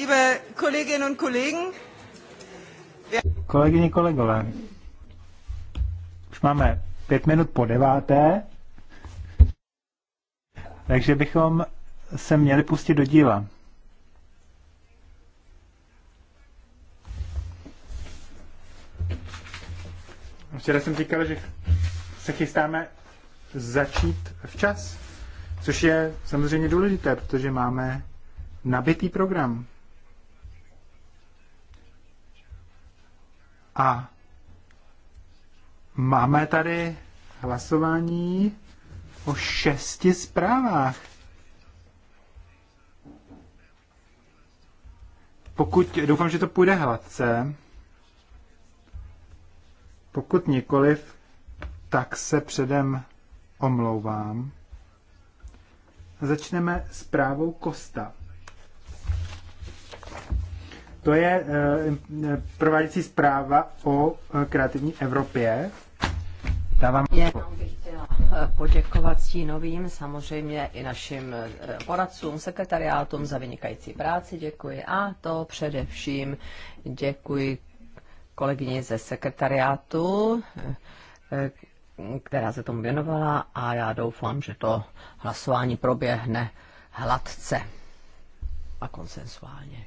Liebe Kolleginnen und Kollegen, Kolegyně, kolegové, už máme pět minut po deváté, takže bychom se měli pustit do díla. Včera jsem říkal, že se chystáme začít včas, což je samozřejmě důležité, protože máme nabitý program. A máme tady hlasování o šesti zprávách. Pokud, doufám, že to půjde hladce. Pokud nikoliv, tak se předem omlouvám. Začneme zprávou Kosta. To je eh, eh, prováděcí zpráva o eh, kreativní Evropě. Dávám... Jenom bych chtěla poděkovat stínovým, samozřejmě i našim poradcům, sekretariátům za vynikající práci, děkuji. A to především děkuji kolegyni ze sekretariátu, která se tomu věnovala a já doufám, že to hlasování proběhne hladce a konsensuálně.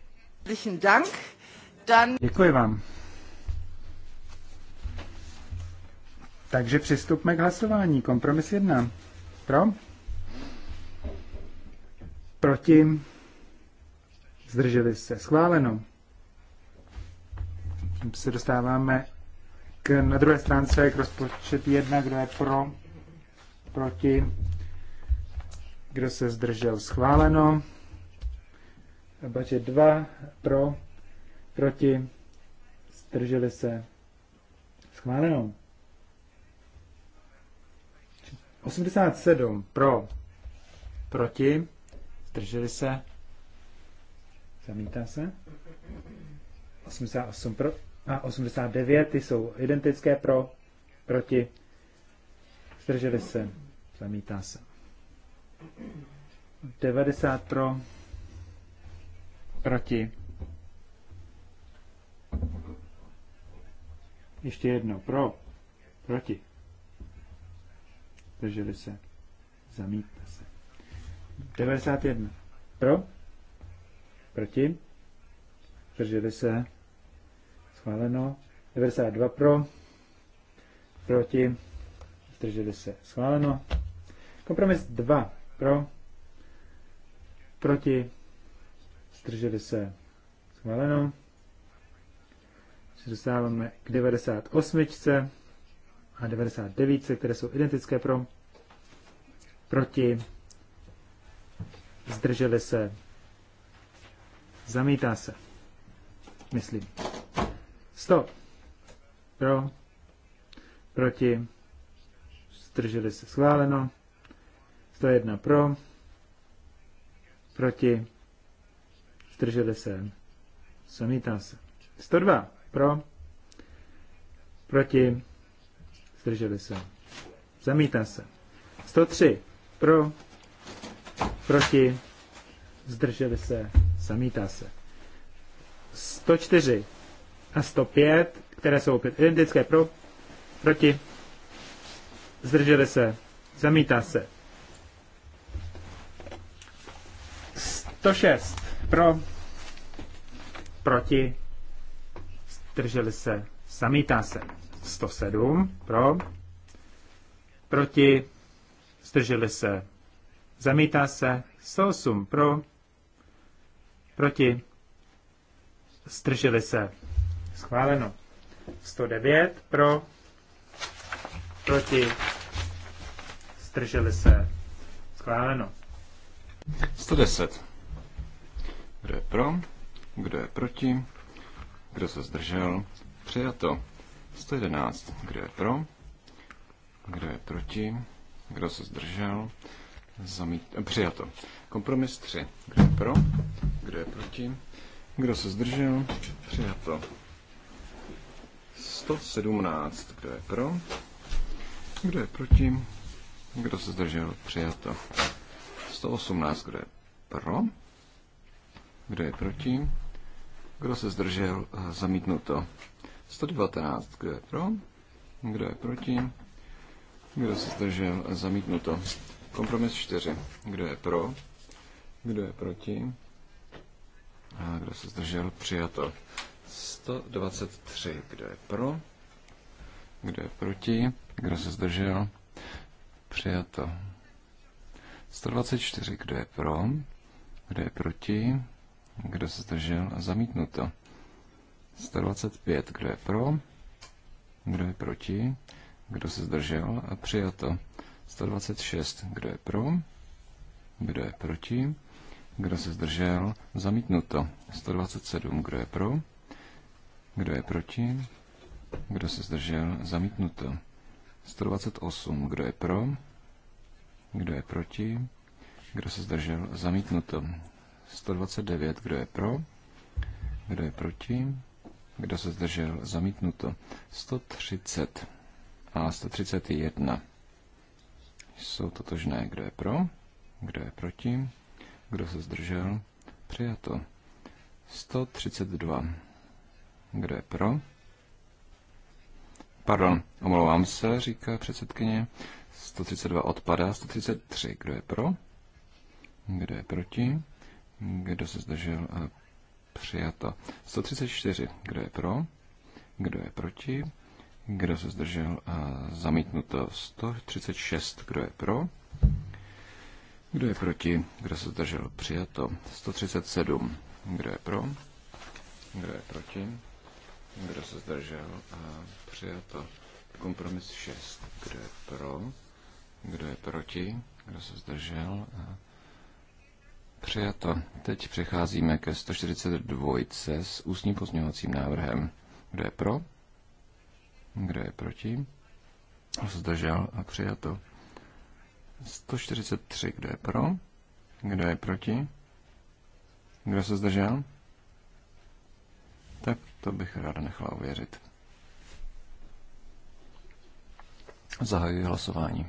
Děkuji vám. Takže přistupme k hlasování. Kompromis jedna. Pro? Proti? Zdrželi se. Schváleno. Se dostáváme k, na druhé stránce k rozpočet jedna, Kdo je pro? Proti? Kdo se zdržel? Schváleno. Bače 2 pro, proti, zdrželi se schváleno. 87 pro, proti, zdrželi se, zamítá se. 88 pro a 89, ty jsou identické pro, proti, zdrželi se, zamítá se. 90 pro, Proti. Ještě jedno. Pro. Proti. Drželi se. Zamítne se. 91. Pro. Proti. Drželi se. Schváleno. 92 pro. Proti. Drželi se. Schváleno. Kompromis 2 pro. Proti zdrželi se schváleno. Dostáváme k 98 a 99, které jsou identické pro, proti, zdrželi se, zamítá se, myslím. 100 pro, proti, zdrželi se, schváleno. 101 pro, proti, zdrželi se, zamítá se. 102 pro, proti, zdrželi se, zamítá se. 103 pro, proti, zdrželi se, zamítá se. 104 a 105, které jsou opět identické pro, proti, zdrželi se, zamítá se. 106 pro, proti, zdrželi se, zamítá se. 107 pro, proti, zdrželi se, zamítá se. 108 pro, proti, zdrželi se, schváleno. 109 pro, proti, zdrželi se, schváleno. 110 kdo je pro? Kdo je proti? Kdo se zdržel? Přijato. 111. Kdo je pro? Kdo je proti? Kdo se zdržel? Zamít... Eh, přijato. Kompromis 3. Kdo je pro? Kdo je proti? Kdo se zdržel? Přijato. 117. Kdo je pro? Kdo je proti? Kdo se zdržel? Přijato. 118. Kdo je pro? Kdo je proti? Kdo se zdržel? Eh, Zamítnuto. 119. Kdo je pro? Kdo je proti? Kdo se zdržel? Eh, Zamítnuto. Kompromis 4. Kdo je pro? Kdo je proti? A kdo se zdržel? Přijato. 123. Kdo je pro? Kdo je proti? Kdo se zdržel? Přijato. 124. Kdo je pro? Kdo je proti? Kdo se zdržel? Zamítnuto. 125. Kdo je pro? Kdo je proti? Kdo se zdržel? A přijato. 126. Kdo je pro? Kdo je proti? Kdo se zdržel? Zamítnuto. 127. Kdo je pro? Kdo je proti? Kdo se zdržel? Zamítnuto. 128. Kdo je pro? Kdo je proti? Kdo se zdržel? Zamítnuto. 129, kdo je pro, kdo je proti, kdo se zdržel, zamítnuto. 130 a 131 jsou totožné, kdo je pro, kdo je proti, kdo se zdržel, přijato. 132, kdo je pro, Pardon, omlouvám se, říká předsedkyně. 132 odpadá, 133. Kdo je pro? Kdo je proti? Kdo se zdržel? Eh, přijato. 134. Kdo je pro? Kdo je proti? Kdo se zdržel? Eh, zamítnuto. 136. Kdo je pro? Kdo je proti? Kdo se zdržel? Přijato. 137. Kdo je pro? Kdo je proti? Kdo se zdržel? Eh, přijato. Kompromis 6. Kdo je pro? Kdo je proti? Kdo se zdržel? A Přijato. Teď přecházíme ke 142 s ústním pozměňovacím návrhem. Kdo je pro? Kdo je proti? zdržel a přijato. 143, kdo je pro? Kdo je proti? Kdo se zdržel? Tak to bych ráda nechala uvěřit. Zahajuji hlasování.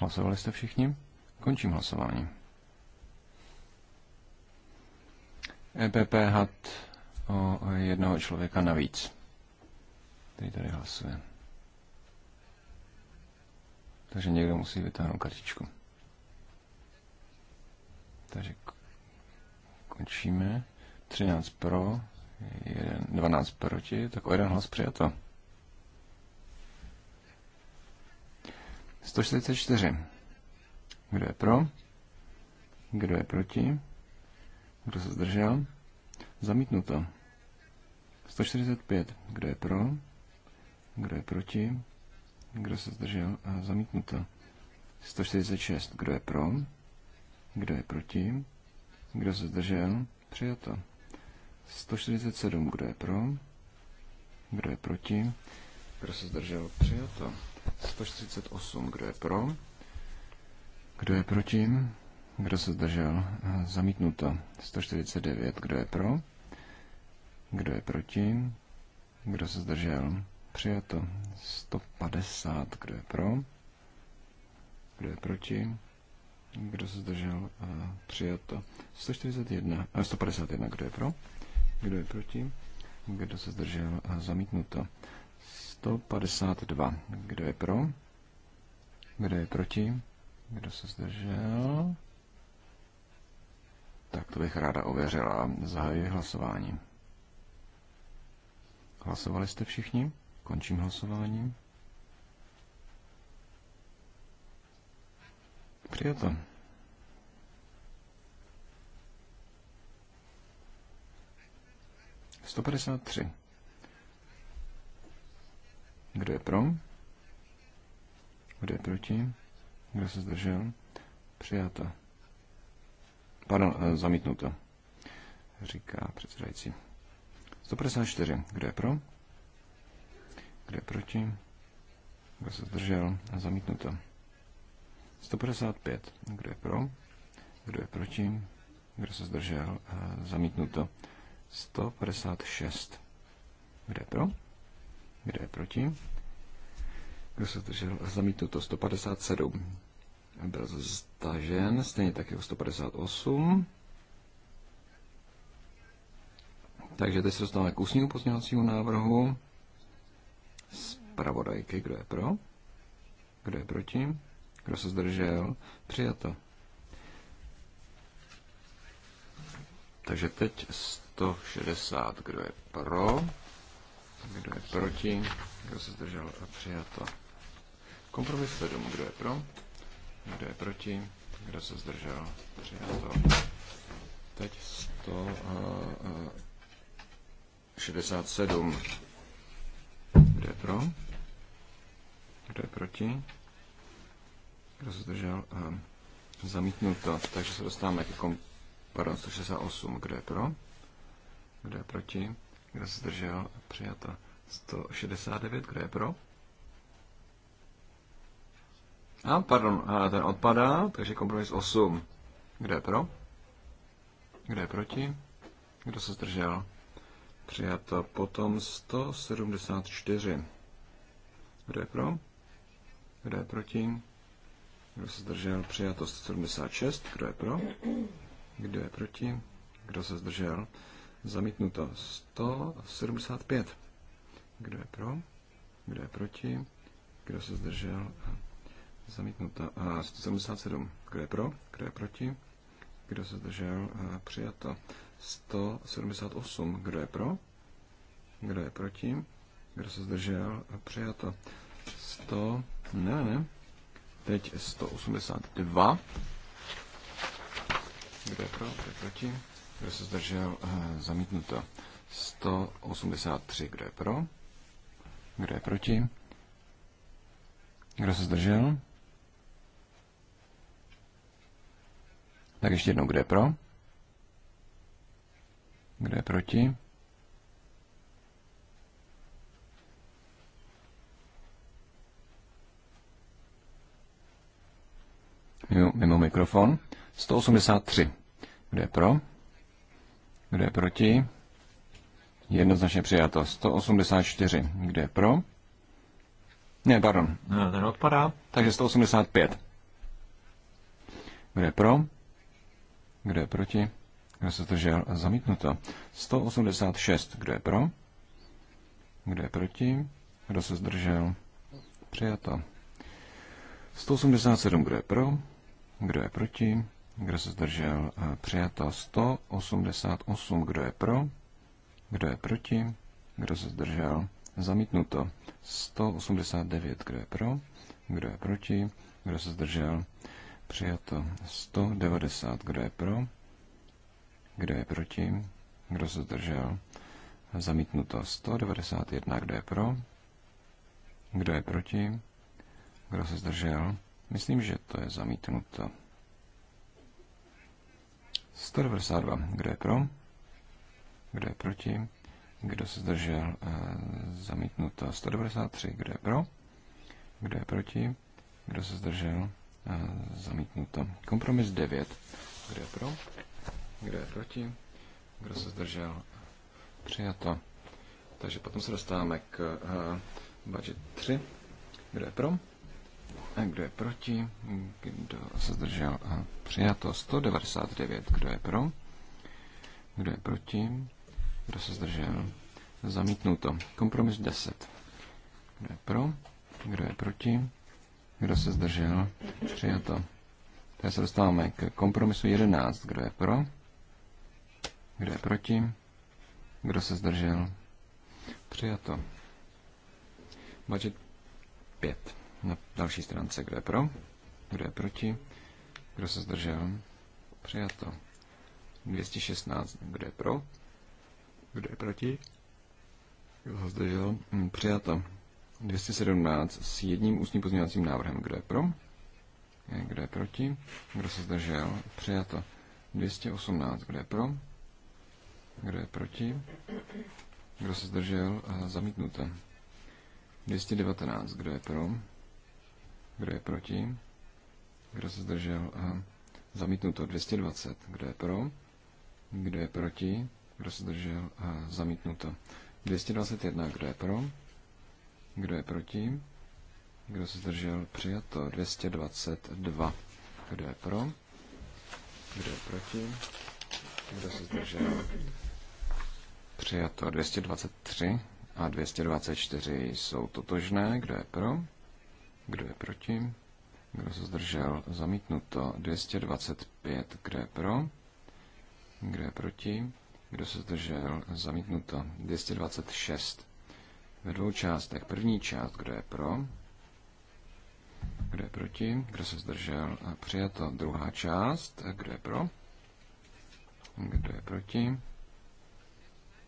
Hlasovali jste všichni? Končím hlasování. EPP had o jednoho člověka navíc, který tady hlasuje. Takže někdo musí vytáhnout kartičku. Takže končíme. 13 pro, 1, 12 proti, tak o jeden hlas přijato. 144. Kdo je pro? Kdo je proti? Kdo se zdržel? Zamítnuto. 145. Kdo je pro? Kdo je proti? Kdo se zdržel? Zamítnuto. 146. Kdo je pro? Kdo je proti? Kdo se zdržel? Přijato. 147. Kdo je pro? Kdo je proti? Kdo se zdržel? Přijato. 148. Kdo je pro? Kdo je proti? Kdo se zdržel? Zamítnuto. 149. Kdo je pro? Kdo je proti? Kdo se zdržel? Přijato. 150. Kdo je pro? Kdo je proti? Kdo se zdržel? Eh, přijato. 141. 151. Eh, Kdo je pro? Kdo je proti? Kdo se zdržel? Eh, zamítnuto. 152. Kdo je pro? Kdo je proti? Kdo se zdržel? Tak to bych ráda ověřila. Zahajuji hlasování. Hlasovali jste všichni? Končím hlasování. Přijeto. tři. Kdo je pro? Kdo je proti? Kdo se zdržel? Přijato. Pardon, eh, zamítnuto, říká předsedající. 154. Kdo je pro? Kdo je proti? Kdo se zdržel? Zamítnuto. 155. Eh, Kdo je pro? Kdo je proti? Kdo se zdržel? Zamítnuto. 156. Kdo je pro? Kdo je proti? Kdo se zdržel? Zamítnuto. 157 byl stažen, stejně tak jako 158. Takže teď se dostáváme k ústnímu pozměňovacímu návrhu zpravodajky. Kdo je pro? Kdo je proti? Kdo se zdržel? Přijato. Takže teď 160. Kdo je pro? Kdo je proti? Kdo se zdržel? Přijato. Kompromis 7. Kdo je pro? Kdo je proti? Kdo se zdržel? Přijato. Teď 167. Eh, eh, Kdo je pro? Kdo je proti? Kdo se zdržel? Eh, zamítnuto. Takže se dostáváme k kom... Pardon, 168. Kdo je pro? Kdo je proti? Kdo se zdržel? Přijato. 169. Kdo je pro? A pardon, a ten odpadá, takže kompromis 8. Kdo je pro? Kdo je proti? Kdo se zdržel? Přijato potom 174. Kdo je pro? Kdo je proti? Kdo se zdržel? Přijato 176. Kdo je pro? Kdo je proti? Kdo se zdržel? Zamítnuto 175. Kdo je pro? Kdo je proti? Kdo se zdržel? Zamítnuto. A 177. Kdo je pro? Kdo je proti? Kdo se zdržel? Přijato. 178. Kdo je pro? Kdo je proti? Kdo se zdržel? Přijato. 100. Ne, ne. Teď 182. Kdo je pro? Kdo je proti? Kdo se zdržel? Zamítnuto. 183. Kdo je pro? Kdo je proti? Kdo se zdržel? Tak ještě jednou, kdo je pro? Kdo je proti? Mimo, mimo mikrofon. 183. Kdo je pro? Kdo je proti? Jednoznačně přijato. 184. Kdo je pro? Ne, pardon. Ne, Ten odpadá. Takže 185. Kdo je pro? Kdo je proti? Kdo se zdržel? Zamítnuto. 186. Kdo je pro? Kdo je proti? Kdo se zdržel? Přijato. 187. Kdo je pro? Kdo je proti? Kdo se zdržel? Eh, přijato. 188. Kdo je pro? Kdo je proti? Kdo se zdržel? Zamítnuto. 189. Kdo je pro? Kdo je proti? Kdo se zdržel? Přijato 190. Kdo je pro? Kdo je proti? Kdo se zdržel? Zamítnuto 191. Kdo je pro? Kdo je proti? Kdo se zdržel? Myslím, že to je zamítnuto. 192. Kdo je pro? Kdo je proti? Kdo se zdržel? Eh, zamítnuto. 193. Kdo je pro? Kdo je proti? Kdo se zdržel? Zamítnuto. Kompromis 9. Kdo je pro? Kdo je proti? Kdo se zdržel? Přijato. Takže potom se dostáváme k eh, budget 3. Kdo je pro? A kdo je proti? Kdo se zdržel? A eh, přijato 199. Kdo je pro? Kdo je proti? Kdo se zdržel? Zamítnuto. Kompromis 10. Kdo je pro? Kdo je proti? Kdo se zdržel? Přijato. tady se dostáváme k kompromisu 11. Kdo je pro? Kdo je proti? Kdo se zdržel? Přijato. Budget 5. Na další stránce, kdo je pro? Kdo je proti? Kdo se zdržel? Přijato. 216. Kdo je pro? Kdo je proti? Kdo se zdržel? Přijato. 217 s jedním ústním pozměňovacím návrhem. Kdo je pro? Kdo je proti? Kdo se zdržel? Přijato. Eh, 218. Kdo je pro? Kdo je proti? Kdo se zdržel? Eh, zamítnuto. 219. Kdo je pro? Kdo je proti? Kdo se zdržel? Eh, zamítnuto. 220. Kdo je pro? Kdo je proti? Kdo se zdržel? Zamítnuto. 221. Kdo je pro? Kdo je proti? Kdo se zdržel? Přijato. 222. Kdo je pro? Kdo je proti? Kdo se zdržel? Přijato. 223 a 224 jsou totožné. Kdo je pro? Kdo je proti? Kdo se zdržel? Zamítnuto. 225. Kdo je pro? Kdo je proti? Kdo se zdržel? Zamítnuto. 226 ve dvou částech. První část, kdo je pro, kdo je proti, kdo se zdržel, a přijato. Druhá část, kdo je pro, kdo je proti,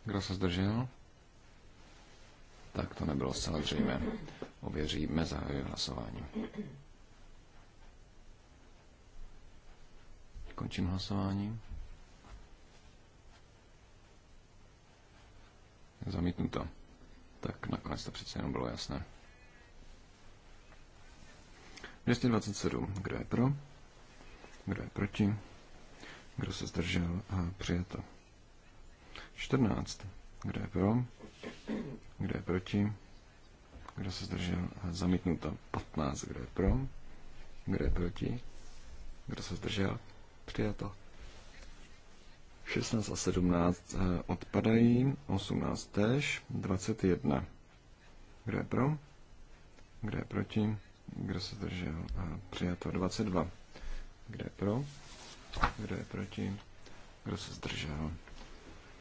kdo se zdržel, tak to nebylo zcela zřejmé. Ověříme, zahajuje hlasování. Končím hlasování. Zamítnuto tak nakonec to přece jenom bylo jasné. 227. Kdo je pro? Kdo je proti? Kdo se zdržel? A přijeto. 14. Kdo je pro? Kdo je proti? Kdo se zdržel? A zamítnuto. 15. Kdo je pro? Kdo je proti? Kdo se zdržel? Přijato. 16 a 17 eh, odpadají, 18 tež, 21. Kdo je pro? Kdo je proti? Kdo se držel? Eh, přijato 22. Kdo je pro? Kdo je proti? Kdo se zdržel?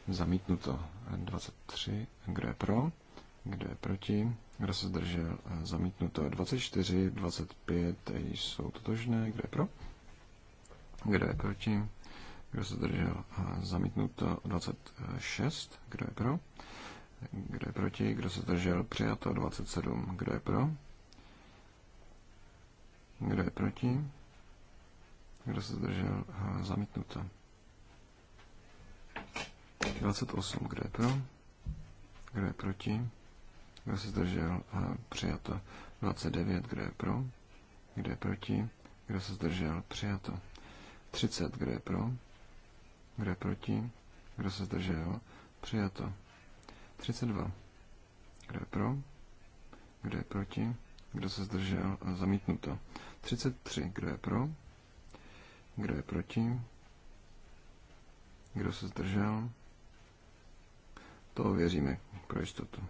Zamítnuto 23. Eh, Kdo je pro? Kdo je proti? Kdo se zdržel? Zamítnuto 24, 25 jsou totožné. Kdo je pro? Kdo je proti? Kdo se zdržel? Zamítnuto 26. Kdo je pro? Kdo je proti? Kdo se zdržel? Přijato 27. Kdo je pro? Kdo je proti? Kdo se zdržel? Zamítnuto. 28. Kdo je pro? Kdo je proti? Kdo se zdržel? Přijato. 29. Kdo je pro? Kdo je proti? Kdo se zdržel? Přijato. 30. Kdo je pro? Kdo je proti? Kdo se zdržel? Přijato. 32. Kdo je pro? Kdo je proti? Kdo se zdržel? Zamítnuto. 33. Kdo je pro? Kdo je proti? Kdo se zdržel? To věříme pro jistotu.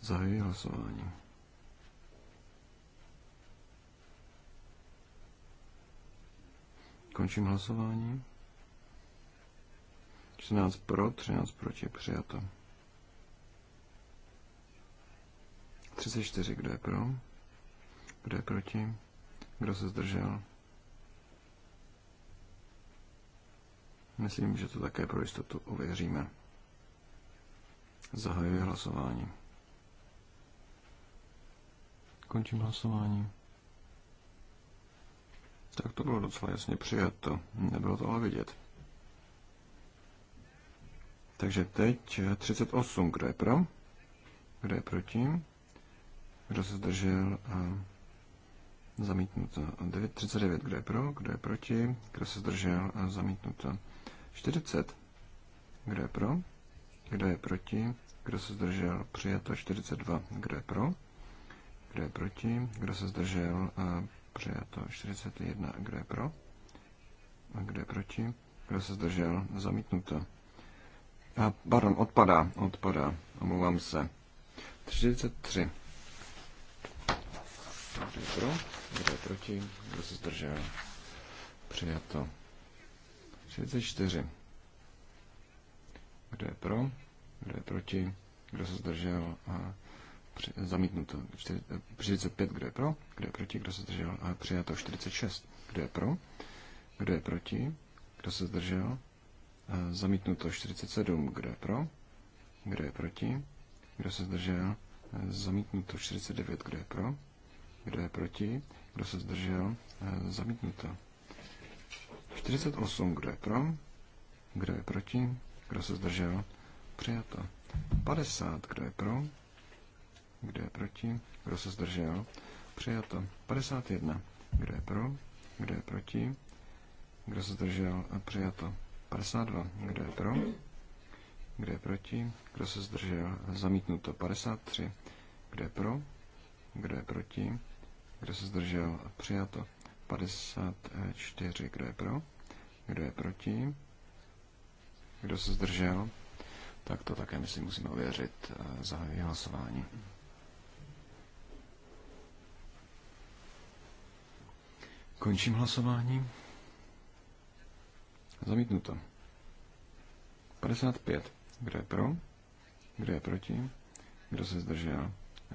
Zahajuji hlasování. Končím hlasování. 13 pro, 13 proti, přijato. 34, kdo je pro? Kdo je proti? Kdo se zdržel? Myslím, že to také pro jistotu ověříme. Zahajuji hlasování. Končím hlasování. Tak to bylo docela jasně přijato. Nebylo to ale vidět. Takže teď 38. Kdo je pro? Kdo je proti? Kdo se zdržel? A zamítnuto. 39. Kdo je pro? Kdo je proti? Kdo se zdržel? A zamítnuto. 40. Kdo je pro? Kdo je proti? Kdo se zdržel? Přijato 42. Kdo je pro? Kdo je proti? Kdo se zdržel? A přijato 41. Kdo je pro? A kdo je proti? Kdo se zdržel? Zamítnuto. A pardon, odpadá, odpadá, omlouvám se. 43. Kdo je pro? Kdo je proti? Kdo se zdržel? Přijato. 34. Kdo je pro? Kdo je proti? Kdo se zdržel? A zamítnuto. 45, kdo je pro, kdo je proti, kdo se zdržel, a přijato 46, kdo je pro, kdo je proti, kdo se zdržel, zamítnuto 47, kdo je pro, kdo je proti, kdo se zdržel, zamítnuto 49, kdo je pro, kdo je proti, kdo se zdržel, zamítnuto. 48, kdo je pro, kdo je proti, kdo se zdržel, přijato. 50, kdo je pro, kdo je proti? Kdo se zdržel? Přijato. 51. Kdo je pro? Kdo je proti? Kdo se zdržel? Přijato. 52. Kdo je pro? Kdo je proti? Kdo se zdržel? Zamítnuto. 53. Kdo je pro? Kdo je proti? Kdo se zdržel? Přijato. 54. Kdo je pro? Kdo je proti? Kdo se zdržel? Tak to také, myslím, musíme ověřit. Eh, za hlasování. Končím hlasování. Zamítnuto. 55. Kdo je pro? Kdo je proti? Kdo se zdržel?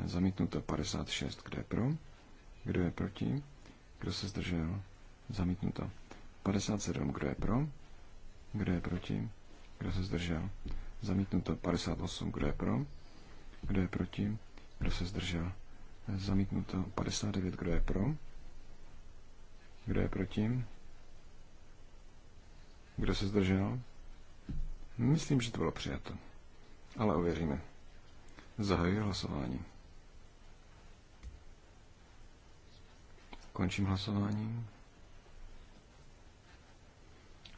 Zamítnuto 56. Kdo je pro? Kdo je proti? Kdo se zdržel? Zamítnuto. 57. Kdo je pro? Kdo je proti? Kdo se zdržel? Zamítnuto. 58. Kdo je pro? Kdo je proti? Kdo se zdržel? Zamítnuto. 59. Kdo je pro? Kdo je proti? Kdo se zdržel? Myslím, že to bylo přijato. Ale ověříme. Zahajuji hlasování. Končím hlasování.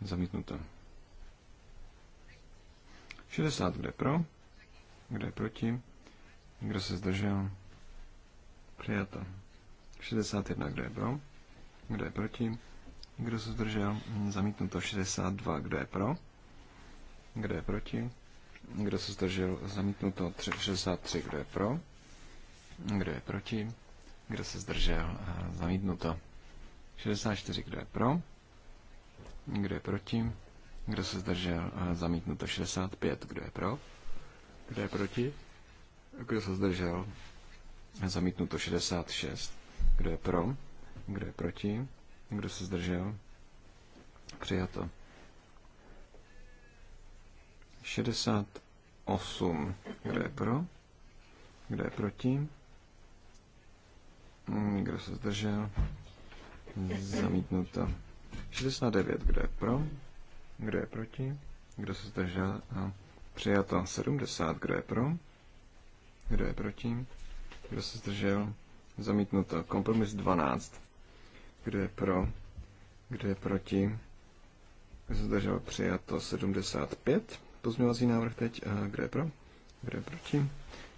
Zamítnuto. 60, kde pro? Kdo je proti? Kdo se zdržel? Přijato. 61, kdo je pro? Kdo je proti? Kdo se zdržel? Zamítnuto 62. Kdo je pro? Kdo je proti? Kdo se zdržel? Zamítnuto 63. Kdo je pro? Kdo je proti? Kdo se zdržel? Zamítnuto 64. Kdo je pro? Kdo je proti? Kdo se zdržel? Zamítnuto 65. Kdo je pro? Kdo je proti? Kdo se zdržel? Zamítnuto 66. Kdo je pro? Kdo je proti? Kdo se zdržel? Přijato. 68. Kdo je pro? Kdo je proti? Kdo se zdržel? Zamítnuto. 69. Kdo je pro? Kdo je proti? Kdo se zdržel? A přijato. 70. Kdo je pro? Kdo je proti? Kdo se zdržel? Zamítnuto. Kompromis 12. Kdo je pro? Kdo je proti? se zdržel? Přijato 75. pozměvací návrh teď. Kdo je pro? Kdo je proti?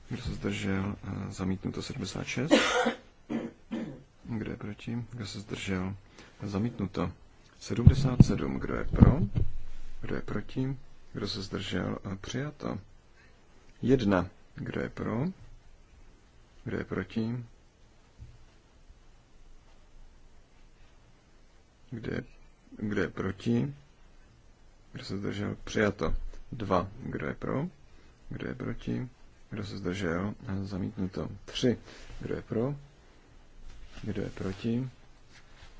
Kdo se zdržel? Zamítnuto 76. Kdo je proti? Kdo se zdržel? Zamítnuto 77. Kdo je pro? Kdo je proti? Kdo se zdržel? Přijato. 1. Eh, kdo je pro? Kdo je proti? Kde, kde je proti? Kdo se zdržel? Přijato. 2. Kdo je pro? Kdo je proti? Kdo se zdržel? Zamítnuto. 3. Kdo je pro? Kdo je proti?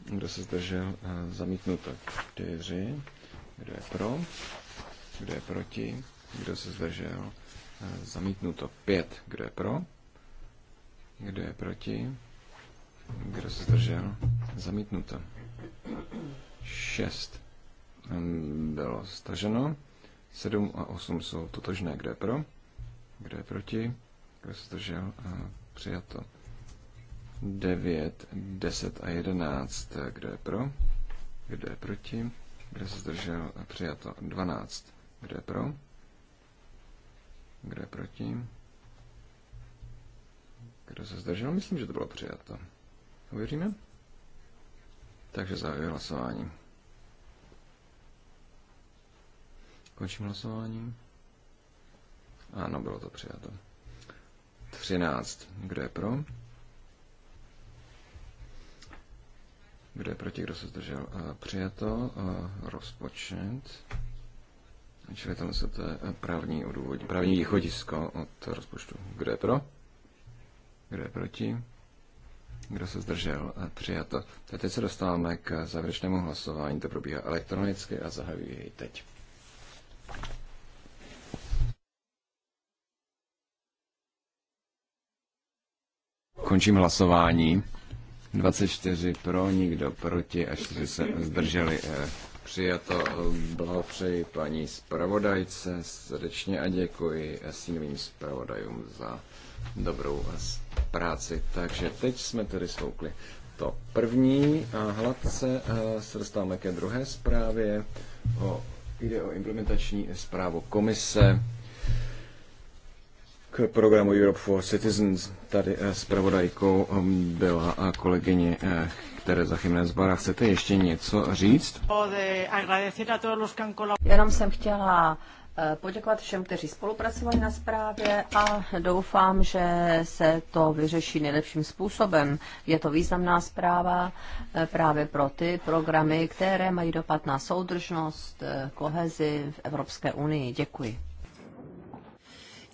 Kdo se zdržel? Zamítnuto. 4. Kdo je pro? Kdo je proti? Kdo se zdržel? Zamítnuto. 5. Kdo je pro? Kdo je proti? Kdo se zdržel? Zamítnuto. 6 bylo staženo. 7 a 8 jsou totožné. Kdo je pro? Kdo je proti? Kdo se A Přijato. 9, 10 a 11. Kdo je pro? Kdo je proti? Kdo se zdržel? A Přijato. 12. Kdo je pro? Kdo je proti? Kdo se zdržel? Myslím, že to bylo přijato. Uvěříme? Takže zahajuji hlasování. Končím hlasování. Ano, bylo to přijato. 13. Kdo je pro? Kdo je proti, kdo se zdržel? Eh, přijato. Eh, rozpočet. Čili tam se to je eh, právní, odůvodí, právní východisko od rozpočtu. Kdo je pro? Kdo je proti? Kdo se zdržel? Přijato. Tak teď se dostáváme k závěrečnému hlasování. To probíhá elektronicky a zahajuji jej teď. Končím hlasování. 24 pro, nikdo proti a 4 se zdrželi. Eh, přijato. Blahopřeji paní zpravodajce srdečně a děkuji sínovým zpravodajům za dobrou práci. Takže teď jsme tedy svoukli to první a hladce eh, se dostáváme ke druhé zprávě. O, jde o implementační zprávu komise k programu Europe for Citizens. Tady s eh, pravodajkou eh, byla kolegyně Tereza Jiménez Bara. Chcete ještě něco říct? Jenom jsem chtěla Eh, poděkovat všem, kteří spolupracovali na zprávě a doufám, že se to vyřeší nejlepším způsobem. Je to významná zpráva eh, právě pro ty programy, které mají dopad na soudržnost, eh, kohezi v Evropské unii. Děkuji.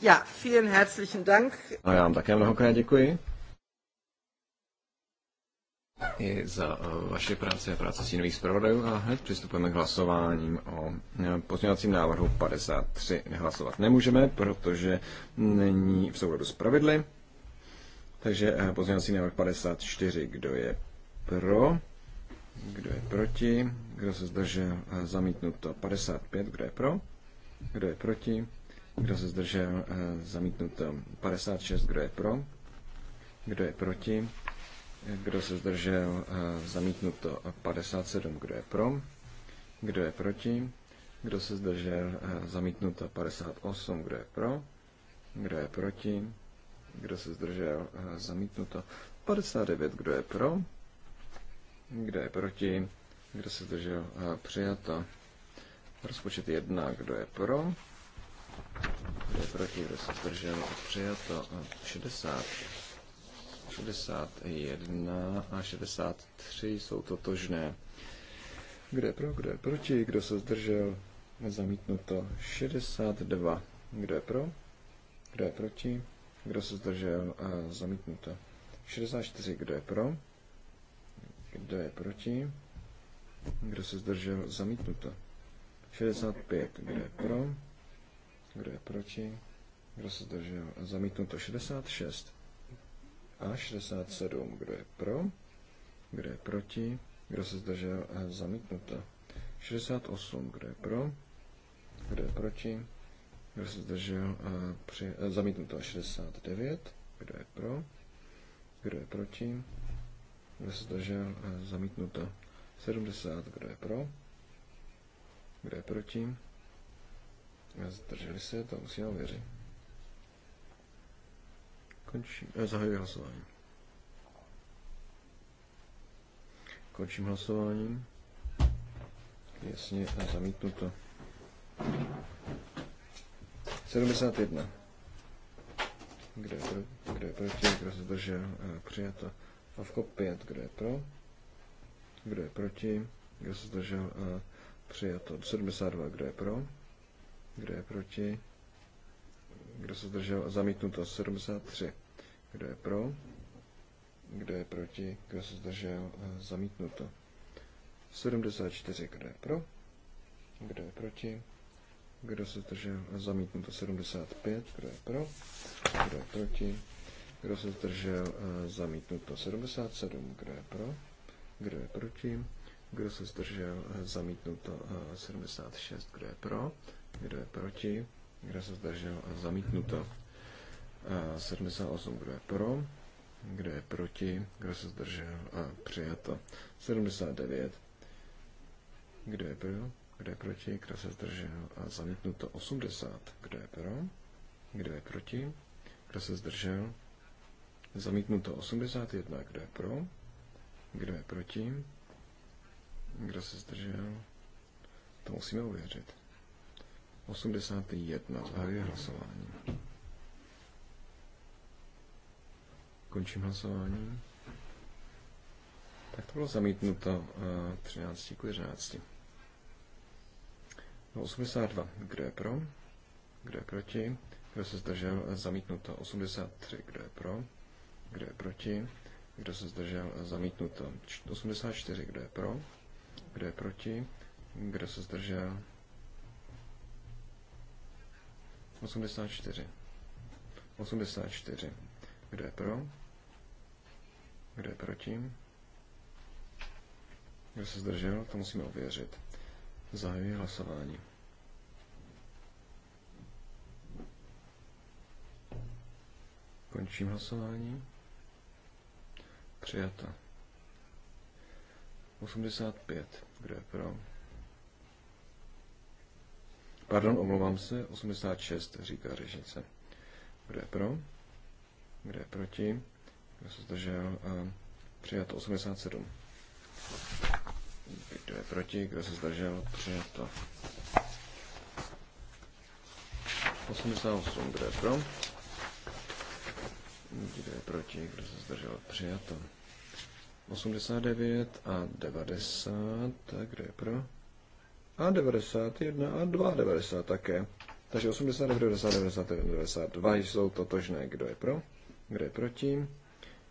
Ja, vielen herzlichen Dank. A já vám také mnohokrát děkuji i za eh, vaše práce a práce stínových zpravodajů a hned přistupujeme k hlasováním o eh, pozměňovacím návrhu 53. Hlasovat nemůžeme, protože není v souladu s pravidly. Takže eh, pozměňovací návrh 54. Kdo je pro? Kdo je proti? Kdo se zdržel? Zamítnuto 55. Kdo je pro? Kdo je proti? Kdo se zdržel? Zamítnuto 56. Kdo je pro? Kdo je proti? Kdo se zdržel? Eh, zamítnuto 57. Kdo je pro? Kdo je proti? Kdo se zdržel? Eh, zamítnuto 58. Kdo je pro? Kdo je proti? Kdo se zdržel? Eh, zamítnuto 59. Kdo je pro? Kdo je proti? Kdo se zdržel? Přijato. Rozpočet 1. Kdo je pro? Kdo je proti? Kdo se zdržel? Přijato 60 61 a 63 jsou totožné. Kde pro, kde je proti, kdo se zdržel, zamítnuto 62. Kdo je pro, kdo je proti, kdo se zdržel, zamítnuto 64. Eh, kdo je pro, kdo je proti, kdo se zdržel, zamítnuto 65. Kdo je pro, kdo je proti, kdo se zdržel, zamítnuto 66 a 67. Kdo je pro? Kdo je proti? Kdo se zdržel? Zamítnuto. 68. Kdo je pro? Kdo je proti? Kdo se zdržel? Při, zamítnuto. 69. Kdo je pro? Kdo je proti? Kdo se zdržel? Zamítnuto. 70. Kdo je pro? Kdo je proti? Zdrželi se, to musíme věřit. Končím, eh, zahajuji hlasování. Končím hlasováním. Jasně, eh, zamítnuto. 71. Kdo je, pro, kdo je proti, kdo se držel, přijato. A v 5, kdo je pro, kdo je proti, kdo se zdržel, eh, přijato. 72, eh, kdo je pro, kdo je proti, kdo se zdržel, zamítnuto. 73, kdo je pro? Kdo je proti? Kdo se zdržel? Zamítnuto. 74. Kdo je pro? Kdo je proti? Kdo se zdržel? Zamítnuto 75. Kdo je pro? Kdo je proti? Kdo se zdržel? Zamítnuto 77. Kdo je pro? Kdo je proti? Kdo se zdržel? Zamítnuto 76. Kdo je pro? Kdo je proti? Kdo se zdržel? Zamítnuto 78, kdo je pro, kdo je proti, kdo se zdržel a přijato. 79, kdo je pro, kdo je proti, kdo se zdržel a zamítnuto 80, kdo je pro, kdo je proti, kdo se zdržel, zamítnuto 81, kdo je pro, kdo je proti, kdo se zdržel, to musíme uvěřit. 81, zahajuji hlasování. Končím hlasování. Tak to bylo zamítnuto 13 k 11. 82. Kdo je pro? Kdo je proti? Kdo se zdržel? Zamítnuto. 83. Kdo je pro? Kdo je proti? Kdo se zdržel? Zamítnuto. 84. Kdo je pro? Kdo je proti? Kdo se zdržel? 84. 84. Kdo je pro? Kdo je proti? Kdo se zdržel? To musíme ověřit. Zahajuji hlasování. Končím hlasování. Přijato. 85. Kdo je pro? Pardon, omlouvám se. 86, říká řečnice. Kdo je pro? Kdo je proti? Já se zdržel? Eh, Přijat 87. Kdo je proti? Kdo se zdržel? Přijato. 88. Kdo je pro? Kdo je proti? Kdo se zdržel? Přijato. 89 a 90. Kdo je pro? A 91 a 92 také. Takže 89, 90, 91, 92 jsou totožné. Kdo je pro? Kdo je proti?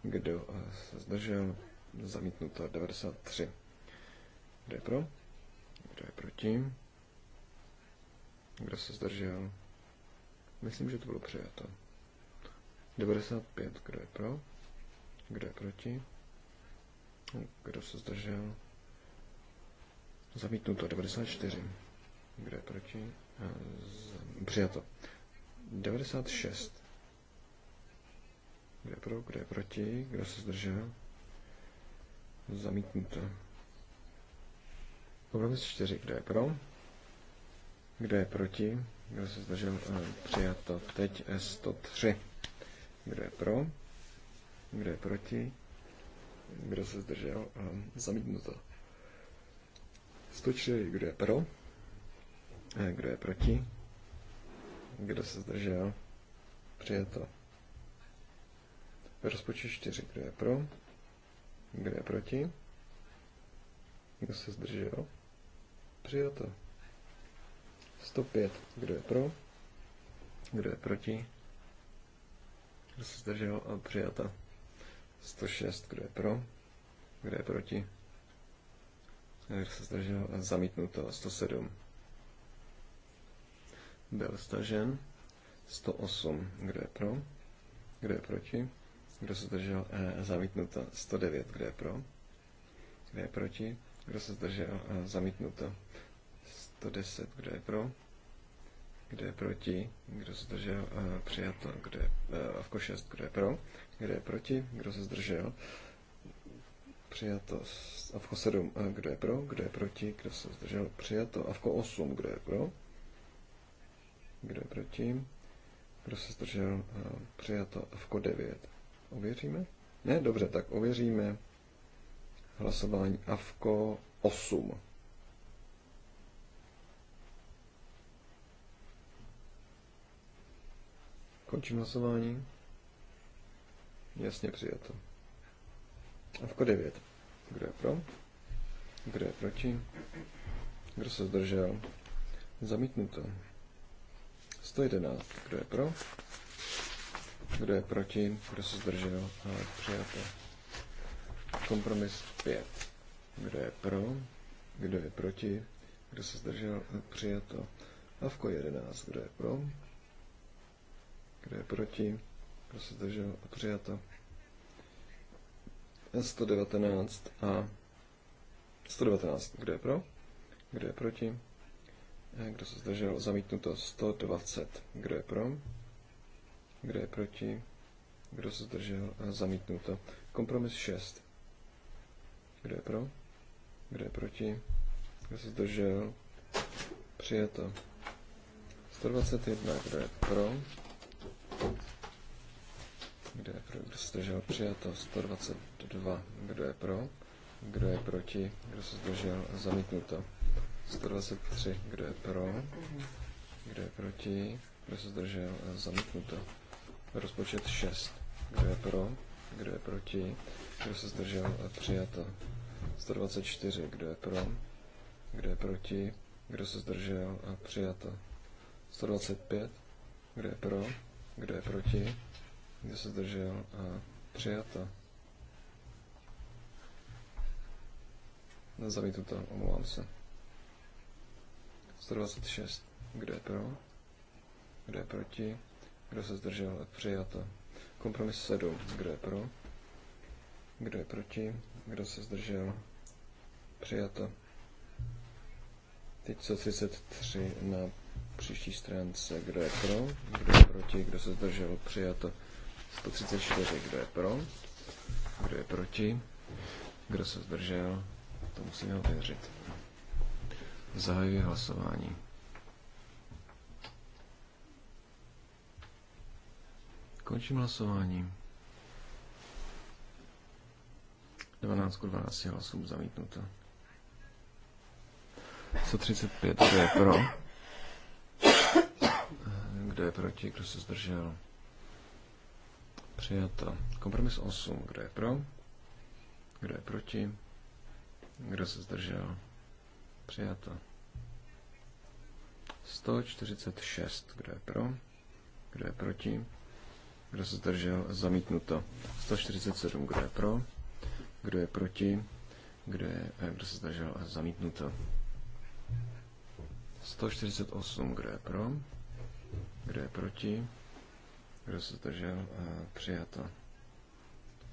Kdo eh, se zdržel? Zamítnuto 93. Kdo je pro? Kdo je proti? Kdo se zdržel? Myslím, že to bylo přijato. 95. Kdo je pro? Kdo je proti? Kdo se zdržel? Zamítnuto 94. Kdo je proti? Eh, přijato. 96. Kdo je pro, kdo je proti, kdo se zdržel? Zamítnuto. Kompromis 4, kdo je pro? Kdo je proti? Kdo se zdržel? Eh, přijato. Teď s 103. Kdo je pro? Kdo je proti? Kdo se zdržel? Eh, zamítnuto. 104. Kdo je pro? Eh, kdo je proti? Kdo se zdržel? Přijato. Rozpočet 4. Kdo je pro? Kdo je proti? Kdo se zdržel? Přijato. 105. Kdo je pro? Kdo je proti? Kdo se zdržel a přijata? 106. Kdo je pro? Kdo je proti? Kdo se zdržel a zamítnuto? 107. Byl stažen. 108. Kdo je pro? Kdo je proti? Kdo se zdržel? E, zamítnuto. 109. Kdo je pro? Kdo je proti? Kdo se zdržel? E, zamítnuto. 110. E, kdo je pro? Kdo je proti? Kdo se zdržel? Přijato. Kdo je, v košest? Kdo je pro? Kdo je proti? Kdo se zdržel? Přijato. v 7. Kdo je pro? Kdo je proti? Kdo se zdržel? Přijato. v 8. Kdo je pro? Kdo je proti? Kdo se zdržel? Přijato. v 9. Ověříme? Ne, dobře, tak ověříme hlasování AFKO 8. Končím hlasování. Jasně přijato. AFKO 9. Kdo je pro? Kdo je proti? Kdo se zdržel? Zamítnuto. 111. Kdo je pro? Kdo je proti? Kdo se zdržel? No, přijato. Kompromis 5. Kdo je pro? Kdo je proti? Kdo se zdržel? No, přijato. Lavko 11. Kdo je pro? Kdo je proti? Kdo se zdržel? No, přijato. 119 a 119. Kdo je pro? Kdo je proti? Eh, kdo se zdržel? Zamítnuto 120. Kdo je pro? Kdo je proti? Kdo se zdržel? a to Kompromis 6. Kdo je pro? Kdo je proti? Kdo se zdržel? Přijeto. 121. Kdo je pro? Kdo je pro? Kdo se zdržel? Přijeto. 122. Kdo je pro? Kdo je proti? Kdo se zdržel? to 123. Kdo je pro? Kdo je proti? Kdo se zdržel? to. Rozpočet 6. Kdo je pro? Kdo je proti? Kdo se zdržel? Přijato. 124. Kdo je pro? Kdo je proti? Kdo se zdržel? a Přijato. 125. Kdo je pro? Kdo je proti? Kdo se zdržel? a Přijato. Zamítnuto, omlouvám se. 126. Kdo je pro? Kdo je proti? Kdo se zdržel? Přijato. Kompromis 7. Kdo je pro? Kdo je proti? Kdo se zdržel? Přijato. Teď 133 na příští stránce. Kdo je pro? Kdo je proti? Kdo se zdržel? Přijato. 134. Kdo je pro? Kdo je proti? Kdo se zdržel? To musíme ověřit. Zahajuji hlasování. Končím hlasování. 12 k 12 hlasům zamítnuto. 135, kdo je pro? Kdo je proti? Kdo se zdržel? Přijato. Kompromis 8, kdo je pro? Kdo je proti? Kdo se zdržel? Přijato. 146, kdo je pro? Kdo je proti? Kdo se zdržel? Zamítnuto. 147. Kdo je pro? Kdo je proti? Kdo, je, eh, kdo se zdržel? Zamítnuto. 148. Kdo je pro? Kdo je proti? Kdo se zdržel? Eh, přijato.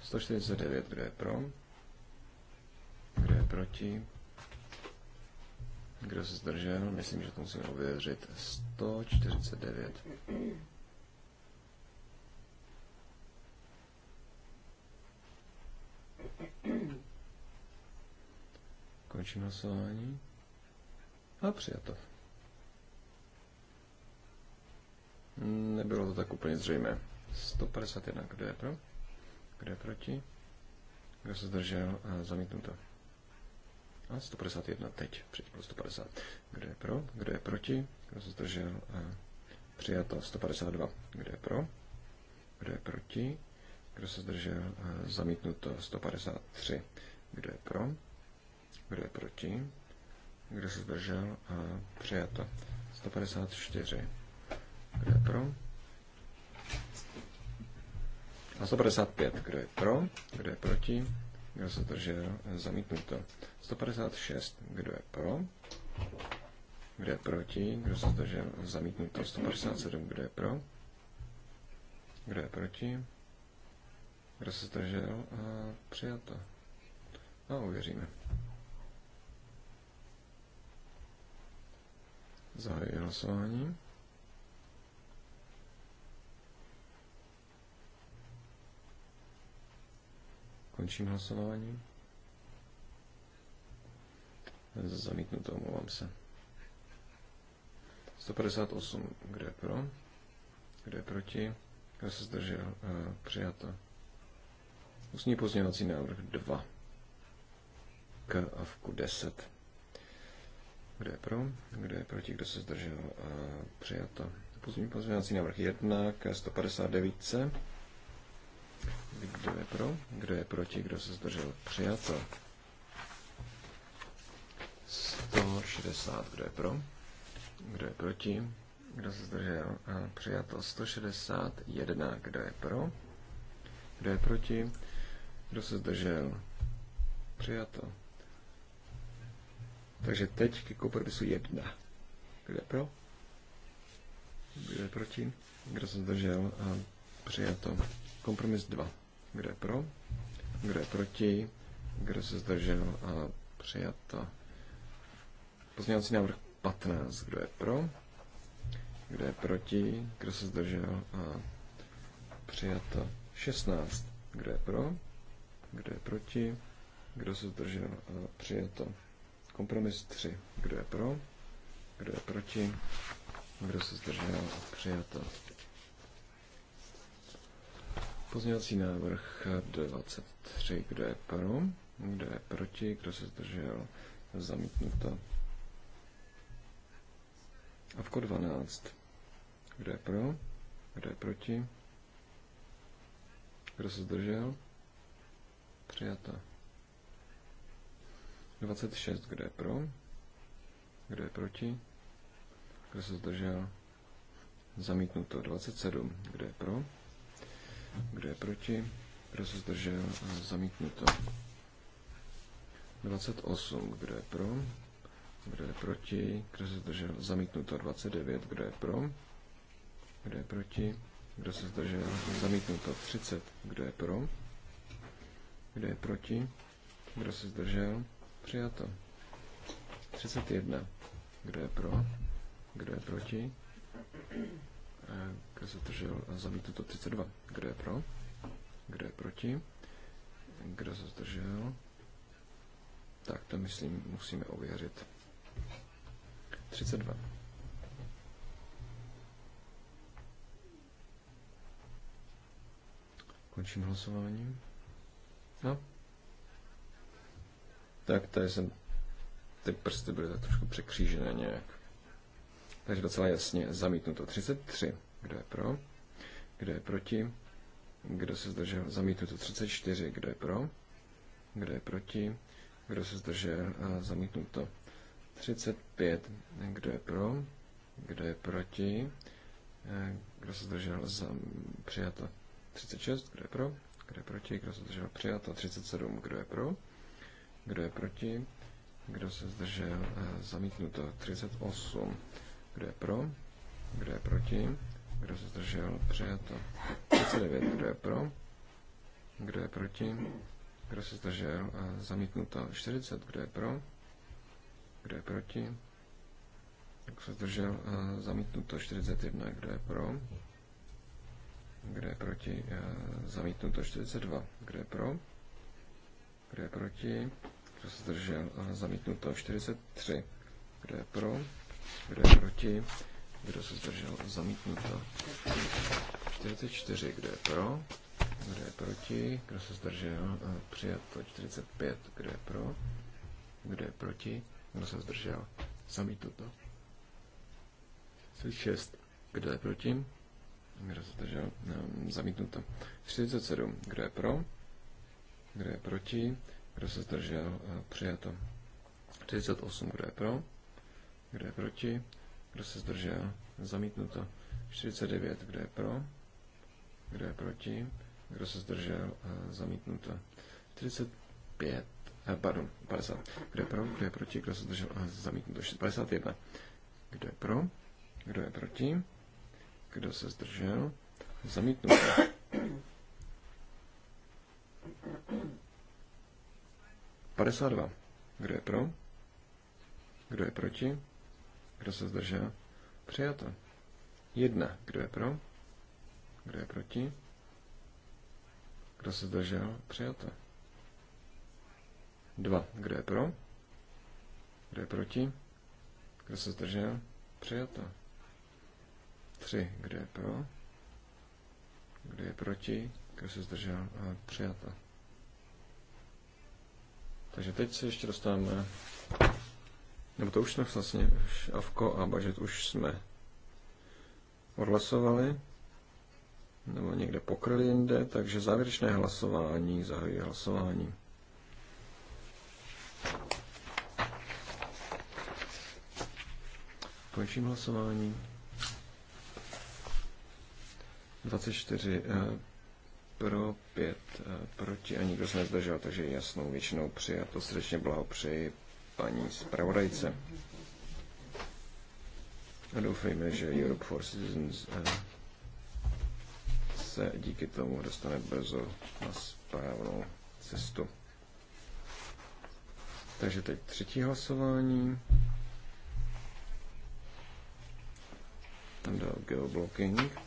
149. Kdo je pro? Kdo je proti? Kdo se zdržel? Myslím, že to musíme ověřit. 149. Končím hlasování. A přijato. Nebylo to tak úplně zřejmé. 151. Kdo je pro? Kdo je proti? Kdo se zdržel? A zamítnuto. A 151 teď. Předtím bylo 150. Kdo je pro? Kdo je proti? Kdo se zdržel? A přijato. 152. Kdo je pro? Kdo je proti? Kdo se zdržel? A zamítnuto. 153. Kdo je pro? Kdo je proti? Kdo se zdržel? A přijato. 154. Kdo je pro? A 155. Kdo je pro? Kdo je proti? Kdo se zdržel? Zamítnuto. 156. Kdo je pro? Kdo je proti? Kdo se zdržel? Zamítnuto. 157. Kdo je pro? Kdo je proti? Kdo se zdržel? A přijato. A uvěříme. Zahajuji hlasování. Končím hlasování. Zamítnuto, omlouvám se. 158, kde je pro, kde je proti, kdo se zdržel, e, přijato. Ústní pozměňovací návrh 2 k avku 10. Kdo je pro? Kdo je proti? Kdo se zdržel? Přijato. Pozměňovací návrh 1 k 159. Kdo je pro? Kdo je proti? Kdo se zdržel? Přijato. 160. Kdo je pro? Kdo je proti? Kdo se zdržel? Přijato. 161. Kdo je pro? Kdo je proti? Kdo se zdržel? Přijato. Takže teď ke kompromisu jedna. Kde pro? Kde proti? Kdo se zdržel? A to? Kompromis 2. Kde pro? Kde proti? Kdo se zdržel? A přijat to? Pozměňovací návrh 15. Kdo je pro? Kdo je proti? Kdo se zdržel? A přijat to? 16. Kdo je pro? Kdo je proti? Kdo se zdržel? A přijat to? Kompromis 3. Kdo je pro? Kdo je proti? Kdo se zdržel? Přijato. Pozměňovací návrh 23. Kdo je pro? Kdo je proti? Kdo se zdržel? Zamítnuto. A v 12. Kdo je pro? Kdo je proti? Kdo se zdržel? Přijato. 26, kdo je pro? Kdo je proti? Kdo se zdržel? Zamítnuto 27, kdo je pro? Kdo je proti? Kdo se zdržel? Zamítnuto. 28, kdo je pro? Kdo je proti? Kdo se zdržel? Zamítnuto 29, kdo je pro? Kdo je proti? Kdo se zdržel? Zamítnuto 30, kdo je pro? Kdo je proti? Kdo se zdržel? Přijato. 31. Kdo je pro? Kdo je proti? Kdo se zdržel? to 32. Kdo je pro? Kdo je proti? Kdo se zdržel? Tak to myslím musíme ověřit. 32. Končím hlasování. No, tak tady jsem ty prsty byly tak trošku překřížené nějak. Takže docela jasně zamítnuto. 33. Kdo je pro? Kdo je proti? Kdo se zdržel? Zamítnuto 34. Kdo je pro? Kdo je proti? Kdo se zdržel? Zamítnuto 35. Kdo je pro? Kdo je proti? Kdo se zdržel? Zam... Přijato 36. Kdo je pro? Kdo je proti? Kdo se zdržel? Přijato 37. Kdo je pro? Kdo je proti? Kdo se zdržel? Zamítnuto. 38. Kdo je pro? Kdo je proti? Kdo se zdržel? Přijato. 39. Kdo je pro? Kdo je proti? Kdo se zdržel? Zamítnuto. 40. Kdo je pro? Kdo je proti? Kdo se zdržel? Zamítnuto. 41. Kdo je pro? Kdo je proti? Zamítnuto. 42. Kdo je pro? Kdo je proti? Kdo se zdržel? Zamítnuto 43. Kdo je pro? Kdo je proti? Kdo se zdržel? Zamítnuto 44. Kdo je pro? Kdo je proti? Kdo se zdržel? Přijato 45. Kdo je pro? Kdo je proti? Kdo se zdržel? Zamítnuto. 46. Kdo je proti? Kdo se zdržel? Ehm, zamítnuto. 47. Kdo je pro? Kdo je proti? Kdo se zdržel? Eh, přijato. 38 Kdo je pro? Kdo je proti? Kdo se zdržel? Zamítnuto. 49. Eh, eh, kdo je pro? Kdo je proti? Kdo se zdržel? Zamítnuto. 35 Pardon, 50. Kdo je pro? Kdo je proti? Kdo se zdržel? Zamítnuto. 51. Kdo je pro? Kdo je proti? Kdo se zdržel? Zamítnuto. 52. Kdo je pro? Kdo je proti? Kdo se zdržel? Přijato. 1. Kdo je pro? Kdo je proti? Kdo se zdržel? Přijato. 2. Kdo je pro? Kdo je proti? Kdo se zdržel? Přijato. 3. Kdo je pro? Kdo je proti? Kdo se zdržel? Přijato. Takže teď se ještě dostáváme, nebo to už jsme vlastně, už Avko a Bažet už jsme odhlasovali, nebo někde pokryli jinde, takže závěrečné hlasování, zahajuji hlasování. Končím hlasování. 24 eh, pro, 5 Eh, proti a nikdo se nezdržel, takže jasnou většinou To Srdečně blahopřeji paní zpravodajce. A doufejme, že Europe for Citizens eh, se díky tomu dostane brzo na správnou cestu. Takže teď třetí hlasování. Tam dal geoblocking.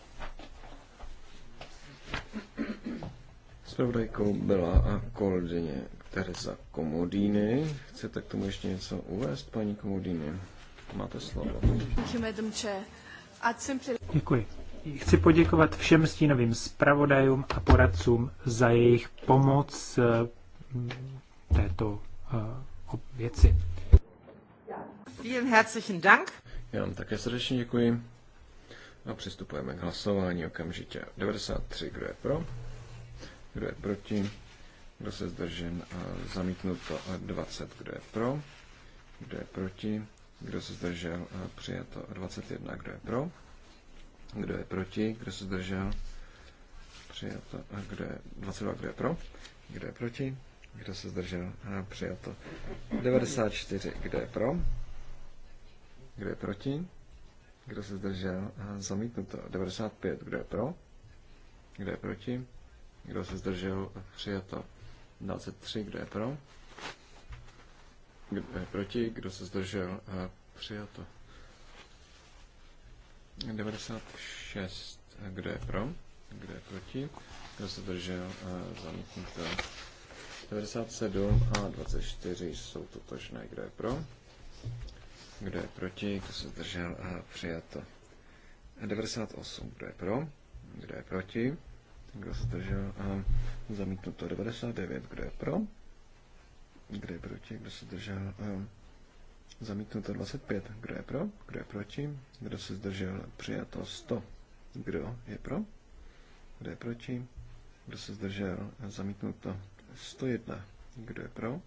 Spravodajkou byla kolegyně Teresa Komodýny. Chcete k tomu ještě něco uvést, paní Komodýny? Máte slovo. Děkuji. Chci poděkovat všem stínovým zpravodajům a poradcům za jejich pomoc eh, této eh, věci. Já vám také srdečně děkuji. A přistupujeme k hlasování okamžitě. 93, kdo je pro? kdo je proti, kdo se zdržen, zamítnuto 20, kdo je pro, kdo je proti, kdo se zdržel, přijato 21, kdo je pro, kdo je proti, kdo se zdržel, přijato, kdo je 22, kdo je pro, kdo je proti, kdo se zdržel, přijato 94, kdo je pro, kdo je proti, kdo se zdržel, zamítnuto 95, kdo je pro, kdo je proti, kdo se zdržel? Přijato. 23. Kdo je pro? Kdo je proti? Kdo se zdržel? Eh, přijato. 96. Kdo je pro? Kdo je proti? Kdo se zdržel? Eh, zamítnuto. 97 a 24 jsou totožné. Kdo je pro? Kdo je proti? Kdo se zdržel? Eh, přijato. 98. Kdo je pro? Kdo je proti? Kdo se zdržel? A to 99. Kdo je pro? Kdo je proti? Kdo se zdržel? A zamítnuto 25. Kdo je pro? Kdo je proti? Kdo se zdržel? Přijato 100. Kdo je pro? Kdo je proti? Kdo se zdržel? A zamítnuto 101. Kdo je pro?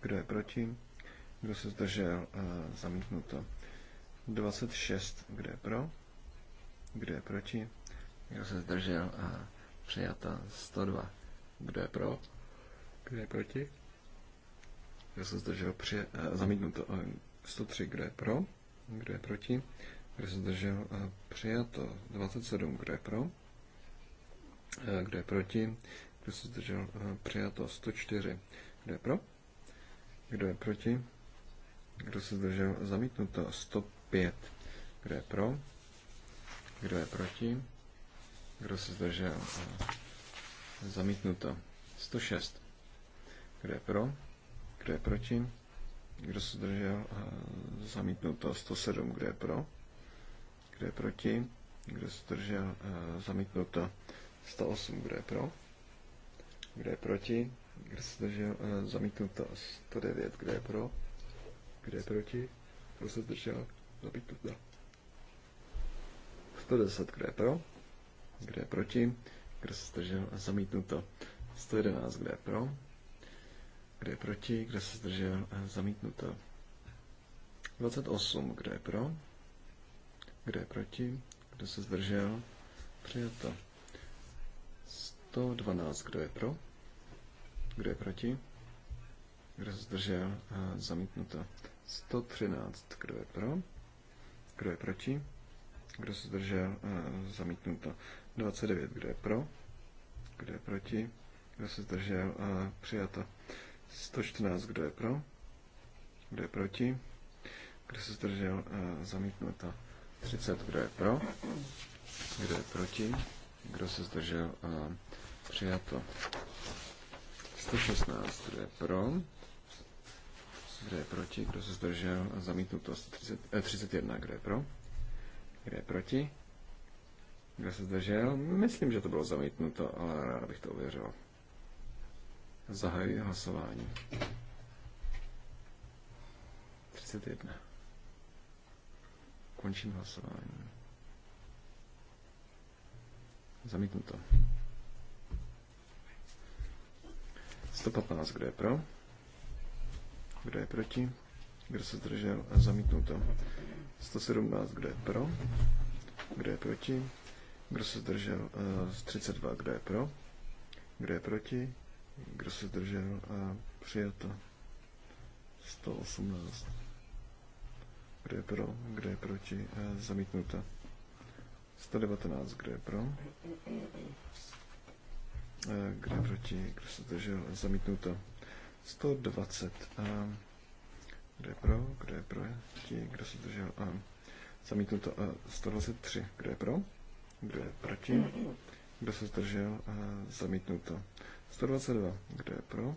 Kdo je proti? Kdo se zdržel? A zamítnuto 26. Kdo je pro? Kdo je proti? Kdo se zdržel? A přijata 102. Kdo je pro? Kdo je proti? Kdo se zdržel? Při... Eh, zamítnuto 103. Eh, kdo je pro? Kdo je proti? Kdo se zdržel? A eh, přijato 27. Kdo je pro? Kdo je proti? Kdo se zdržel? A přijato 104. Kdo je pro? Kdo je proti? Kdo se zdržel? Zamítnuto 105. Kdo je pro? Kdo je proti? Kdo se zdržel? Zamítnuto. 106. Kdo je pro? Kdo je proti? Kdo se zdržel? Zamítnuto. 107. Kdo je pro? Kdo je proti? Kdo se zdržel? Zamítnuto. 108. Kdo je pro? Kdo je proti? Kdo se zdržel? Zamítnuto. 109. Kdo je pro? Kdo je proti? Kdo se zdržel? Zamítnuto. 110. Kdo je pro? Kdo je proti? Kdo se zdržel? Zamítnuto. 111. Kdo je pro? Kdo je proti? Kdo se zdržel? Zamítnuto. 28. Kdo je pro? Kdo je proti? Kdo se zdržel? Přijato. 112. Kdo je pro? Kdo je proti? Kdo se zdržel? Zamítnuto. 113. Kdo je pro? Kdo je proti? Kdo se zdržel? Zamítnuto. 29. Kdo je pro? Kdo je proti? Kdo se zdržel? A přijata. 114. Kdo je pro? Kdo je proti? Kdo se zdržel? A zamítnuta. 30. Kdo je pro? Kdo je proti? Kdo se zdržel? A přijato. 116. Kdo je pro? Kdo je proti? Kdo se zdržel? A zamítnuto. 30, eh, 31. Kdo je pro? Kdo je proti? Kdo se zdržel? Myslím, že to bylo zamítnuto, ale rád bych to uvěřil. Zahajuji hlasování. 31. Končím hlasování. Zamítnuto. 115, kdo je pro? Kdo je proti? Kdo se zdržel? A zamítnuto. 117, kdo je pro? Kdo je proti? Kdo se zdržel? 32. Eh, kdo je pro? Kdo je proti? Kdo se zdržel? Eh, přijato. 118. Kdo je pro? Kdo je proti? Eh, zamítnuto. 119. Kdo je pro? Kdo je proti? Kdo se zdržel? Zamítnuto. 120. Kdo je pro? Kdo je proti? Kdo se zdržel? Zamítnuto. 123. Kdo je pro? Kdo je proti? Kdo se zdržel? Zamítnuto. 122. Kdo je pro?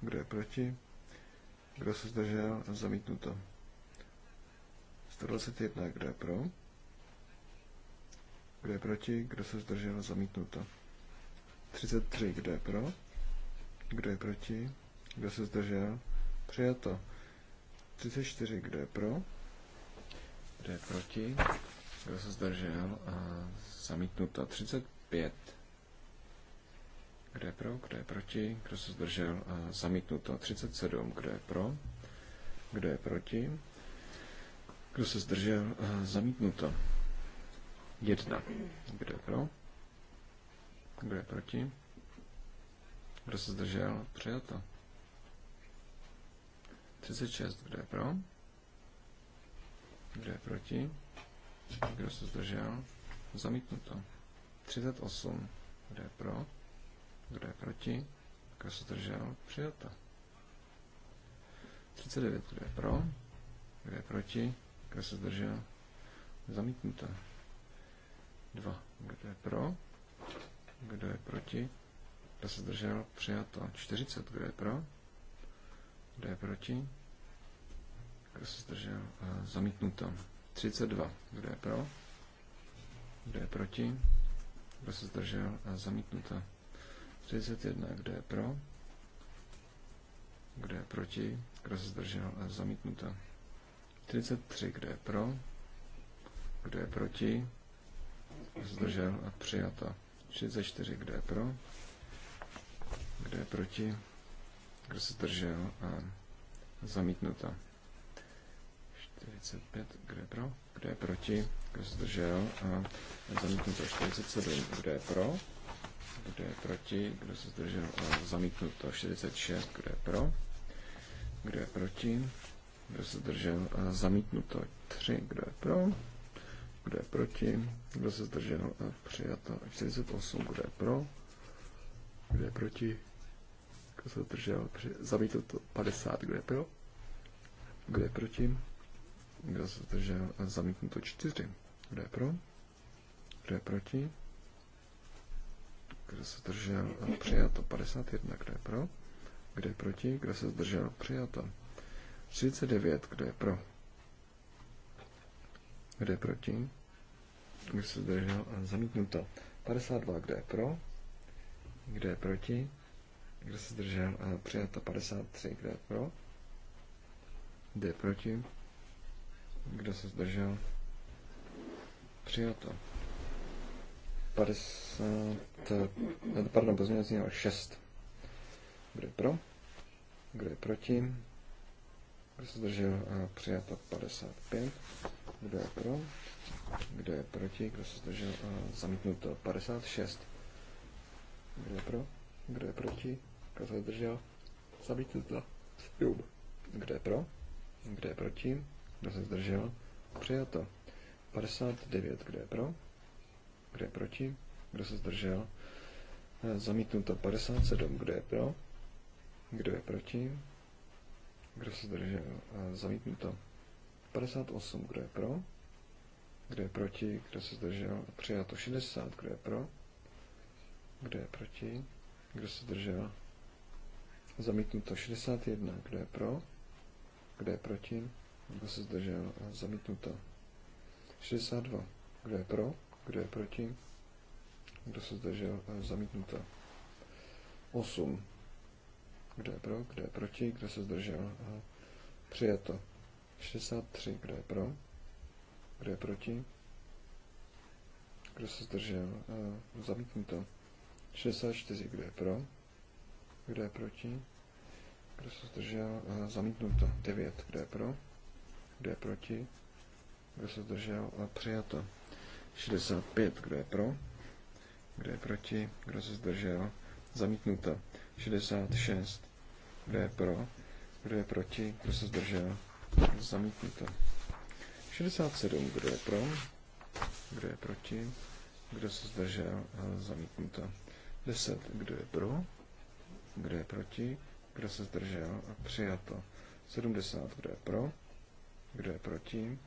Kdo je proti? Kdo se zdržel? Zamítnuto. 121. Kdo je pro? Kdo je proti? Kdo se zdržel? Zamítnuto. 33. Kdo je pro? Kdo je proti? Kdo se zdržel? Přijato. 34. Kdo je pro? Kdo je proti? Kdo se zdržel? A zamítnuto. 35. Kdo je pro? Kdo je proti? Kdo se zdržel? A zamítnuto. 37. Kdo je pro? Kdo je proti? Kdo se zdržel? A zamítnuto. 1. Kdo je pro? Kdo je proti? Kdo se zdržel? Přijato. 36. Kdo je pro? Kdo je proti? Kdo se zdržel? Zamítnuto. 38. Kdo je pro? Kdo je proti? Kdo se zdržel? Přijato. 39. Kdo je pro? Kdo je proti? Kdo se zdržel? Zamítnuto. 2. Kdo je pro? Kdo je proti? Kdo se zdržel? Přijato. 40. Kdo je pro? Kdo je proti? Kdo se zdržel? Eh, zamítnuto. 32. Kdo je pro? Kdo je proti? Kdo se zdržel? A zamítnuto. 31. Kdo je pro? Kdo je proti? Kdo se zdržel? A zamítnuto. 33. Kdo je pro? Kdo je proti? Kdo se zdržel? A přijato. 34. Kdo je pro? Kdo je proti? Kdo se zdržel? A zamítnuto. 45, kdo je pro, kdo je proti, kdo se zdržel a zamítnuto 47, kdo je pro, kdo je proti, kdo se zdržel a zamítnuto 46, kdo je pro, kdo je proti, kdo se zdržel a zamítnuto 3, kdo je pro, kdo je proti, kdo se zdržel a přijato 48, kdo je pro, kdo je proti, kdo se zdržel, zamítnuto 50, kdo je pro, kdo je proti, kdo se zdržel? Zamítnuto čtyři. Kdo je pro? Kdo je proti? Kdo se zdržel? Přijato 51. Kdo je pro? Kdo je proti? Kdo se zdržel? Přijato 39. Kdo je pro? Kdo je proti? Kdo se zdržel? Zamítnuto 52. Kdo je pro? Kdo je proti? Kdo se zdržel? Přijato 53. Kdo je pro? Kdo je proti? Kdo se zdržel? Přijato. 50, pardon, pozměňovací návrh 6. Kdo je pro? Kdo je proti? Kdo se zdržel? A přijato 55. Kdo je pro? Kdo je proti? Kdo se zdržel? A zamítnuto 56. Kdo je pro? Kdo je proti? Kdo se zdržel? Zamítnuto 7. Kdo je pro? Kdo je proti? Kdo se zdržel? Přijato. 59. Kdo je pro? Kdo je proti? Kdo se zdržel? Zamítnuto 57. Kdo je pro? Kdo je proti? Kdo se zdržel? Zamítnuto 58. Kdo je pro? Kdo je proti? Kdo se zdržel? Přijato 60. Kdo je pro? Kdo je proti? Kdo se zdržel? Zamítnuto 61. Kdo je pro? Kdo je proti? Kdo se zdržel? Zamítnuto. 62. Kdo je pro? Kdo je proti? Kdo se zdržel? Zamítnuto. 8. Kdo je pro? Kdo je proti? Kdo se zdržel? Přijato. 63. Kdo je pro? Kdo je proti? Kdo se zdržel? Zamítnuto. 64. Kdo je pro? Kdo je proti? Kdo se zdržel? Zamítnuto. 9. Kdo je pro? Kdo je proti? Kdo se zdržel? a Přijato. 65. Kdo je pro? Kdo je proti? Kdo se zdržel? Zamítnuto. 66. Kdo je pro? Kdo je proti? Kdo se zdržel? Zamítnuto. 67. Kdo je pro? Kdo je proti? Kdo se zdržel? Zamítnuto. 10. Kdo je pro? Kdo je proti? Kdo se zdržel? Přijato. 70. Kdo je pro? Kdo je proti?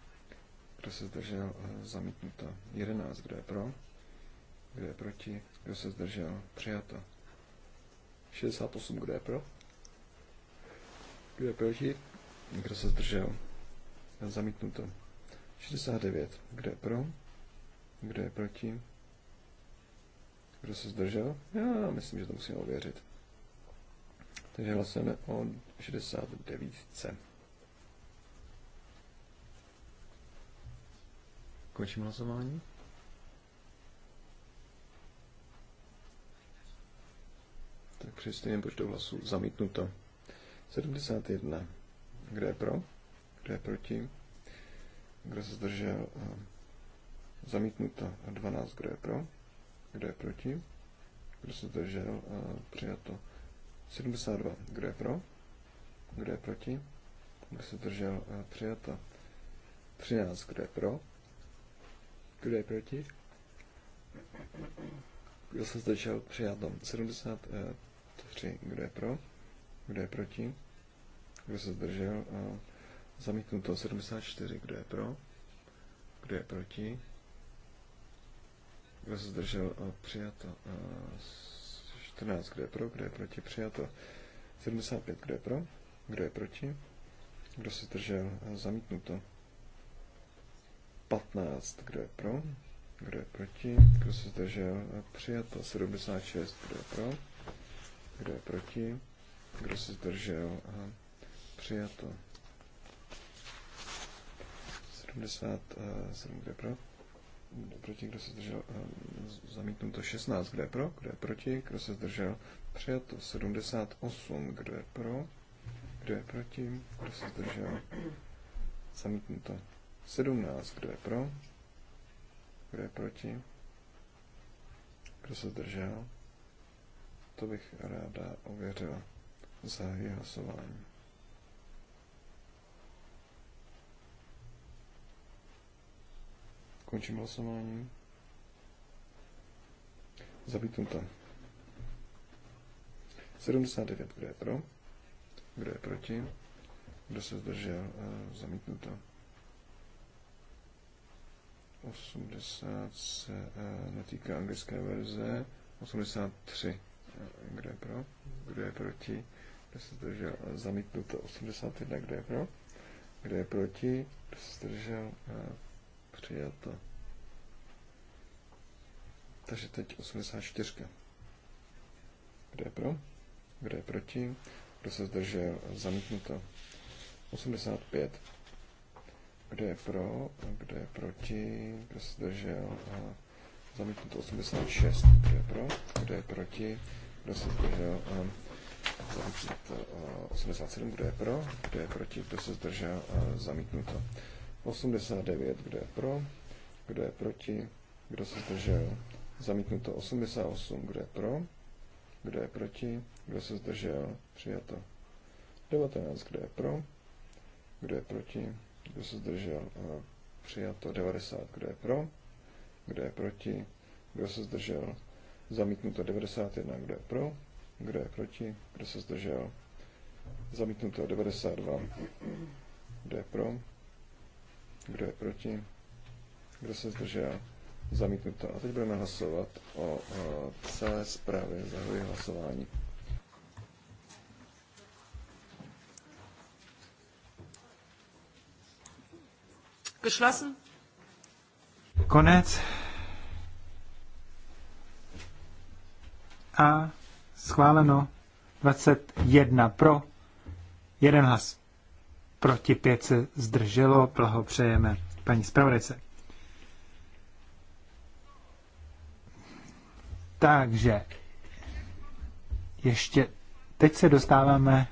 Kdo se zdržel? Eh, zamítnuto. 11. Kdo je pro? Kdo je proti? Kdo se zdržel? Přijato. 68. Kdo je pro? Kdo je proti? Kdo se zdržel? Zamítnuto. 69. Kdo je pro? Kdo je proti? Kdo se zdržel? Já myslím, že to musíme ověřit. Takže hlasujeme o 69. Končím hlasování. Tak při stejném počtu hlasů zamítnuto. 71. Kdo je pro? Kdo je proti? Kdo se zdržel? Zamítnuto. 12. Kdo je pro? Kdo je proti? Kdo se zdržel? Přijato. 72. Kdo je pro? Kdo je proti? Kdo se zdržel? Přijato. 13. Kdo je pro? Kdo je proti? Kdo se zdržel? Přijato. 73. Kdo je pro? Kdo je proti? Kdo se zdržel? Zamítnuto. 74. Kdo je pro? Kdo je proti? Kdo se zdržel? Přijato. 14. Kdo je pro? Kdo je proti? Přijato. 75. Kdo je pro? Kdo je proti? Kdo se zdržel? Zamítnuto. 15. Kdo je pro? Kdo je proti? Kdo se zdržel? Přijato 76. Kdo je pro? Kdo je proti? Kdo se zdržel? A přijato 77. Kdo je pro? Kdo je proti? Kdo se zdržel? Zamítnu to 16. Kdo je pro? Kdo je proti? Kdo se zdržel? Přijato 78. Kdo je pro? Kdo je proti? Kdo se zdržel? to 17. Kdo je pro? Kdo je proti? Kdo se zdržel? To bych ráda ověřila. za hlasování. Končím hlasování. to. 79, kdo je pro? Kdo je proti? Kdo se zdržel? Eh, zamítnu to. 80 se eh, netýká anglické verze. 83. Eh, kdo je pro? Kdo je proti? Kdo se zdržel? Zamítnuto 81. Kdo je pro? Kdo je proti? Kdo se zdržel? Eh, přijato. Takže teď 84. Kdo je pro? Kdo je proti? Kdo se zdržel? Zamítnuto. 85. Kdo je pro? Kdo je proti? Kdo se zdržel? Zamítnuto 86. Kdo je pro? Kdo je proti? Kdo se zdržel? Zamítnuto 87. Kdo je pro? Kdo je proti? Kdo se zdržel? Zamítnuto 89. Kdo je pro? Kdo je proti? Kdo se zdržel? Zamítnuto 88. Kdo je pro? Kdo je proti? Kdo se zdržel? Přijato. 19. Kdo je pro? Kdo je proti? Kdo se zdržel? Eh, přijato 90. Kdo je pro? Kdo je proti? Kdo se zdržel? Zamítnuto 91. Kdo je pro? Kdo je proti? Kdo se zdržel? Zamítnuto 92. Kdo je pro? Kdo je proti? Kdo se zdržel? Zamítnuto. A teď budeme hlasovat o, o eh, celé zprávě. Zahajuji hlasování. Geschlossen. Konec. A schváleno 21 pro, jeden hlas proti pět se zdrželo. Blahopřejeme paní zpravodajce. Takže ještě teď se dostáváme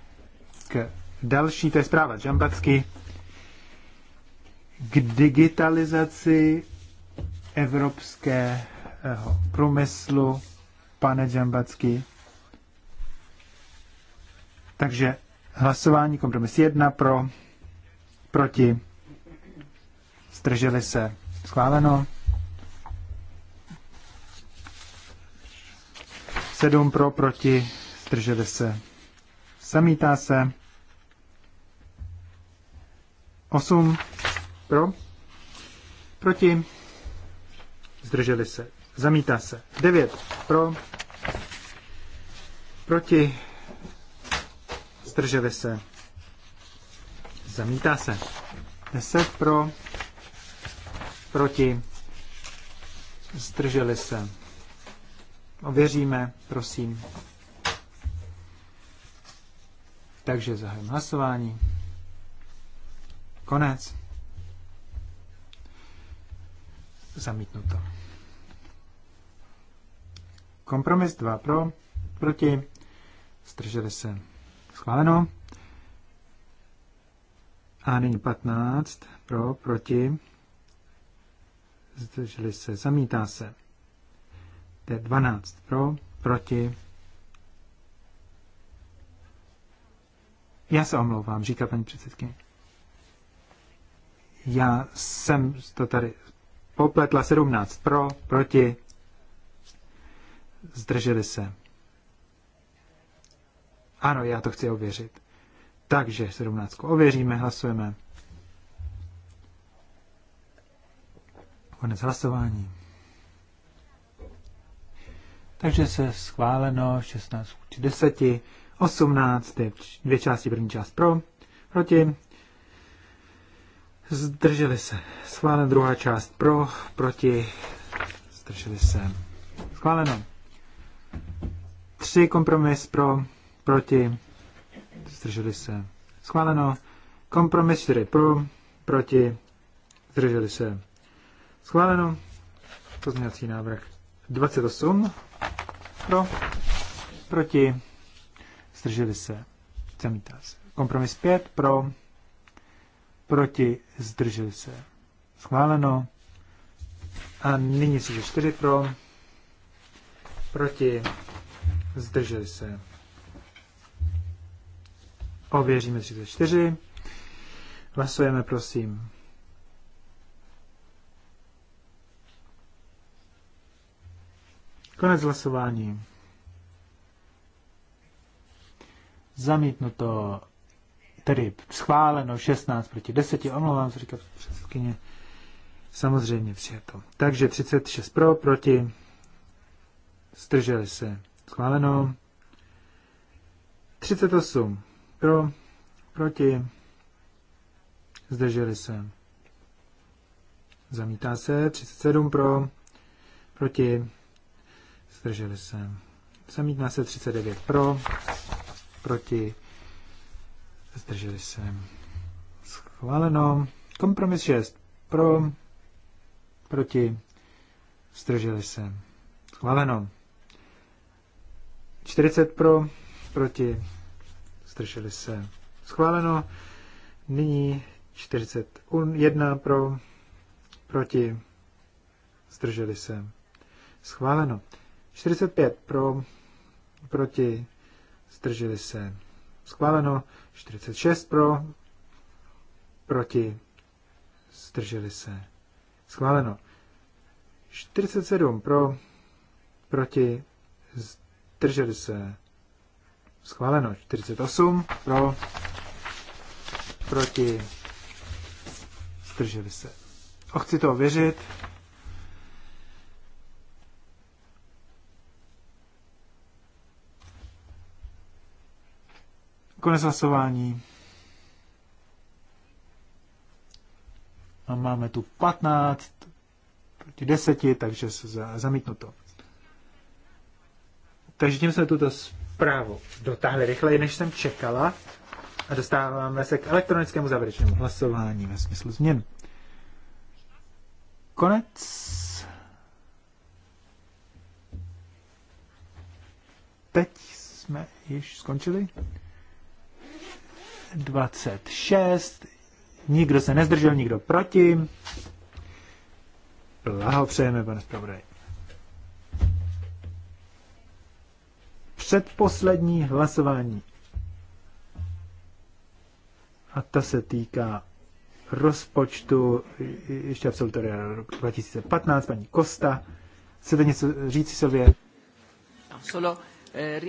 k další, to je zpráva Džambacky k digitalizaci evropského průmyslu, pane Džambacky. Takže hlasování kompromis 1 pro, proti, zdrželi se, schváleno. 7 pro, proti, zdrželi se, zamítá se. 8 pro. Proti. Zdrželi se. Zamítá se. 9. Pro. Proti. Zdrželi se. Zamítá se. 10 pro. Proti. Zdrželi se. Ověříme, prosím. Takže zahajím hlasování. Konec. Zamítnuto. Kompromis 2 pro, proti, zdrželi se. Schváleno. A nyní 15 pro, proti, zdrželi se, zamítá se. d 12 pro, proti. Já se omlouvám, říká paní předsedkyně. Já jsem to tady popletla 17 pro, proti, zdrželi se. Ano, já to chci ověřit. Takže 17 ověříme, hlasujeme. Konec hlasování. Takže se schváleno 16 10, 18 dvě části, první část pro, proti, Zdrželi se. Schválen druhá část pro, proti. Zdrželi se. Schváleno. Tři kompromis pro, proti. Zdrželi se. Schváleno. Kompromis čtyři pro, proti. Zdrželi se. Schváleno. Pozměňovací návrh 28 pro, proti. Zdrželi se. se. Kompromis 5 pro, proti, zdrželi se. Schváleno. A nyní si 4 pro, proti, zdrželi se. Ověříme 34. Hlasujeme, prosím. Konec hlasování. Zamítnuto tedy schváleno 16 proti 10, omlouvám se, říká předsedkyně. Samozřejmě přijato. Takže 36 pro, proti, zdrželi se, schváleno. 38 pro, proti, zdrželi se. Zamítá se, 37 pro, proti, zdrželi se. Zamítá se 39 pro, proti, Zdrželi se. Schváleno. Kompromis 6. Pro. Proti. Zdrželi se. Schváleno. 40 pro. Proti. Zdrželi se. Schváleno. Nyní 41 pro. Proti. Zdrželi se. Schváleno. 45 pro. Proti. Zdrželi se. Schváleno. 46 pro, proti, zdrželi se. Schváleno. 47 pro, proti, zdrželi se. Schváleno. 48 pro, proti, zdrželi se. chci to ověřit. Konec hlasování. A máme tu 15 proti 10, takže se zamítnuto. Takže tím jsme tuto zprávu dotáhli rychleji, než jsem čekala. A dostáváme se k elektronickému závěrečnému hlasování ve smyslu změn. Konec. Teď jsme již skončili. 26. Nikdo se nezdržel, nikdo proti. Blahopřejeme, pane zpravodaj. Předposlední hlasování. A to se týká rozpočtu ještě absolutoria roku 2015, paní Kosta. Chcete něco říct Silvě? Eh,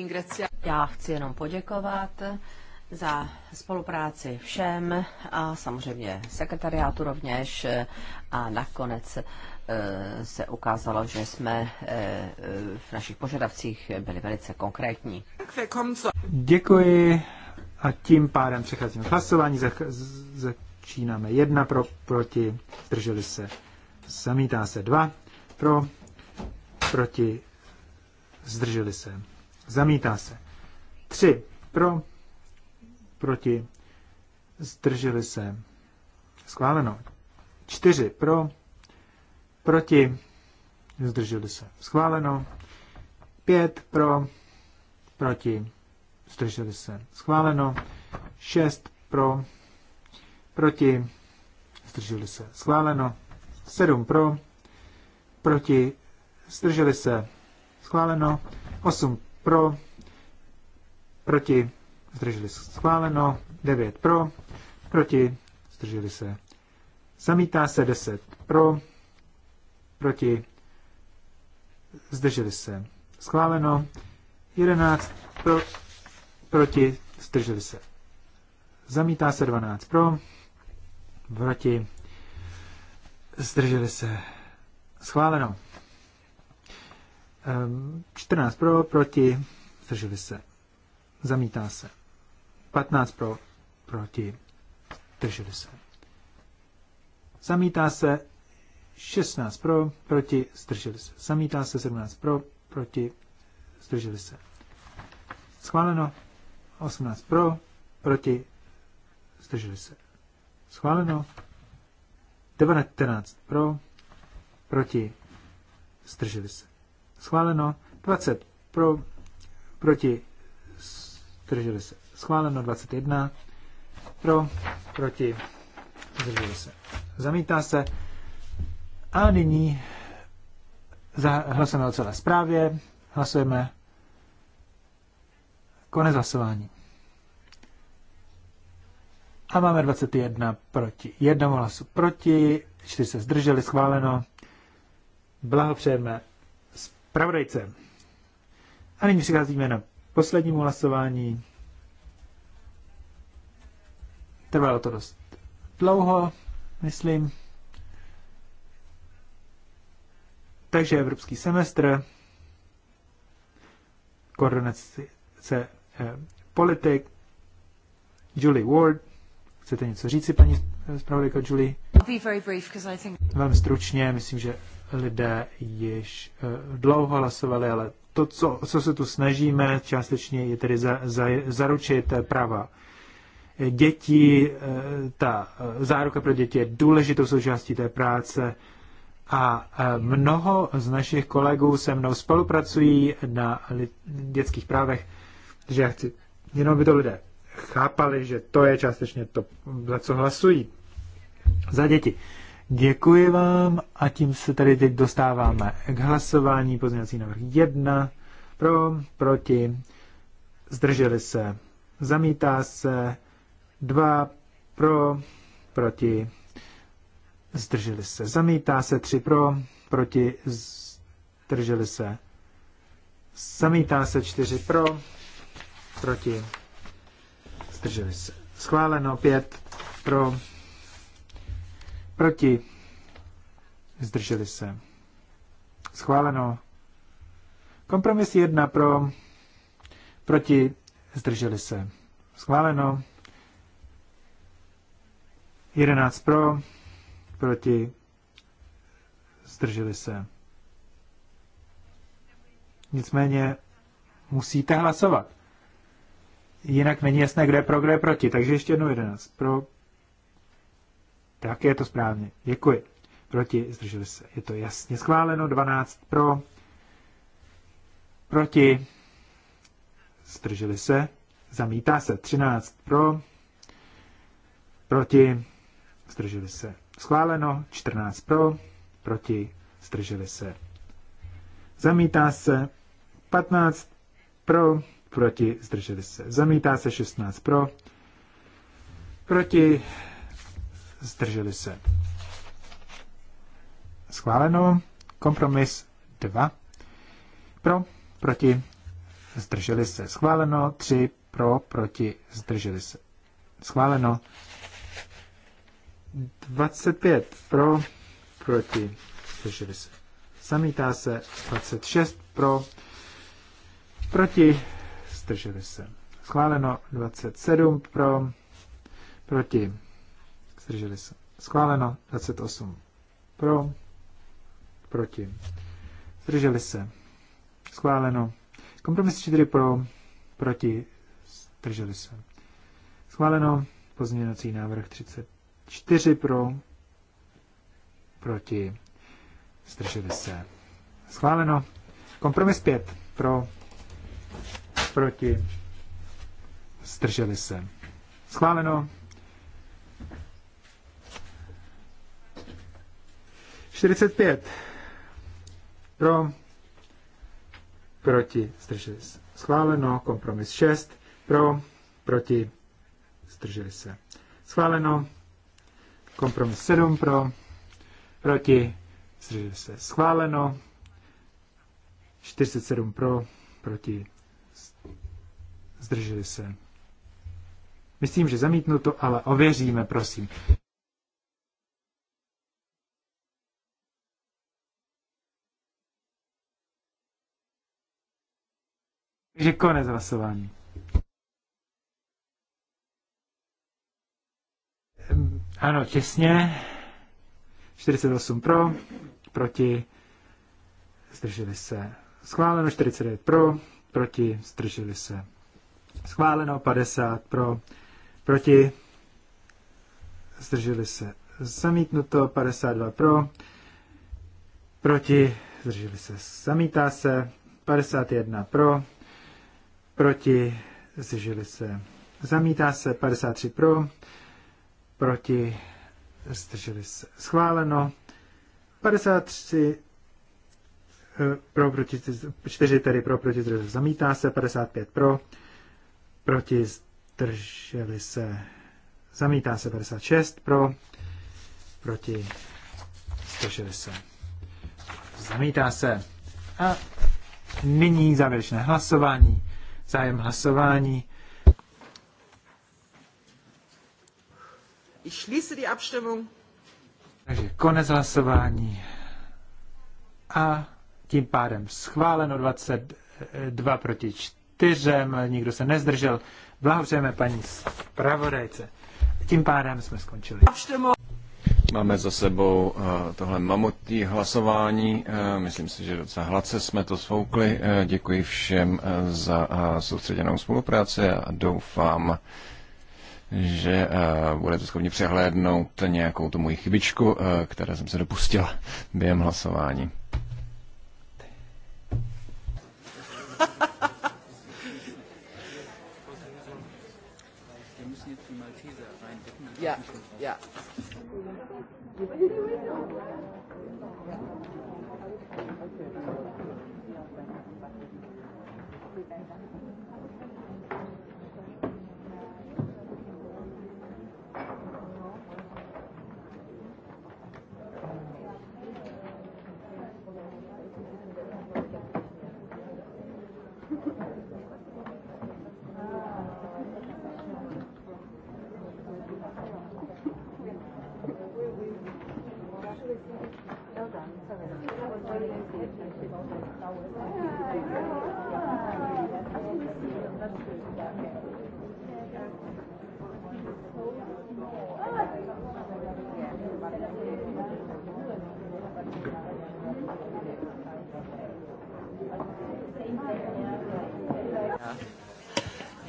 Já chci jenom poděkovat za spolupráci všem a samozřejmě sekretariátu rovněž. A nakonec e, se ukázalo, že jsme e, v našich požadavcích byli velice konkrétní. Děkuji a tím pádem přecházíme k hlasování. Začínáme jedna pro, proti, drželi se, zamítá se dva pro, proti, zdrželi se, zamítá se tři pro, proti, zdrželi se, schváleno. čtyři pro, proti, zdrželi se, schváleno. pět pro, proti, zdrželi se, schváleno. šest pro, proti, zdrželi se, schváleno. sedm pro, proti, zdrželi se, schváleno. osm pro, proti, zdrželi se schváleno, 9 pro, proti, zdrželi se. Zamítá se 10 pro, proti, zdrželi se. Schváleno, 11 pro, proti, zdrželi se. Zamítá se 12 pro, proti, zdrželi se. Schváleno. 14 ehm, pro, proti, zdrželi se. Zamítá se. 15 pro, proti, drželi se. Zamítá se 16 pro, proti, zdrželi se. Zamítá se 17 pro, proti, zdrželi se. Schváleno 18 pro, proti, zdrželi se. Schváleno 19 pro, proti, zdrželi se. Schváleno 20 pro, proti, zdrželi se schváleno 21, pro, proti, zdržuje se, zamítá se. A nyní za, hlasujeme o celé zprávě, hlasujeme konec hlasování. A máme 21 proti, jednomu hlasu proti, čtyři se zdrželi, schváleno. Blahopřejeme zpravodajce. A nyní přicházíme na poslednímu hlasování. Trvalo to dost dlouho, myslím. Takže evropský semestr, koordinace eh, politik, Julie Ward. Chcete něco říci, paní zpravodajka Julie? Velmi stručně, myslím, že lidé již eh, dlouho hlasovali, ale to, co, co se tu snažíme částečně, je tedy za, za, zaručit eh, práva děti, eh, ta eh, záruka pro děti je důležitou součástí té práce a eh, mnoho z našich kolegů se mnou spolupracují na dětských právech, že? já chci jenom, by to lidé chápali, že to je částečně to, za co hlasují. Za děti. Děkuji vám a tím se tady teď dostáváme k hlasování. Pozměňovací návrh 1. Pro, proti, zdrželi se, zamítá se, 2 pro, proti, zdrželi se. Zamítá se 3 pro, proti, zdrželi se. Zamítá se 4 pro, proti, zdrželi se. Schváleno 5 pro, proti, zdrželi se. Schváleno. Kompromis 1 pro, proti, zdrželi se. Schváleno. 11 pro, proti, zdrželi se. Nicméně musíte hlasovat. Jinak není jasné, kdo je pro, kdo je proti. Takže ještě jednou 11. Pro. Tak je to správně. Děkuji. Proti, zdrželi se. Je to jasně schváleno. 12 pro. Proti. Zdrželi se. Zamítá se. 13 pro. Proti zdrželi se. Schváleno 14 pro, proti, zdrželi se. Zamítá se 15 pro, proti, zdrželi se. Zamítá se 16 pro, proti, zdrželi se. Schváleno kompromis 2 pro, proti, zdrželi se. Schváleno 3 pro, proti, zdrželi se. Schváleno 25 pro, proti, zdrželi se. Zamítá se 26 pro, proti, zdrželi se. Schváleno 27 pro, proti, zdrželi se. Schváleno 28 pro, proti, zdrželi se. Schváleno. Kompromis 4 pro, proti, zdrželi se. Schváleno pozměňovací návrh 30 4 pro, proti, zdrželi se. Schváleno. Kompromis 5 pro, proti, zdrželi se. Schváleno. čtyřicet pět pro, proti, zdrželi se. Schváleno. Kompromis šest pro, proti, zdrželi se. Schváleno. Kompromis 7 pro, proti, zdrželi se schváleno. 47 pro, proti, zdrželi se. Myslím, že zamítnu to, ale ověříme, prosím. Takže konec hlasování. Ano, těsně. 48 pro, proti, zdrželi se. Schváleno 49 pro, proti, zdrželi se. Schváleno 50 pro, proti, zdrželi se. Zamítnuto 52 pro, proti, zdrželi se. Zamítá se 51 pro, proti, zdrželi se. Zamítá se 53 pro, proti, zdrželi se schváleno. 53 eh, pro, proti, 4 tedy pro, proti, zdrželi se zamítá se, 55 pro, proti, zdrželi se zamítá se, 56 pro, proti, zdrželi se zamítá se. A nyní závěrečné hlasování. Zájem hlasování Ich schließe die Abstimmung. Takže konec hlasování. A tím pádem schváleno 22 proti 4, nikdo se nezdržel. Blahopřejeme paní zpravodajce. Tím pádem jsme skončili. Máme za sebou eh, tohle mamutí hlasování. Eh, myslím si, že docela hladce jsme to svoukli. Eh, děkuji všem za soustředěnou spolupráci a doufám, že eh, budete schopni přehlédnout nějakou tu moji chybičku, eh, které jsem se dopustil během hlasování. Ja.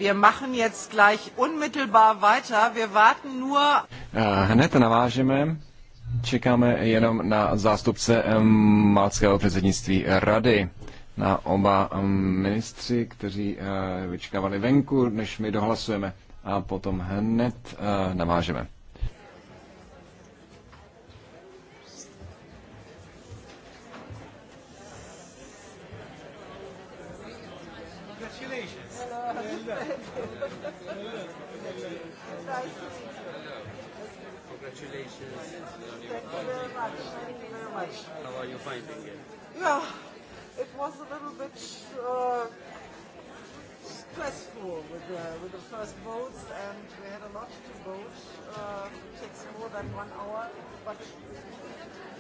Wir machen jetzt gleich unmittelbar weiter. Wir warten nur. Eh, hned navážeme. Čekáme jenom na zástupce malckého předsednictví rady, na oba ministři, kteří eh, vyčkávali venku, než my dohlasujeme a potom hned eh, navážeme. yeah, it was a little bit uh, stressful with the, with the first boats, and we had a lot to boat. Uh, it takes more than one hour, but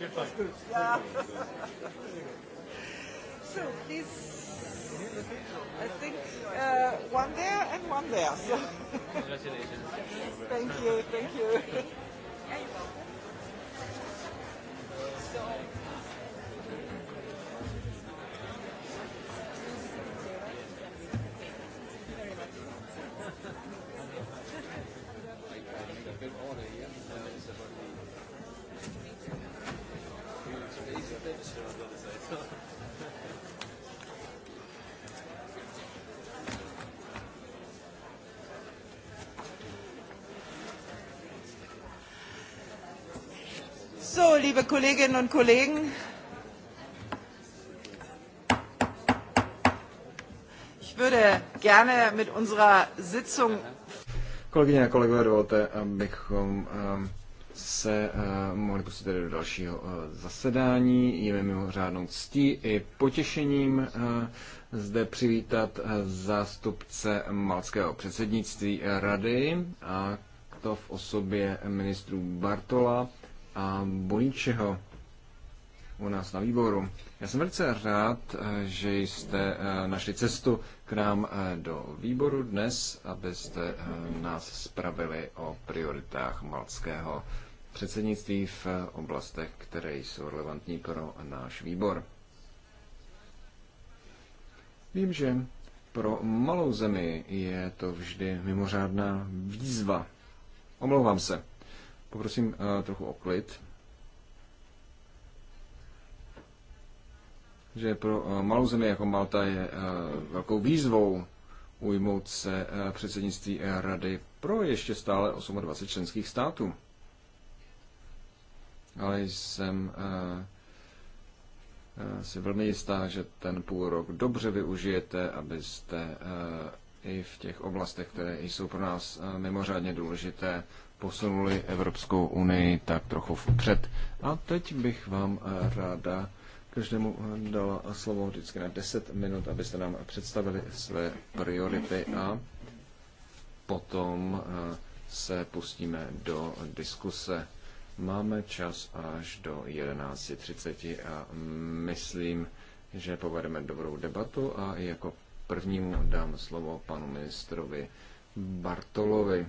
it, was good. Yeah. so please. I think uh, one there and one there. So. Congratulations. thank you, thank you. so. Kolleginnen und Kollegen, ich würde gerne mit unserer Sitzung. Kolegyně a kolegové, dovolte, abychom ehm, se ehm, mohli pustit do dalšího eh, zasedání. Je mi mimořádnou ctí i potěšením eh, zde přivítat eh, zástupce malského předsednictví rady a to v osobě ministrů Bartola, a Bolíčeho u nás na výboru. Já jsem velice rád, eh, že jste eh, našli cestu k nám eh, do výboru dnes, abyste nás spravili o prioritách malckého předsednictví v oblastech, které jsou relevantní pro náš výbor. Vím, že pro malou zemi je to vždy mimořádná výzva. Omlouvám se. Poprosím eh, trochu o klid. Že pro eh, malou zemi jako Malta je eh, velkou výzvou ujmout se předsednictví Rady pro ještě stále 28 členských států. Ale jsem si velmi jistá, že ten půl rok dobře využijete, abyste i v těch oblastech, které jsou pro nás mimořádně důležité, posunuli Evropskou unii tak trochu vpřed. A teď bych vám eh, ráda každému eh, dala slovo vždycky na 10 minut, abyste nám představili své priority a potom eh, se pustíme do diskuse. Máme čas až do 11.30 a myslím, že povedeme dobrou debatu a jako prvnímu dám slovo panu ministrovi Bartolovi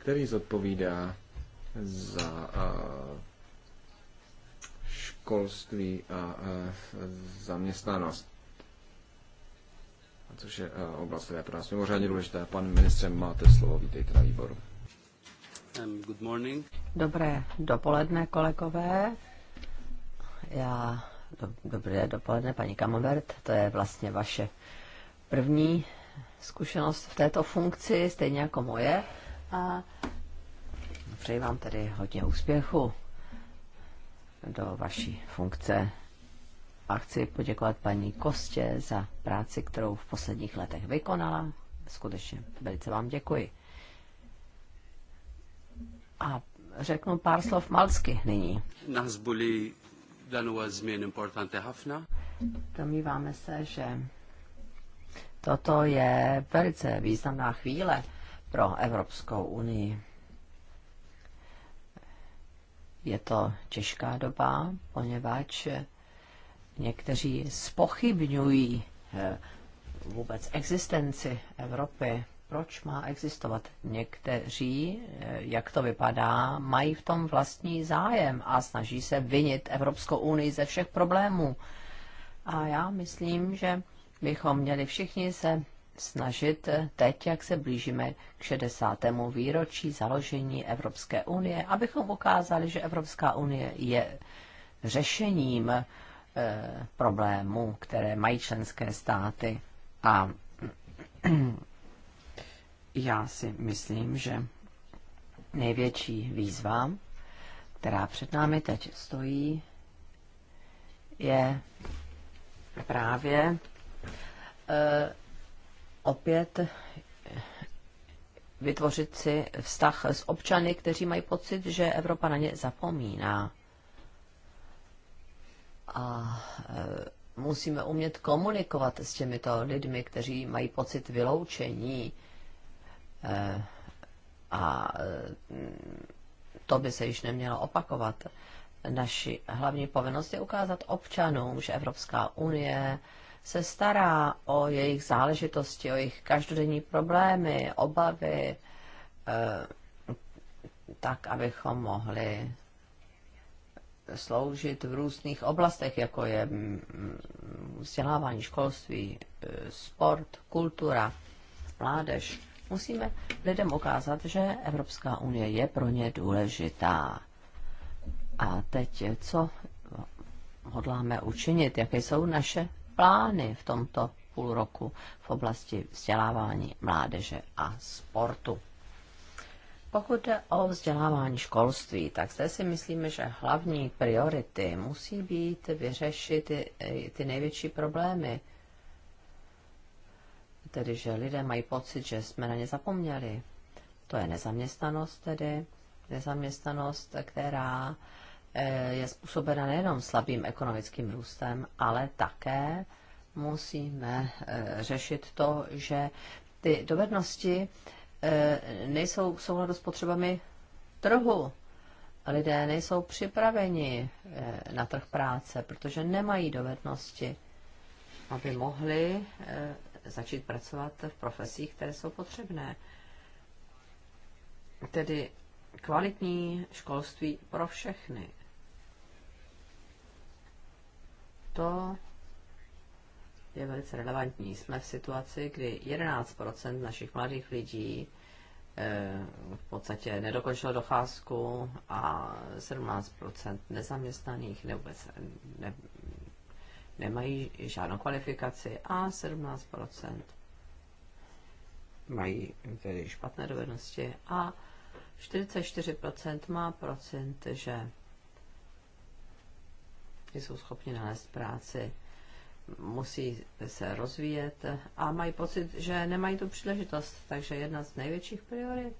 který zodpovídá za školství a zaměstnanost. Což je oblast, která je pro nás mimořádně důležitá. Pan ministře, máte slovo, vítejte na výboru. Um, good morning. Dobré dopoledne, kolegové. Já, do, dobré dopoledne, paní Kamobert. To je vlastně vaše první zkušenost v této funkci, stejně jako moje a přeji vám tedy hodně úspěchu do vaší funkce a chci poděkovat paní Kostě za práci, kterou v posledních letech vykonala. Skutečně velice vám děkuji. A řeknu pár slov malsky nyní. Nás byly danova změn importante hafna. Domníváme se, že toto je velice významná chvíle pro Evropskou unii. Je to těžká doba, poněvadž někteří spochybňují eh, vůbec existenci Evropy. Proč má existovat? Někteří, eh, jak to vypadá, mají v tom vlastní zájem a snaží se vinit Evropskou unii ze všech problémů. A já myslím, že bychom měli všichni se snažit eh, teď, jak se blížíme k 60. výročí založení Evropské unie, abychom ukázali, že Evropská unie je řešením e, problémů, které mají členské státy. A já si myslím, že největší výzva, která před námi teď stojí, je právě e, opět vytvořit si vztah s občany, kteří mají pocit, že Evropa na ně zapomíná. A e, musíme umět komunikovat s těmito lidmi, kteří mají pocit vyloučení. E, a e, to by se již nemělo opakovat. Naši hlavní povinnost je ukázat občanům, že Evropská unie se stará o jejich záležitosti, o jejich každodenní problémy, obavy, eh, tak, abychom mohli sloužit v různých oblastech, jako je mm, vzdělávání, školství, eh, sport, kultura, mládež. Musíme lidem ukázat, že Evropská unie je pro ně důležitá. A teď eh, co hodláme učinit, jaké jsou naše plány v tomto půl roku v oblasti vzdělávání mládeže a sportu. Pokud jde o vzdělávání školství, tak zde si myslíme, že hlavní priority musí být vyřešit ty, ty největší problémy. Tedy, že lidé mají pocit, že jsme na ně zapomněli. To je nezaměstnanost tedy, nezaměstnanost, která Eh, je způsobena nejenom slabým ekonomickým růstem, ale také musíme eh, řešit to, že ty dovednosti eh, nejsou v souladu s potřebami trhu. Lidé nejsou připraveni na trh práce, protože nemají dovednosti, aby mohli začít pracovat v profesích, které jsou potřebné. Tedy kvalitní školství pro všechny to je velice relevantní. Jsme v situaci, kdy 11% našich mladých lidí eh, v podstatě nedokončilo docházku a 17% nezaměstnaných ne, ne, nemají žádnou kvalifikaci a 17% mají tedy špatné dovednosti a 44% má procent, že jsou schopni nalézt práci, musí se rozvíjet a mají pocit, že nemají tu příležitost. Takže jedna z největších priorit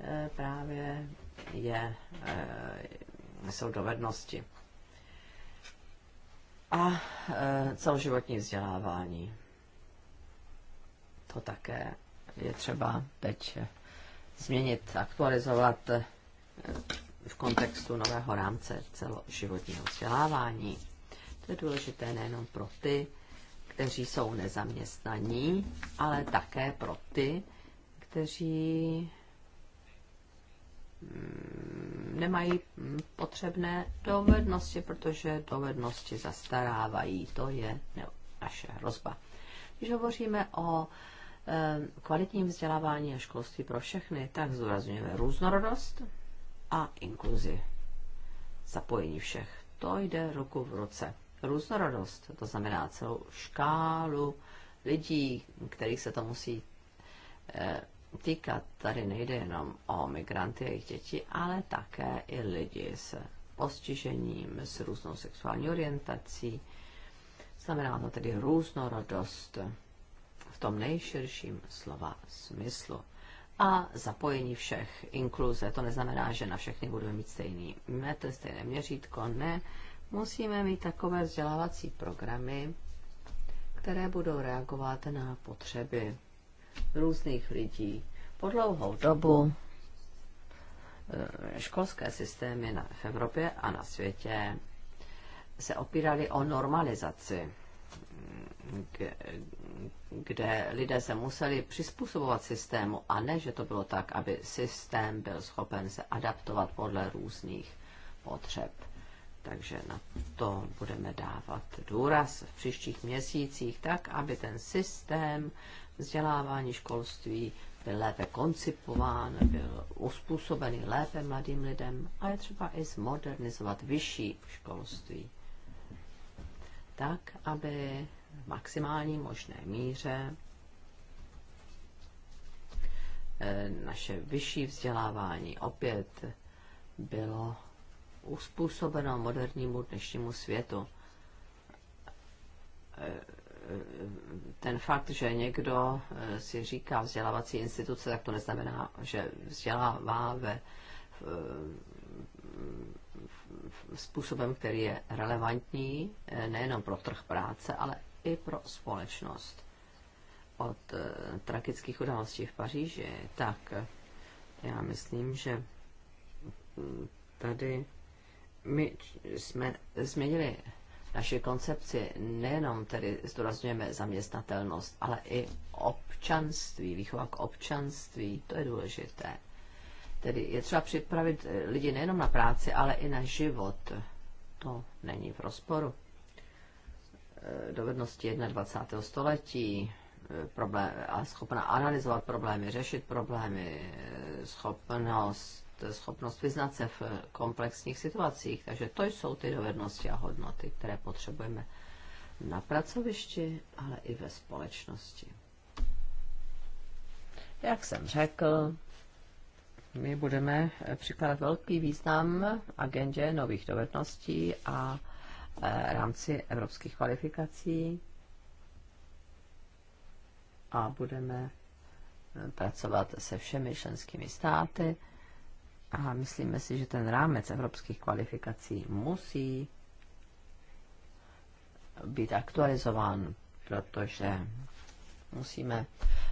eh, právě je, eh, jsou dovednosti a eh, celoživotní vzdělávání. To také je třeba teď změnit, aktualizovat v kontextu nového rámce celoživotního vzdělávání. To je důležité nejenom pro ty, kteří jsou nezaměstnaní, ale také pro ty, kteří mm, nemají potřebné dovednosti, protože dovednosti zastarávají. To je naše hrozba. Když hovoříme o eh, kvalitním vzdělávání a školství pro všechny, tak zdůrazňujeme různorodost, a inkluzi. Zapojení všech. To jde ruku v ruce. Různorodost, to znamená celou škálu lidí, kterých se to musí e, týkat. Tady nejde jenom o migranty a jejich děti, ale také i lidi s postižením, s různou sexuální orientací. Znamená to tedy různorodost v tom nejširším slova smyslu a zapojení všech, inkluze. To neznamená, že na všechny budeme mít stejný metr, stejné měřítko, ne. Musíme mít takové vzdělávací programy, které budou reagovat na potřeby různých lidí po dlouhou dobu. Eh, školské systémy v Evropě a na světě se opíraly o normalizaci kde lidé se museli přizpůsobovat systému a ne, že to bylo tak, aby systém byl schopen se adaptovat podle různých potřeb. Takže na to budeme dávat důraz v příštích měsících, tak aby ten systém vzdělávání školství byl lépe koncipován, byl uspůsobený lépe mladým lidem a je třeba i zmodernizovat vyšší školství tak, aby v maximální možné míře eh, naše vyšší vzdělávání opět bylo uspůsobeno modernímu dnešnímu světu. Eh, ten fakt, že někdo eh, si říká vzdělávací instituce, tak to neznamená, že vzdělává ve způsobem, který je relevantní eh, nejenom pro trh práce, ale i pro společnost. Od eh, tragických událostí v Paříži, tak eh, já myslím, že hm, tady my jsme změnili naši koncepci. Nejenom tedy zdůrazňujeme zaměstnatelnost, ale i občanství, výchova k občanství, to je důležité. Tedy je třeba připravit eh, lidi nejenom na práci, ale i na život. To není v rozporu. Eh, dovednosti 21. století, eh, problém, a schopna analyzovat problémy, řešit problémy, schopnost, schopnost vyznat se v komplexních situacích. Takže to jsou ty dovednosti a hodnoty, které potřebujeme na pracovišti, ale i ve společnosti. Jak jsem řekl, my budeme přikládat velký význam agendě nových dovedností a e, rámci evropských kvalifikací a budeme e, pracovat se všemi členskými státy a myslíme si, že ten rámec evropských kvalifikací musí být aktualizován, protože musíme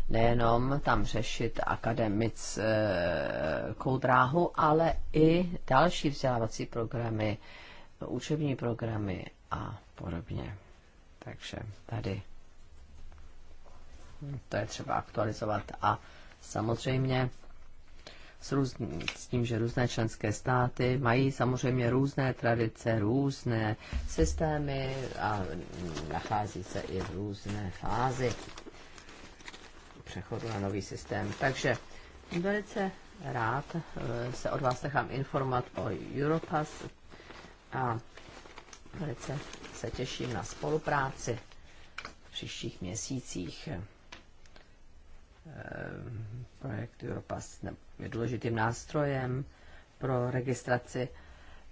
nejenom tam řešit akademickou dráhu, ale i další vzdělávací programy, učební programy a podobně. Takže tady to je třeba aktualizovat a samozřejmě s, různý, s tím, že různé členské státy mají samozřejmě různé tradice, různé systémy a nachází se i v různé fázi přechodu na nový systém. Takže velice rád eh, se od vás nechám informovat o Europass a velice se těším na spolupráci v příštích měsících. Eh, projekt Europass je důležitým nástrojem pro registraci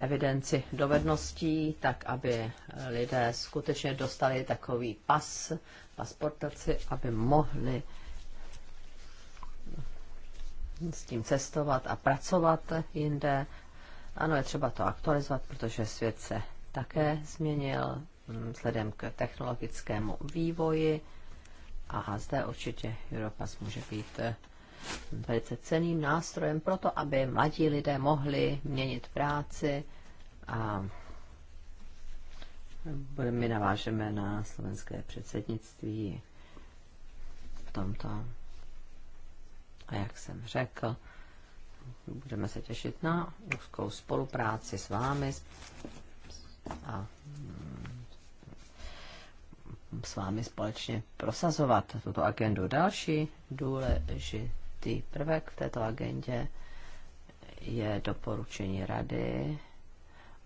evidenci dovedností, tak aby lidé skutečně dostali takový pas, pasportaci, aby mohli s tím cestovat a pracovat jinde. Ano, je třeba to aktualizovat, protože svět se také změnil mm, vzhledem k technologickému vývoji a zde určitě Europass může být eh, velice ceným nástrojem pro to, aby mladí lidé mohli měnit práci a my navážeme na slovenské předsednictví v tomto. A jak jsem řekl, budeme se těšit na úzkou spolupráci s vámi a mm, s vámi společně prosazovat tuto agendu. Další důležitý prvek v této agendě je doporučení rady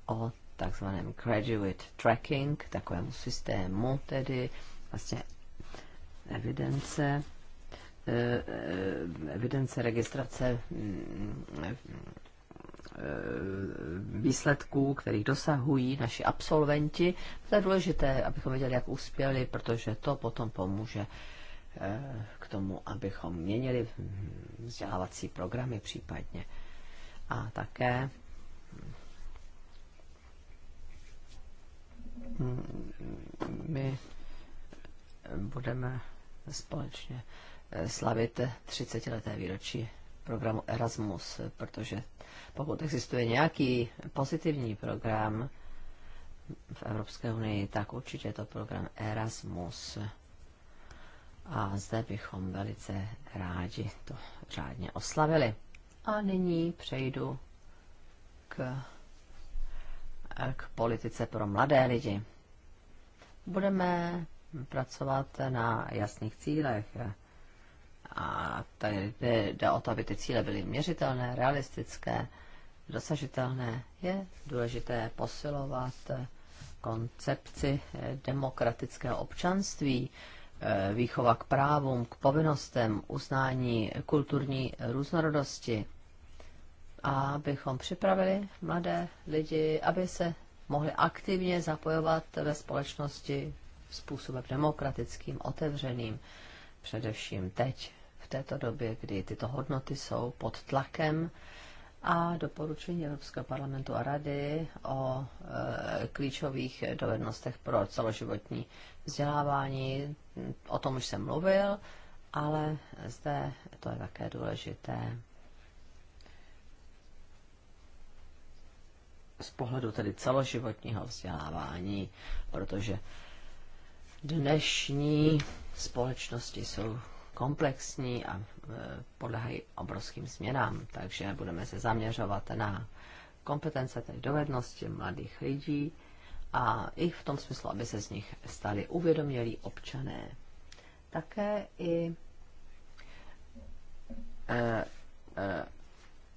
o takzvaném graduate tracking, takovému systému tedy vlastně evidence evidence registrace mm, e, výsledků, kterých dosahují naši absolventi. To je důležité, abychom věděli, jak uspěli, protože to potom pomůže e, k tomu, abychom měnili vzdělávací programy případně. A také mm, mm, my budeme společně Eh, slavit 30-leté výročí programu Erasmus, protože pokud existuje nějaký pozitivní program v Evropské unii, tak určitě je to program Erasmus. A zde bychom velice rádi to řádně oslavili. A nyní přejdu k, k politice pro mladé lidi. Budeme pracovat na jasných cílech a tady jde, jde o to, aby ty cíle byly měřitelné, realistické, dosažitelné. Je důležité posilovat koncepci eh, demokratického občanství, eh, výchova k právům, k povinnostem, uznání kulturní různorodosti, a abychom připravili mladé lidi, aby se mohli aktivně zapojovat ve společnosti způsobem demokratickým, otevřeným, především teď, v této době, kdy tyto hodnoty jsou pod tlakem a doporučení Evropského parlamentu a rady o e, klíčových dovednostech pro celoživotní vzdělávání. O tom už jsem mluvil, ale zde to je také důležité. z pohledu tedy celoživotního vzdělávání, protože dnešní společnosti jsou komplexní a e, podlehají obrovským změnám, takže budeme se zaměřovat na kompetence, tedy dovednosti mladých lidí a i v tom smyslu, aby se z nich stali uvědomělí občané. Také i e, e,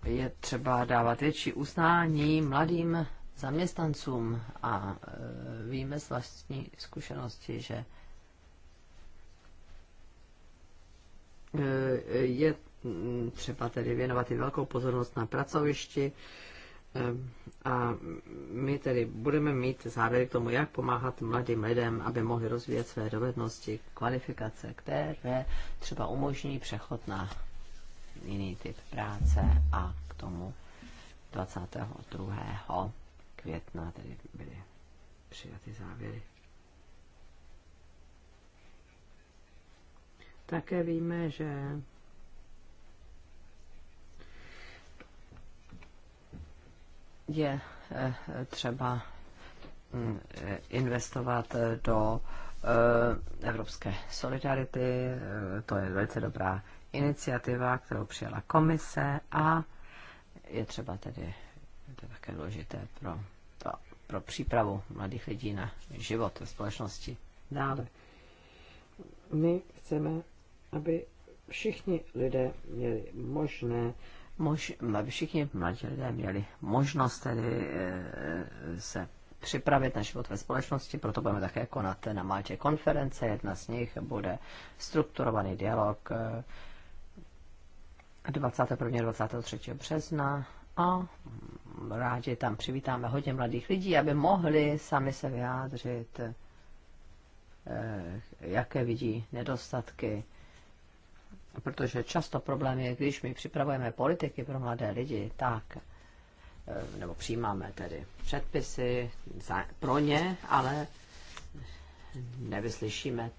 je třeba dávat větší uznání mladým zaměstnancům a víme z vlastní zkušenosti, že je třeba tedy věnovat i velkou pozornost na pracovišti a my tedy budeme mít závěry k tomu, jak pomáhat mladým lidem, aby mohli rozvíjet své dovednosti, kvalifikace, které třeba umožní přechod na jiný typ práce a k tomu 22. května tedy byly přijaty závěry. Také víme, že je eh, třeba mm, eh, investovat eh, do evropské solidarity. To je velice dobrá iniciativa, kterou přijala komise a je třeba tedy, to je také důležité pro, to, pro přípravu mladých lidí na život ve společnosti dále. My chceme aby všichni lidé měli možné, mož, aby všichni mladí lidé měli možnost tedy e, se připravit na život ve společnosti, proto budeme také konat na Maltě konference. Jedna z nich bude strukturovaný dialog 21. E, 23. března a rádi tam přivítáme hodně mladých lidí, aby mohli sami se vyjádřit, e, jaké vidí nedostatky protože často problém je, když my připravujeme politiky pro mladé lidi, tak eh, nebo přijímáme tedy předpisy za, pro ně, ale nevyslyšíme,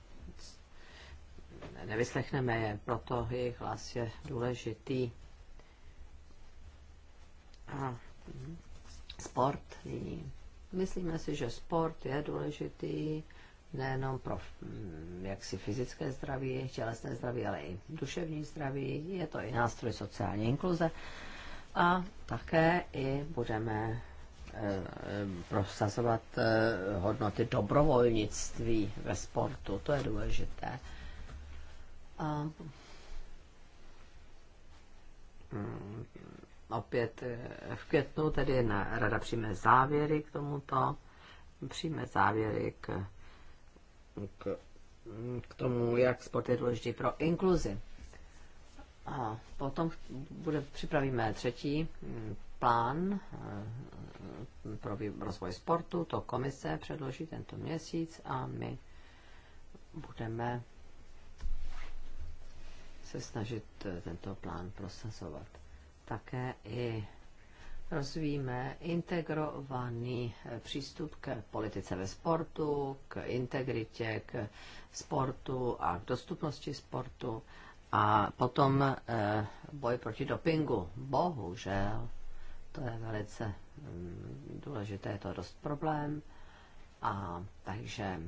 nevyslechneme je, proto jejich hlas je důležitý. A sport nyní. Myslíme si, že sport je důležitý nejenom pro mm, jaksi fyzické zdraví, tělesné zdraví, ale i duševní zdraví. Je to i nástroj sociální inkluze. A také i budeme eh, eh, prosazovat eh, hodnoty dobrovolnictví ve sportu. To je důležité. A mm, opět v květnu tedy na, rada přijme závěry k tomuto, přijme závěry k k, mm, k tomu, jak sport je důležitý pro inkluzi. A potom bude, připravíme třetí mm, plán eh, pro rozvoj sportu, to komise předloží tento měsíc a my budeme se snažit eh, tento plán prosazovat. Také i rozvíjíme integrovaný eh, přístup k politice ve sportu, k integritě, k sportu a k dostupnosti sportu a potom eh, boj proti dopingu. Bohužel, to je velice mm, důležité, je to dost problém. A takže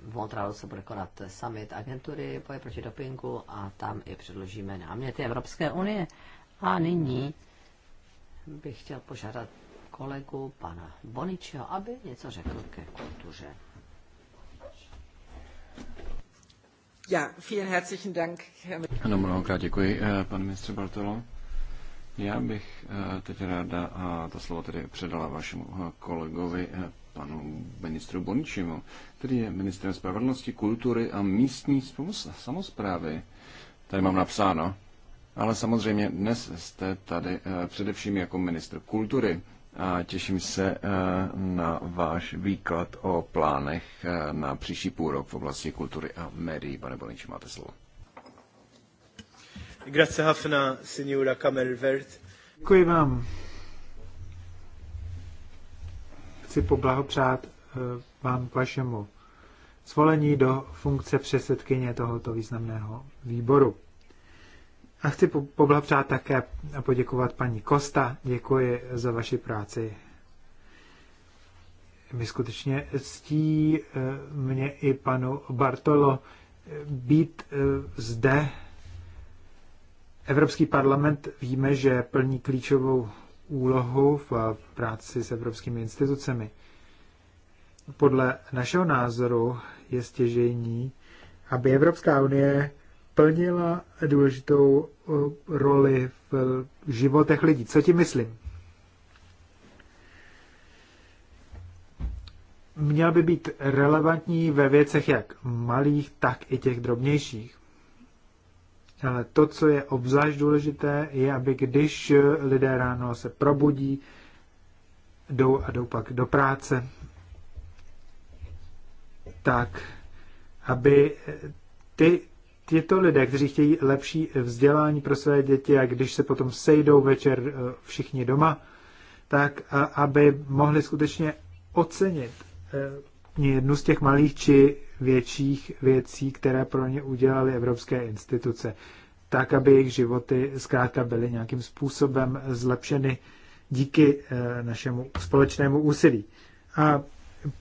v Montrealu se bude konat summit agentury boje proti dopingu a tam i předložíme náměty Evropské unie. A nyní bych chtěl požádat kolegu pana Boničeho, aby něco řekl ke kultuře. Ja, vielen herzlichen Dank. Ano, mnohokrát děkuji, eh, pan ministře Bartolo. Já bych eh, teď ráda to slovo tedy předala vašemu eh, kolegovi, panu ministru Boničimu, který je ministrem spravedlnosti, kultury a místní samozprávy. Tady mám napsáno. Ale samozřejmě dnes jste tady eh, především jako ministr kultury a těším se eh, na váš výklad o plánech eh, na příští půl rok v oblasti kultury a médií. Pane Bolinči, máte slovo. Grazie hafna, signora Kamelvert. Děkuji vám. Chci poblahopřát vám k vašemu zvolení do funkce předsedkyně tohoto významného výboru. A chci poblahopřát také a poděkovat paní Kosta. Děkuji za vaši práci. Mi skutečně ctí eh, mě i panu Bartolo eh, být eh, zde. Evropský parlament víme, že plní klíčovou úlohu v práci s evropskými institucemi. Podle našeho názoru je stěžení, aby Evropská unie plnila důležitou Eh, roli eh, v životech lidí. Co tím myslím? Měl by být relevantní ve věcech jak malých, tak i těch drobnějších. Ale to, co je obzvlášť důležité, je, aby když lidé ráno se probudí, jdou a jdou pak do práce, tak aby ty tito lidé, kteří chtějí lepší vzdělání pro své děti a když se potom sejdou večer eh, všichni doma, tak aby mohli skutečně ocenit eh, jednu z těch malých či větších věcí, které pro ně udělaly evropské instituce, tak, aby jejich životy zkrátka byly nějakým způsobem zlepšeny díky eh, našemu společnému úsilí. A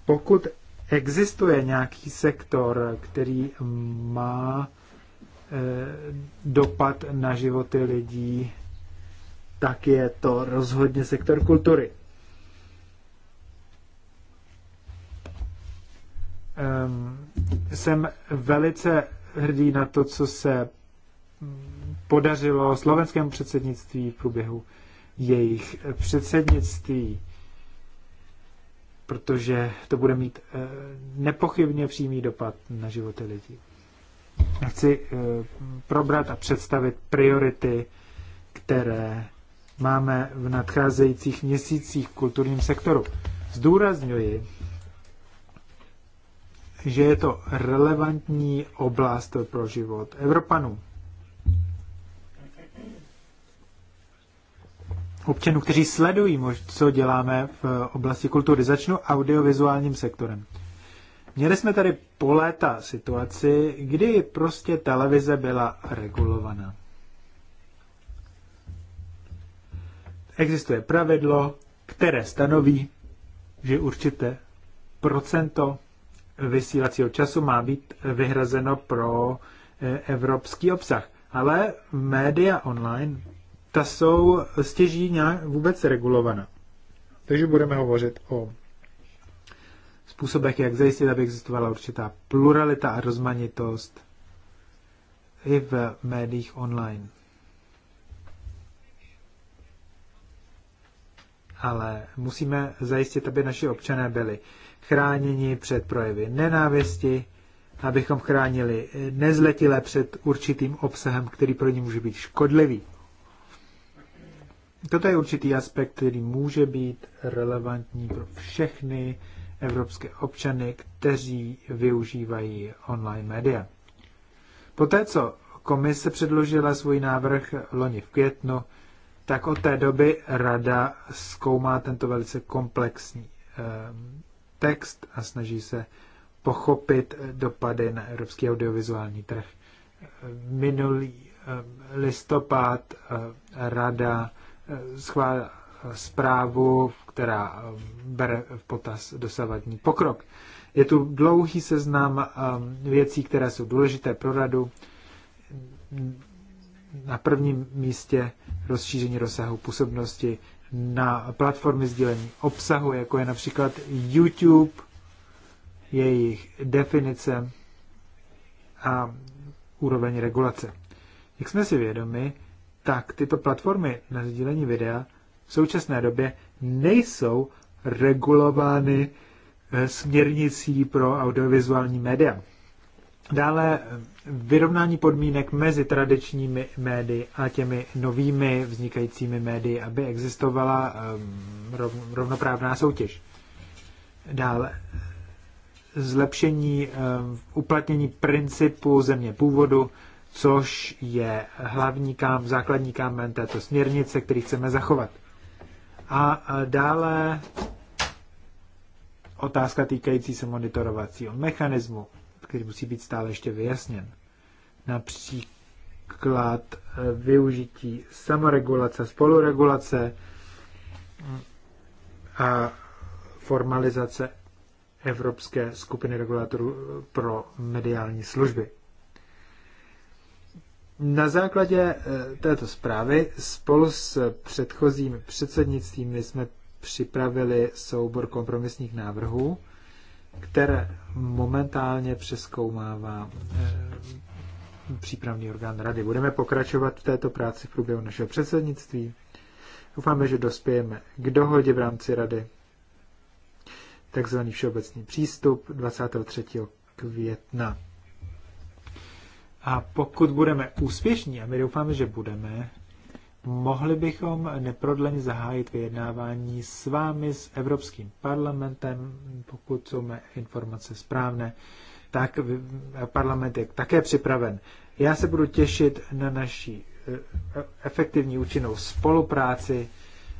pokud existuje nějaký sektor, který má Eh, dopad na životy lidí, tak je to rozhodně sektor kultury. Jsem velice hrdý na to, co se podařilo slovenskému předsednictví v průběhu jejich předsednictví, protože to bude mít eh, nepochybně přímý dopad na životy lidí chci eh, probrat a představit priority, které máme v nadcházejících měsících v kulturním sektoru. Zdůrazňuji, že je to relevantní oblast pro život Evropanů. Občanů, kteří sledují, co děláme v oblasti kultury. Začnu audiovizuálním sektorem. Měli jsme tady po léta situaci, kdy prostě televize byla regulovaná. Existuje pravidlo, které stanoví, že určité procento vysílacího času má být vyhrazeno pro eh, evropský obsah. Ale média online, ta jsou stěží nějak vůbec regulovaná. Takže budeme hovořit o způsobech, jak zajistit, aby existovala určitá pluralita a rozmanitost i v médiích online. Ale musíme zajistit, aby naši občané byli chráněni před projevy nenávisti, abychom chránili nezletilé před určitým obsahem, který pro ně může být škodlivý. Toto je určitý aspekt, který může být relevantní pro všechny evropské občany, kteří využívají online média. Poté, co komise předložila svůj návrh loni v květnu, tak od té doby rada zkoumá tento velice komplexní ehm, text a snaží se pochopit dopady na evropský audiovizuální trh. Minulý ehm, listopad ehm, rada schválila zprávu, která bere v potaz dosavadní pokrok. Je tu dlouhý seznam um, věcí, které jsou důležité pro radu. Na prvním místě rozšíření rozsahu působnosti na platformy sdílení obsahu, jako je například YouTube, jejich definice a úroveň regulace. Jak jsme si vědomi, tak tyto platformy na sdílení videa současné době nejsou regulovány eh, směrnicí pro audiovizuální média. Dále eh, vyrovnání podmínek mezi tradičními médii a těmi novými vznikajícími médii, aby existovala ehm, rovnoprávná soutěž. Dále eh, zlepšení uplatnění principu země původu, což je hlavní kám, základní kámen této směrnice, který chceme zachovat. A dále otázka týkající se monitorovacího mechanismu, který musí být stále ještě vyjasněn. Například e, využití samoregulace, spoluregulace mm, a formalizace Evropské skupiny regulatorů e, pro mediální služby. Na základě eh, této zprávy spolu s předchozím předsednictvím jsme připravili soubor kompromisních návrhů, které momentálně přeskoumává eh, přípravný orgán rady. Budeme pokračovat v této práci v průběhu našeho předsednictví. Doufáme, že dospějeme k dohodě v rámci rady. Takzvaný všeobecný přístup 23. května. A pokud budeme úspěšní, a my doufáme, že budeme, mohli bychom neprodleně zahájit vyjednávání s vámi, s Evropským parlamentem, pokud jsou mé informace správné, tak parlament je také připraven. Já se budu těšit na naší eh, efektivní účinnou spolupráci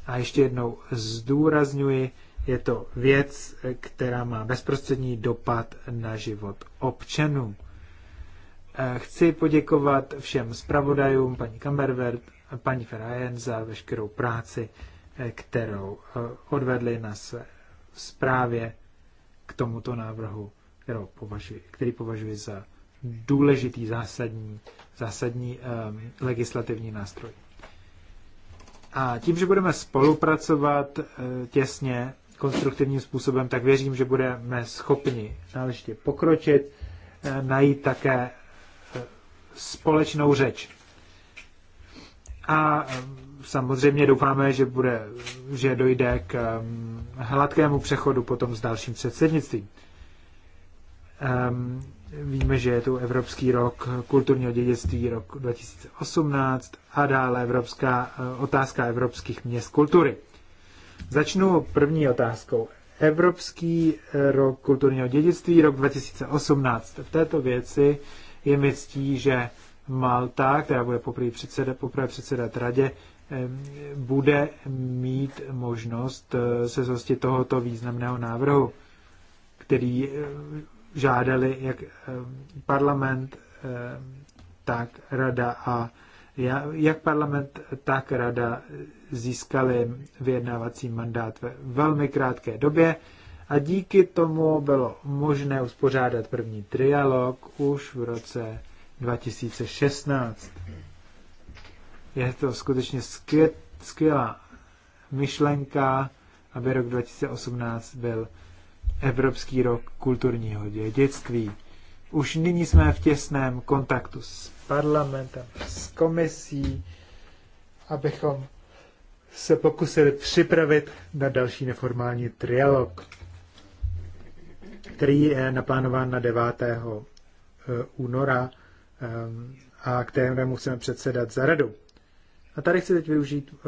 a ještě jednou zdůrazňuji, je to věc, eh, která má bezprostřední dopad na život občanů. Chci poděkovat všem zpravodajům, paní Kambervert a paní Ferajen za veškerou práci, eh, kterou eh, odvedli na své zprávě k tomuto návrhu, považuji, který považuji za důležitý zásadní, zásadní um, legislativní nástroj. A tím, že budeme spolupracovat uh, těsně, konstruktivním způsobem, tak věřím, že budeme schopni náležitě pokročit, najít také společnou řeč. A samozřejmě doufáme, že, bude, že dojde k hladkému přechodu potom s dalším předsednictvím. Um, víme, že je tu Evropský rok kulturního dědictví rok 2018 a dále Evropská, eh, otázka evropských měst kultury. Začnu první otázkou. Evropský eh, rok kulturního dědictví rok 2018. V této věci je mi ctí, že Malta, která bude poprvé předsedat, poprvé předsedat radě, bude mít možnost eh, se zhostit tohoto významného návrhu, který eh, žádali jak eh, parlament, tak rada a jak parlament, tak rada získali vyjednávací mandát ve velmi krátké době a díky tomu bylo možné uspořádat první trialog už v roce 2016. Je to skutečně skvět, skvělá myšlenka, aby rok 2018 byl Evropský rok kulturního dědictví. Už nyní jsme v těsném kontaktu s parlamentem, s komisí, abychom se pokusili připravit na další neformální trialog který je naplánován na 9. Eh, února eh, a kterému chceme předsedat za radu. A tady chci teď využít eh,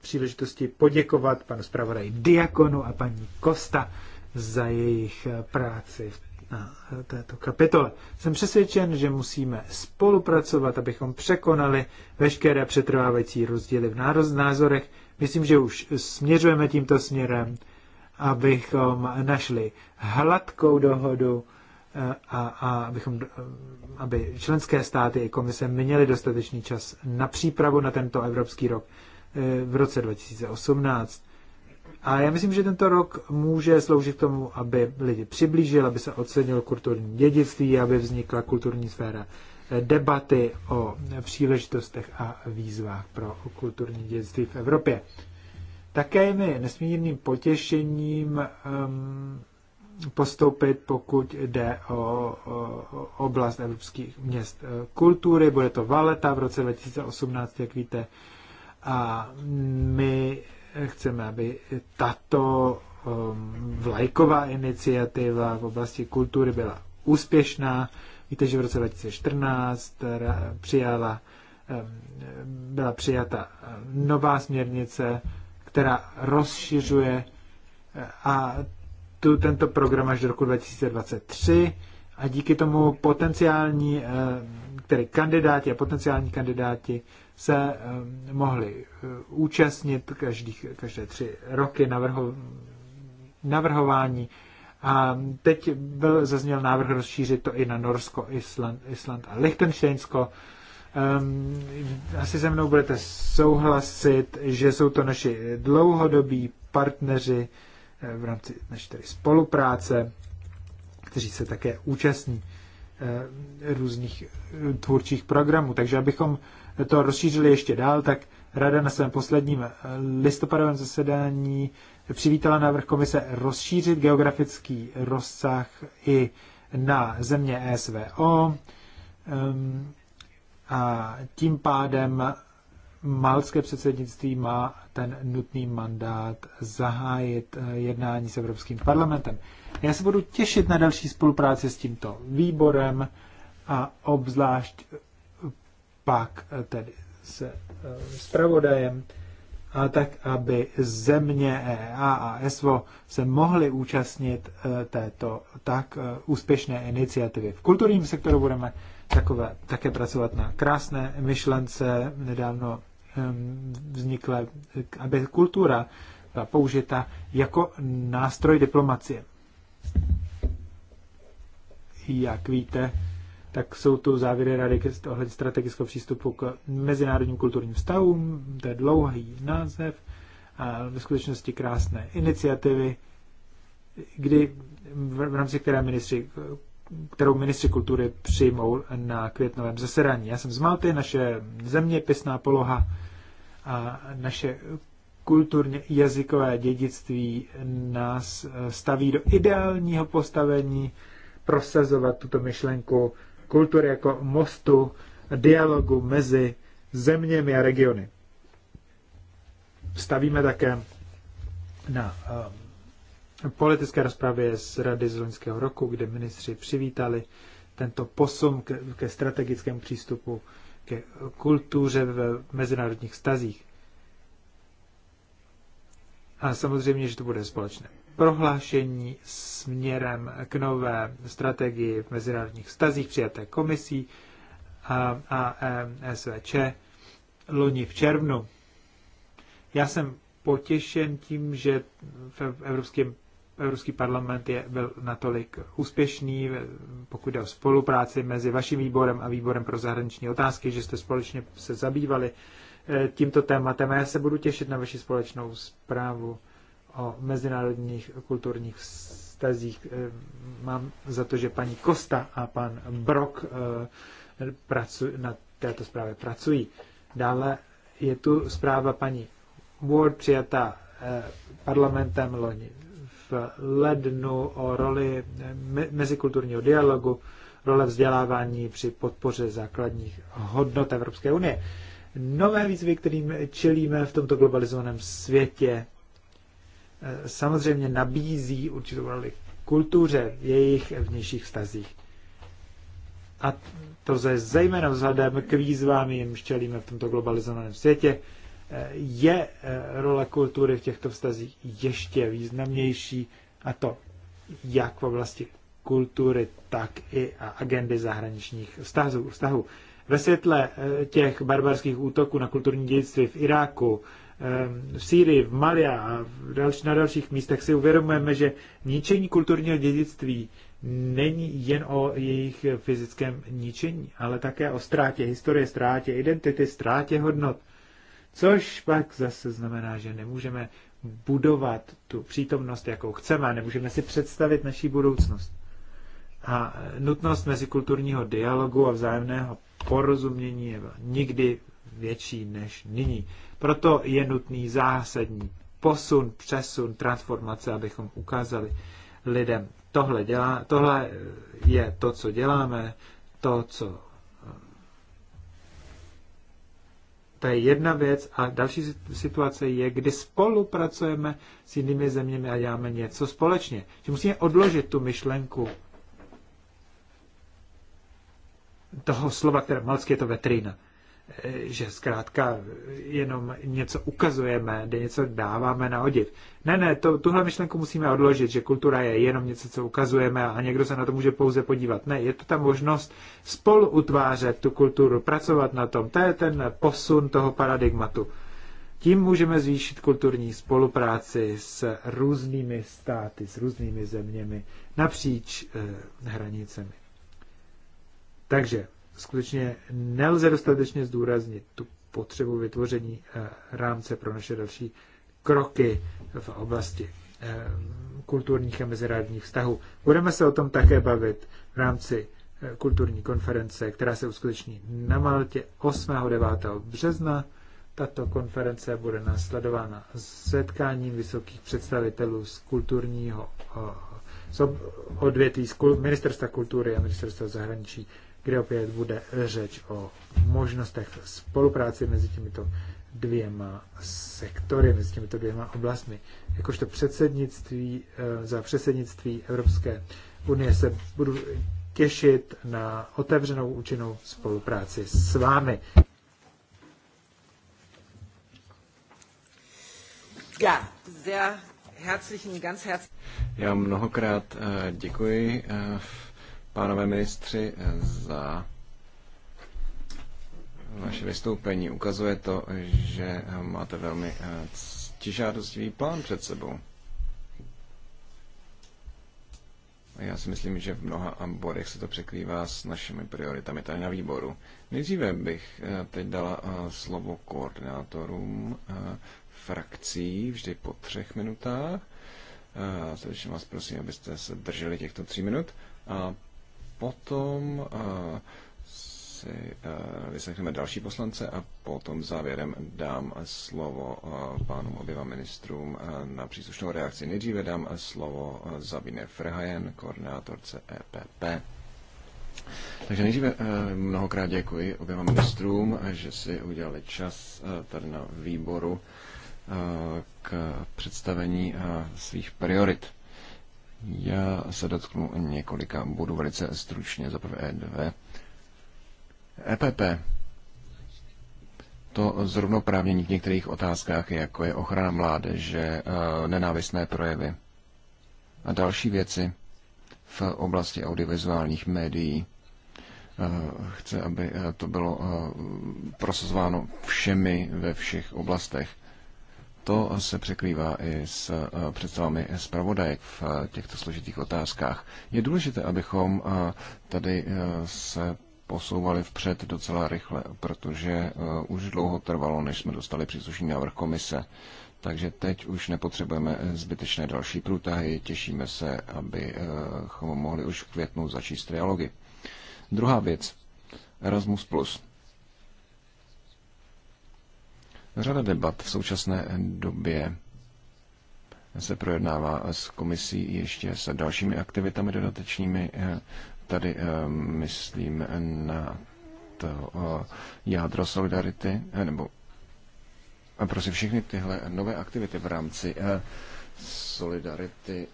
příležitosti poděkovat panu zpravodaji Diakonu a paní Kosta za jejich práci v na této kapitole. Jsem přesvědčen, že musíme spolupracovat, abychom překonali veškeré přetrvávající rozdíly v názorech. Myslím, že už směřujeme tímto směrem abychom našli hladkou dohodu eh, a, a abychom, eh, aby členské státy i komise měly dostatečný čas na přípravu na tento evropský rok eh, v roce 2018. A já myslím, že tento rok může sloužit k tomu, aby lidi přiblížil, aby se ocenil kulturní dědictví, aby vznikla kulturní sféra debaty o příležitostech a výzvách pro kulturní dědictví v Evropě. Také mi nesmírným potěšením um, postoupit, pokud jde o, o oblast evropských měst eh, kultury. Bude to Valeta v roce 2018, jak víte. A my chceme, aby tato vlajková iniciativa v oblasti kultury byla úspěšná. Víte, že v roce 2014 eh, přijala, byla přijata eh, nová směrnice která rozšiřuje eh, a tu, tento program až do roku 2023 a díky tomu potenciální, který eh, kandidáti a potenciální kandidáti se eh, mohli účastnit každých, každé tři roky navrho, navrhování. A teď byl, zazněl návrh rozšířit to i na Norsko, Island, Island a Liechtensteinsko, Um, asi se mnou budete souhlasit, že jsou to naši dlouhodobí partneři eh, v rámci naší tady spolupráce, kteří se také účastní eh, různých eh, tvůrčích programů. Takže abychom to rozšířili ještě dál, tak Rada na svém posledním listopadovém zasedání přivítala návrh komise rozšířit geografický rozsah i na země e SVO. Ehm, a tím pádem malské předsednictví má ten nutný mandát zahájit eh, jednání s Evropským parlamentem. Já se budu těšit na další spolupráci s tímto výborem a obzvlášť pak eh, tedy se eh, zpravodajem, a tak, aby země EA a ESVO se mohly účastnit této tak úspěšné iniciativy. V kulturním sektoru budeme takové, také pracovat na krásné myšlence nedávno ehm, vznikle, aby kultura byla použita jako nástroj diplomacie. Jak víte, tak jsou tu závěry rady ohledně strategického přístupu k mezinárodním kulturním vztahům, to je dlouhý název, a ve skutečnosti krásné iniciativy, kdy v rámci které ministři kterou ministři kultury přijmou na květnovém zasedání. Já jsem z Malty, naše zeměpisná poloha a naše kulturně jazykové dědictví nás eh, staví do ideálního postavení prosazovat tuto myšlenku kultury jako mostu dialogu mezi zeměmi a regiony. Stavíme také na eh, politické rozpravě z Rady z loňského roku, kde ministři přivítali tento posun ke, ke strategickému přístupu ke kultuře v mezinárodních stazích. A samozřejmě, že to bude společné prohlášení směrem k nové strategii v mezinárodních stazích přijaté komisí a, a e, SVČ loni v červnu. Já jsem potěšen tím, že v Evropském Evropský parlament je byl natolik úspěšný, pokud jde o spolupráci mezi vaším výborem a výborem pro zahraniční otázky, že jste společně se zabývali eh, tímto tématem a já se budu těšit na vaši společnou zprávu o mezinárodních kulturních stazích. Eh, mám za to, že paní Kosta a pan Brok eh, na této zprávě pracují. Dále je tu zpráva paní Ward přijatá parlamentem loni v lednu o roli mezikulturního dialogu, role vzdělávání při podpoře základních hodnot Evropské unie. Nové výzvy, kterým čelíme v tomto globalizovaném světě, e, samozřejmě nabízí určitou roli kultuře v jejich vnějších vztazích. A to ze zejména vzhledem k výzvám, jim čelíme v tomto globalizovaném světě, je eh, role kultury v těchto vztazích ještě významnější a to jak v oblasti kultury, tak i agendy zahraničních vztahů. vztahů. Ve světle eh, těch barbarských útoků na kulturní dědictví v Iráku, eh, v Sýrii, v Mali a na dalších místech si uvědomujeme, že ničení kulturního dědictví není jen o jejich fyzickém ničení, ale také o ztrátě historie, ztrátě identity, ztrátě hodnot. Což pak zase znamená, že nemůžeme budovat tu přítomnost, jakou chceme, a nemůžeme si představit naší budoucnost. A nutnost mezikulturního dialogu a vzájemného porozumění je nikdy větší než nyní. Proto je nutný zásadní posun, přesun, transformace, abychom ukázali lidem, tohle, dělá, tohle je to, co děláme, to, co To je jedna věc. A další situace je, kdy spolupracujeme s jinými zeměmi a děláme něco společně. Že musíme odložit tu myšlenku toho slova, které malsky je to vetrina že zkrátka jenom něco ukazujeme, kde něco dáváme na odiv. Ne, ne, to, tuhle myšlenku musíme odložit, že kultura je jenom něco, co ukazujeme a někdo se na to může pouze podívat. Ne, je to ta možnost spolu utvářet tu kulturu, pracovat na tom. To je ten posun toho paradigmatu. Tím můžeme zvýšit kulturní spolupráci s různými státy, s různými zeměmi napříč eh, hranicemi. Takže skutečně nelze dostatečně zdůraznit tu potřebu vytvoření eh, rámce pro naše další kroky v oblasti eh, kulturních a mezinárodních vztahů. Budeme se o tom také bavit v rámci eh, kulturní konference, která se uskuteční na Maltě 8. 9. března. Tato konference bude následována setkáním vysokých představitelů z kulturního z odvětví z ministerstva kultury a ministerstva zahraničí kde opět bude řeč o možnostech spolupráce mezi těmito dvěma sektory, mezi těmito dvěma oblastmi. Jakožto předsednictví, eh, za předsednictví Evropské unie se budu těšit na otevřenou účinnou spolupráci s vámi. Ja, sehr herzlichen, ganz herzlichen. Já mnohokrát eh, děkuji. Eh, pánové ministři, eh, za vaše vystoupení. Ukazuje to, že eh, máte velmi eh, ctižádostivý plán před sebou. Já si myslím, že v mnoha bodech se to překrývá s našimi prioritami tady na výboru. Nejdříve bych teď dala slovo koordinátorům frakcí, vždy po třech minutách. Srdečně vás prosím, abyste se drželi těchto tří minut. A potom eh, si eh, vyslechneme další poslance a potom závěrem dám slovo eh, pánům oběma ministrům na příslušnou reakci. Nejdříve dám slovo Zabine Frhajen, koordinátorce EPP. Takže nejdříve mnohokrát děkuji oběma ministrům, že si udělali čas tady na výboru k představení svých priorit. Já se dotknu několika budu velice stručně. Za prvé e dvě. EPP. To zrovnoprávnění v některých otázkách, jako je ochrana mládeže, eh, nenávistné projevy a další věci v oblasti audiovizuálních médií. Eh, chce, aby eh, to bylo prosazováno všemi ve všech oblastech to se překrývá i s eh, představami zpravodajek v eh, těchto složitých otázkách. Je důležité, abychom eh, tady se posouvali vpřed docela rychle, protože už dlouho trvalo, než jsme dostali příslušný návrh komise. Takže teď už nepotřebujeme zbytečné další průtahy, těšíme se, abychom mohli už v květnu začít trialogy. Druhá věc, Erasmus+. Řada debat v současné době se projednává s komisí ještě s dalšími aktivitami dodatečnými. Tady eh, myslím na to eh, jádro solidarity, eh, nebo a prosím všechny tyhle nové aktivity v rámci solidarity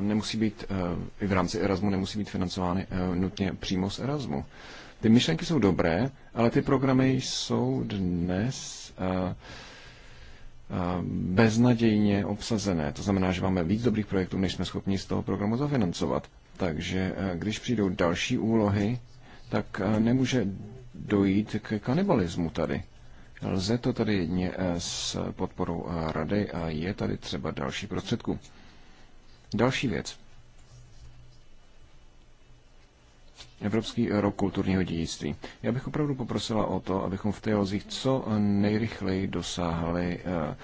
nemusí být, i v rámci Erasmu nemusí být financovány nutně přímo z Erasmu. Ty myšlenky jsou dobré, ale ty programy jsou dnes eh, eh, beznadějně obsazené. To znamená, že máme víc dobrých projektů, než jsme schopni z toho programu zafinancovat. Takže eh, když přijdou další úlohy, tak nemůže dojít k kanibalismu tady. Lze to tady jedně s podporou rady a je tady třeba další prostředku. Další věc. Evropský rok kulturního dědictví. Já bych opravdu poprosila o to, abychom v trialozích co nejrychleji dosáhli eh,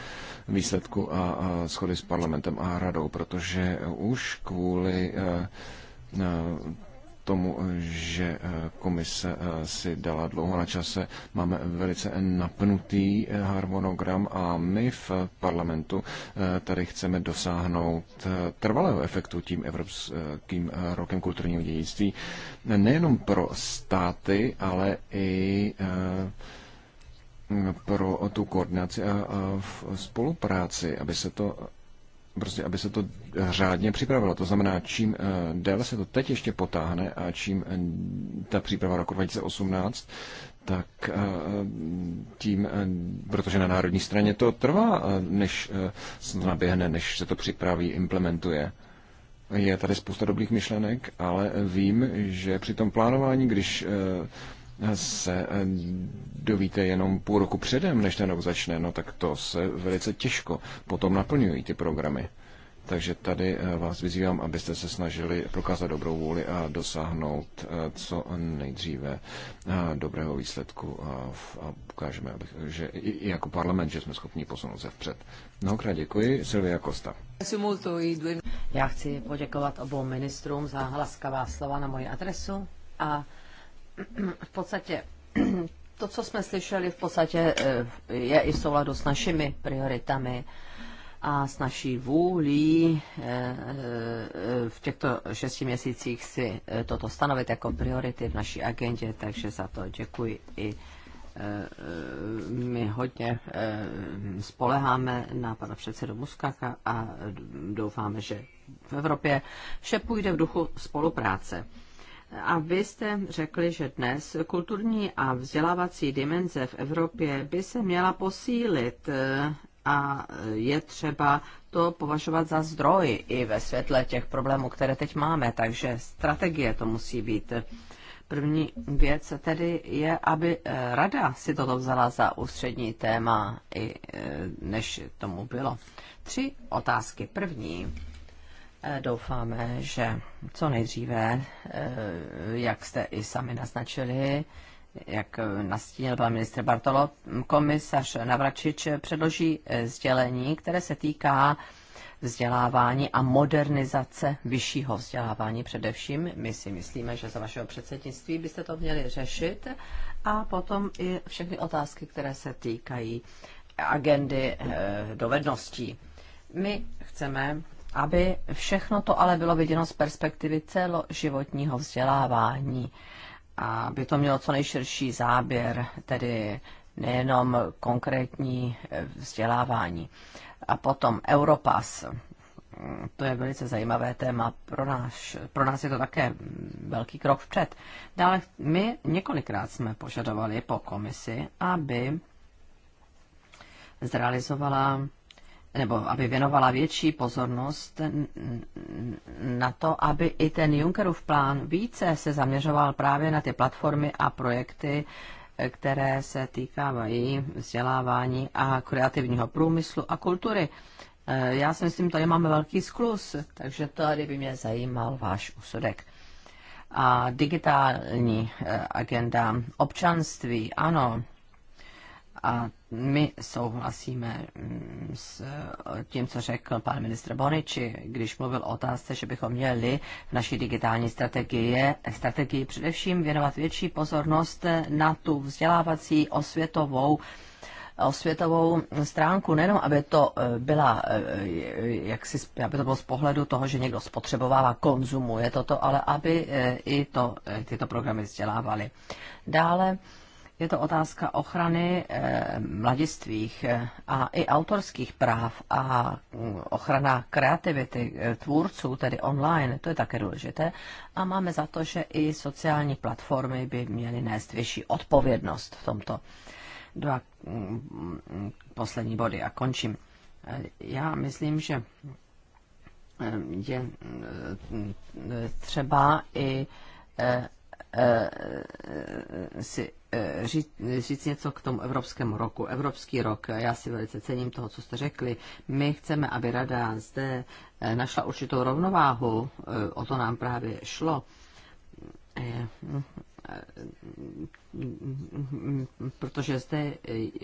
výsledku a schody s parlamentem a radou, protože už kvůli eh, eh, tomu, že eh, komise eh, si dala dlouho na čase. Máme velice napnutý eh, harmonogram a my v parlamentu tady chceme dosáhnout trvalého efektu tím Evropským rokem kulturního dědictví. Nejenom pro státy, ale i pro tu koordinaci a, spolupráci, aby se to prostě aby se to řádně připravilo. To znamená, čím eh, déle se to teď ještě potáhne a čím eh, ta příprava roku 2018, tak eh, tím, protože na národní straně to trvá, než se to naběhne, než se to připraví, implementuje. Je tady spousta dobrých myšlenek, ale vím, že při tom plánování, když se eh, dovíte jenom půl roku předem, než ten rok začne, no tak to se velice těžko potom naplňují ty programy. Takže tady eh, vás vyzývám, abyste se snažili prokázat dobrou vůli a dosáhnout eh, co nejdříve dobrého výsledku a ukážeme, že i jako parlament, že jsme schopni posunout se vpřed. Mnohokrát děkuji. Silvia Kosta. Já chci poděkovat obou ministrům za hlaskavá slova na moji adresu a v podstatě to, co jsme slyšeli, v podstatě eh, je i v souladu s našimi prioritami a s naší vůlí eh, eh, v těchto šesti měsících si toto stanovit jako priority v naší agendě, takže za to děkuji i my hodně spoleháme na pana předsedu Muskaka a doufáme, že v Evropě vše půjde v duchu spolupráce. A vy jste řekli, že dnes kulturní a vzdělávací dimenze v Evropě by se měla posílit eh, a je třeba to považovat za zdroj i ve světle těch problémů, které teď máme. Takže strategie to musí být. První věc tedy je, aby eh, rada si toto vzala za ústřední téma, i eh, než tomu bylo. Tři otázky. První E, doufáme, že co nejdříve, e, jak jste i sami naznačili, jak nastínil pan ministr Bartolo, komisař Navračič předloží e, sdělení, které se týká vzdělávání a modernizace vyššího vzdělávání především. My si myslíme, že za vašeho předsednictví byste to měli řešit a potom i všechny otázky, které se týkají agendy dovedností. My chceme aby všechno to ale bylo viděno z perspektivy celoživotního vzdělávání, aby to mělo co nejširší záběr, tedy nejenom konkrétní eh, vzdělávání. A potom Europass. To je velice zajímavé téma pro nás. Pro nás je to také velký krok vpřed. Dále my několikrát jsme požadovali po komisi, aby zrealizovala nebo aby věnovala větší pozornost na to, aby i ten Junckerův plán více se zaměřoval právě na ty platformy a projekty, které se týkávají vzdělávání a kreativního průmyslu a kultury. Eh, já si myslím, tady máme velký sklus, takže tady by mě zajímal váš úsudek. A digitální eh, agenda, občanství, ano. A my souhlasíme mm, s eh, tím, co řekl pan ministr Boniči, když mluvil o otázce, že bychom měli v naší digitální strategii, strategii především věnovat větší pozornost eh, na tu vzdělávací osvětovou osvětovou stránku, nejenom aby to eh, byla, jak si, aby to bylo z pohledu toho, že někdo spotřebovává, konzumuje toto, ale aby i to, tyto programy vzdělávaly. Dále je to otázka ochrany eh, mladistvých eh, a i autorských práv a mm, ochrana kreativity eh, tvůrců, tedy online, to je také důležité. A máme za to, že i sociální platformy by měly nést vyšší odpovědnost v tomto. Dva mm, poslední body a končím. Já myslím, že je mm, třeba i Eh, si eh, říct, říct něco k tomu Evropskému roku. Evropský rok, eh, já si velice cením toho, co jste řekli. My chceme, aby rada zde našla určitou rovnováhu, o to nám právě šlo protože zde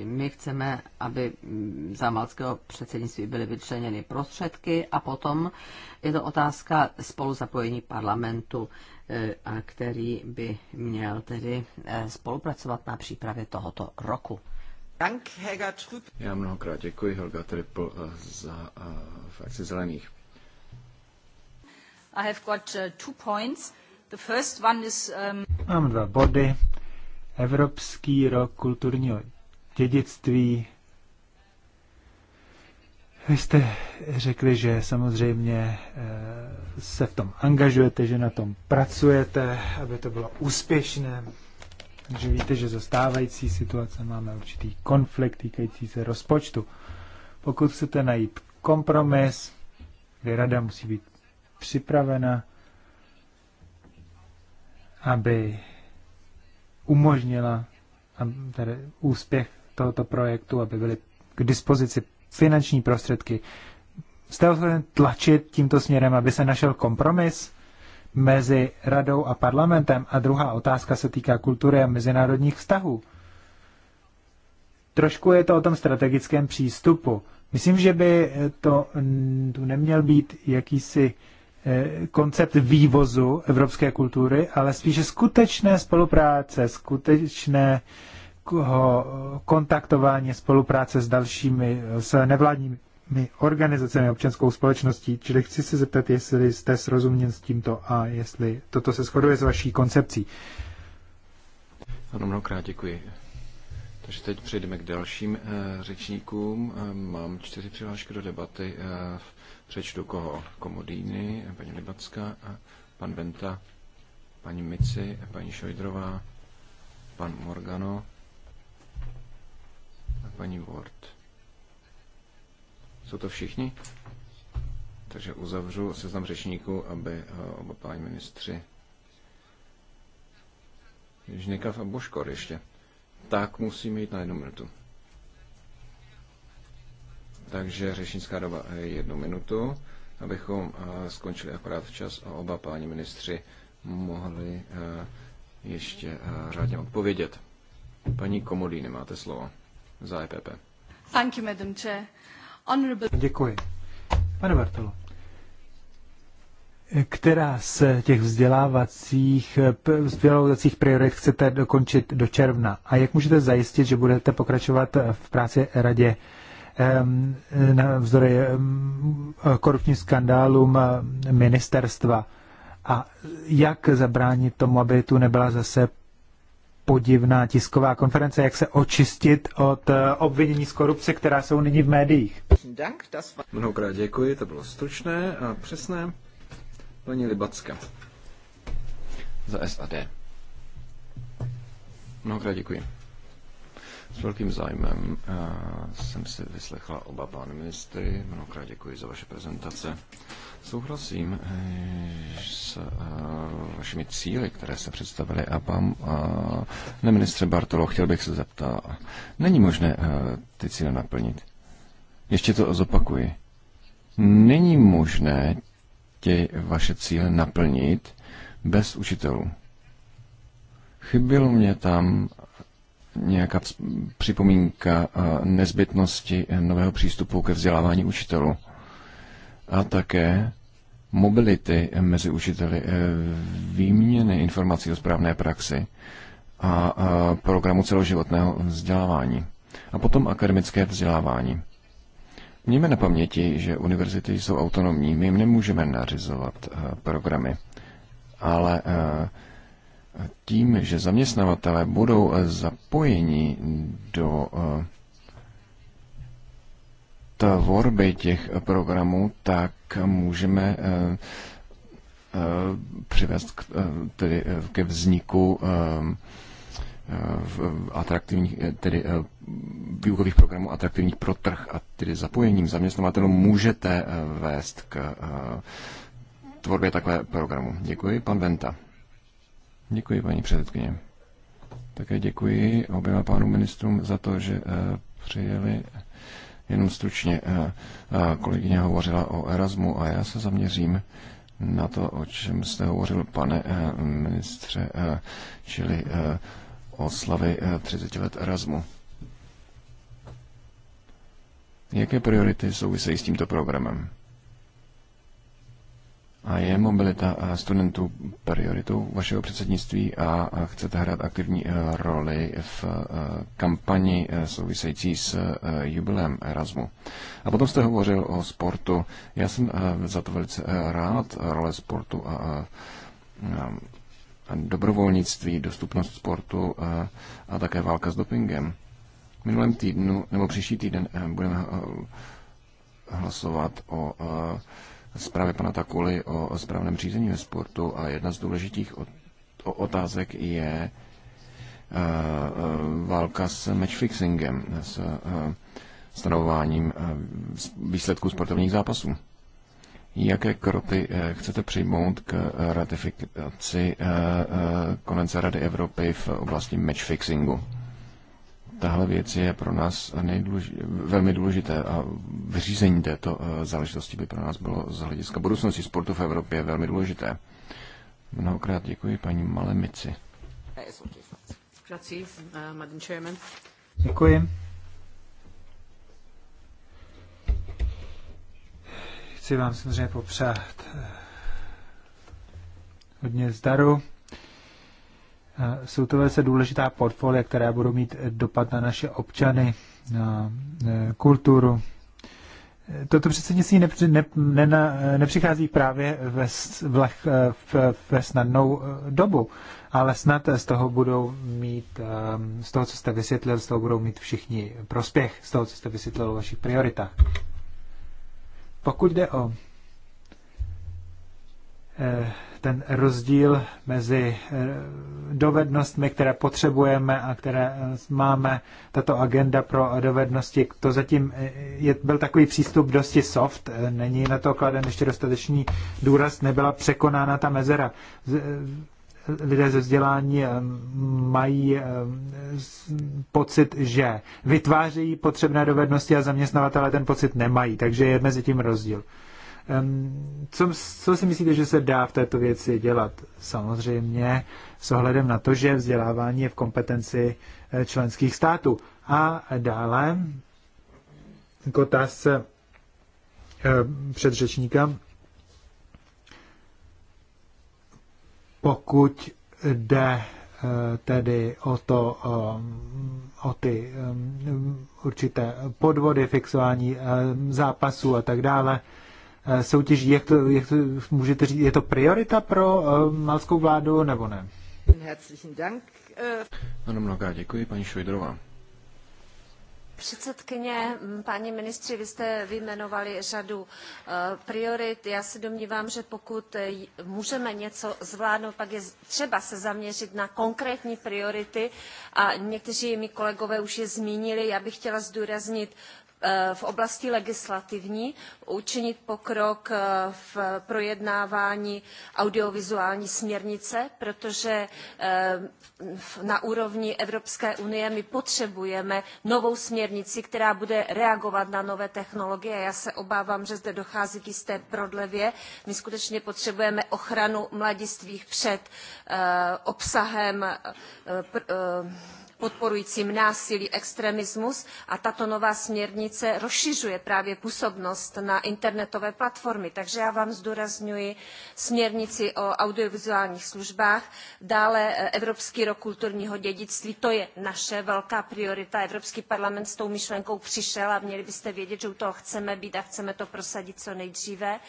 my chceme, aby mm, za malckého předsednictví byly vyčleněny prostředky a potom je to otázka spoluzapojení parlamentu. Eh, a který by měl tedy eh, spolupracovat na přípravě tohoto roku. Já mnohokrát děkuji Helga Triple eh, za frakci zelených. I have got two points. The first one is, um... Mám dva body. Evropský rok kulturního dědictví vy jste řekli, že samozřejmě eh, se v tom angažujete, že na tom pracujete, aby to bylo úspěšné. Takže víte, že za stávající situace máme určitý konflikt týkající se rozpočtu. Pokud chcete najít kompromis, kde rada musí být připravena, aby umožnila aby úspěch tohoto projektu, aby byly k dispozici finanční prostředky. Jste ochoten tlačit tímto směrem, aby se našel kompromis mezi radou a parlamentem? A druhá otázka se týká kultury a mezinárodních vztahů. Trošku je to o tom strategickém přístupu. Myslím, že by to tu neměl být jakýsi eh, koncept vývozu evropské kultury, ale spíše skutečné spolupráce, skutečné eh, kontaktování, spolupráce s dalšími, s nevládními organizacemi, občanskou společností. Čili chci se zeptat, jestli jste srozuměn s tímto a jestli toto se shoduje s vaší koncepcí. Ano, mnohokrát děkuji. Takže teď přejdeme k dalším e, řečníkům. E, mám čtyři přihlášky do debaty. E, eh, přečtu koho? Komodýny, paní Libacka, pan Benta, paní Mici, paní Šojdrová, pan Morgano a paní Ward. Jsou to všichni? Takže uzavřu seznam řečníků, aby eh, oba páni ministři Žněkav a Boškor ještě. Tak musíme jít na jednu minutu. Takže řečnická doba je jednu minutu, abychom eh, skončili akorát včas a oba páni ministři mohli eh, ještě řádně odpovědět. Paní Komodýny, máte slovo za EPP. Thank you, Madam Chair. Honorable... Děkuji. Pane Bartolo, která z těch vzdělávacích, vzdělávacích priorit chcete dokončit do června? A jak můžete zajistit, že budete pokračovat v práci radě na vzory korupčním skandálům ministerstva? A jak zabránit tomu, aby tu nebyla zase podivná tisková konference, jak se očistit od eh, obvinění z korupce, která jsou nyní v médiích. Mnohokrát děkuji, to bylo stručné a přesné. Paní Libacka za SAD. Mnohokrát děkuji. S velkým zájmem eh, jsem si vyslechla oba pány ministry. Mnohokrát děkuji za vaše prezentace. Souhlasím eh, s eh, vašimi cíly, které se představili a pan ne ministře Bartolo, chtěl bych se zeptat, není možné ty cíle naplnit? Ještě to zopakuji. Není možné tě vaše cíle naplnit bez učitelů. Chybilo mě tam nějaká připomínka eh, nezbytnosti eh, nového přístupu ke vzdělávání učitelů a také mobility eh, mezi učiteli, výměny informací o správné praxi a programu celoživotného vzdělávání. A potom akademické vzdělávání. Mějme na paměti, že univerzity jsou autonomní, my jim nemůžeme nařizovat programy, ale tím, že zaměstnavatele budou eh, zapojeni do eh, tvorby těch eh, programů, tak můžeme přivést k, tedy ke vzniku atraktivních, tedy výukových programů atraktivních pro trh a tedy zapojením zaměstnavatelů můžete vést k tvorbě takové programu. Děkuji, pan Venta. Děkuji, paní předsedkyně. Také děkuji oběma pánům ministrům za to, že eh, přijeli. Jenom stručně eh, eh, kolegyně hovořila o Erasmu a já se zaměřím na to, o čem jste hovořil, pane ministře, čili oslavy 30 let Erasmu. Jaké priority souvisejí s tímto programem? A je mobilita eh, studentů prioritou vašeho předsednictví a chcete hrát aktivní eh, roli v eh, kampani související s jubilem Erasmu. A potom jste hovořil o sportu. Já jsem za to velice rád, role sportu a dobrovolnictví, dostupnost sportu a také válka s dopingem. Minulém týdnu, nebo příští týden budeme hlasovat o zprávě pana Takuly o správném řízení ve sportu a jedna z důležitých otázek je eh, eh, válka s matchfixingem, s eh, stanovováním výsledků sportovních zápasů. Jaké kroky chcete přijmout k ratifikaci konvence Rady Evropy v oblasti matchfixingu? tahle věc je pro nás velmi důležité a vyřízení této eh, záležitosti by pro nás bylo z hlediska budoucnosti sportu v Evropě velmi důležité. Mnohokrát děkuji paní Malemici. Děkuji. Chci vám samozřejmě popřát eh, hodně zdaru jsou to velice důležitá portfolia, která budou mít dopad na naše občany, na e, kulturu. Toto předsednictví nepři, ne, ne, ne, nepřichází právě ve, v, e, v, ve snadnou e, dobu, ale snad z toho budou mít, z toho, co jste vysvětlil, z toho budou mít všichni prospěch, z toho, co jste vysvětlil o vašich prioritách. Pokud jde o Eh, ten rozdíl mezi eh, dovednostmi, které potřebujeme a které eh, máme, tato agenda pro dovednosti, to zatím je, byl takový přístup dosti soft, není na to kladen ještě dostatečný důraz, nebyla překonána ta mezera. Lidé ze vzdělání mají pocit, že vytvářejí potřebné dovednosti a zaměstnavatele ten pocit nemají, takže je mezi tím rozdíl. Co, co si myslíte, že se dá v této věci dělat? Samozřejmě s ohledem na to, že vzdělávání je v kompetenci eh, členských států. A dále k otázce eh, předřečníka. Pokud jde eh, tedy o to, o ty určité podvody, fixování zápasů a tak dále, Eh, soutěží. Jak to, jak to můžete říct, je to priorita pro eh, malskou vládu nebo ne? Eh. Ano, mnohokrát děkuji, paní Švejdrová. Předsedkyně, páni ministři, vy jste vyjmenovali řadu priorit. Já se domnívám, že pokud můžeme něco zvládnout, pak je třeba se zaměřit na konkrétní priority a někteří mi kolegové už je zmínili. Já bych chtěla zdůraznit Eh, v oblasti legislativní učinit pokrok eh, v projednávání audiovizuální směrnice, protože eh, na úrovni Evropské unie my potřebujeme novou směrnici, která bude reagovat na nové technologie. Já se obávám, že zde dochází k jisté prodlevě. My skutečně potřebujeme ochranu mladistvých před obsahem podporujícím násilí extremismus a tato nová směrnice rozšiřuje právě působnost na internetové platformy. Takže já vám zdůrazňuji směrnici o audiovizuálních službách, dále eh, Evropský rok kulturního dědictví, to je naše velká priorita. Evropský parlament s tou myšlenkou přišel a měli byste vědět, že u toho chceme být a chceme to prosadit co nejdříve.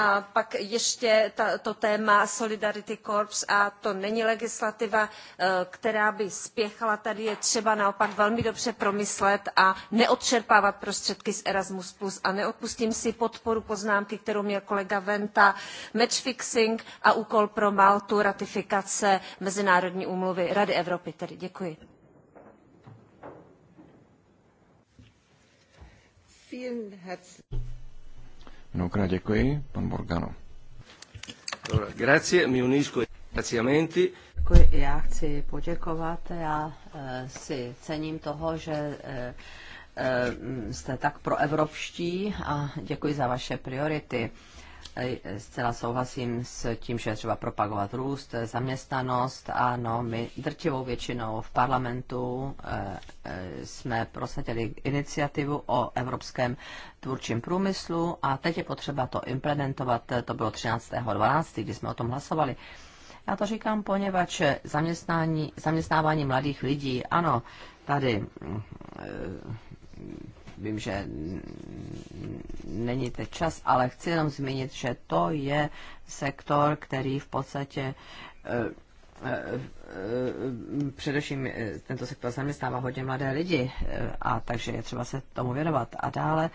A pak ještě ta, to téma Solidarity Corps a to není legislativa, eh, která by spěchala. Tady je třeba naopak velmi dobře promyslet a neodčerpávat prostředky z Erasmus+. A neodpustím si podporu poznámky, kterou měl kolega Venta, matchfixing a úkol pro Maltu ratifikace Mezinárodní úmluvy Rady Evropy. Tedy děkuji. Mnohokrát děkuji, pan Borgano. Grazie, mi unisco graziamenti. já chci poděkovat, já eh, si cením toho, že eh, eh, jste tak proevropští a děkuji za vaše priority. Eh, zcela souhlasím s tím, že je třeba propagovat růst, eh, zaměstnanost. Ano, my drtivou většinou v parlamentu eh, jsme prosadili iniciativu o evropském tvůrčím průmyslu a teď je potřeba to implementovat. To bylo 13.12., kdy jsme o tom hlasovali. Já to říkám, poněvadž zaměstnání, zaměstnávání mladých lidí, ano, tady mm, vím, že není teď čas, ale chci jenom zmínit, že to je sektor, který v podstatě e, e, e, především tento sektor zaměstnává hodně mladé lidi a takže je třeba se tomu věnovat. A dále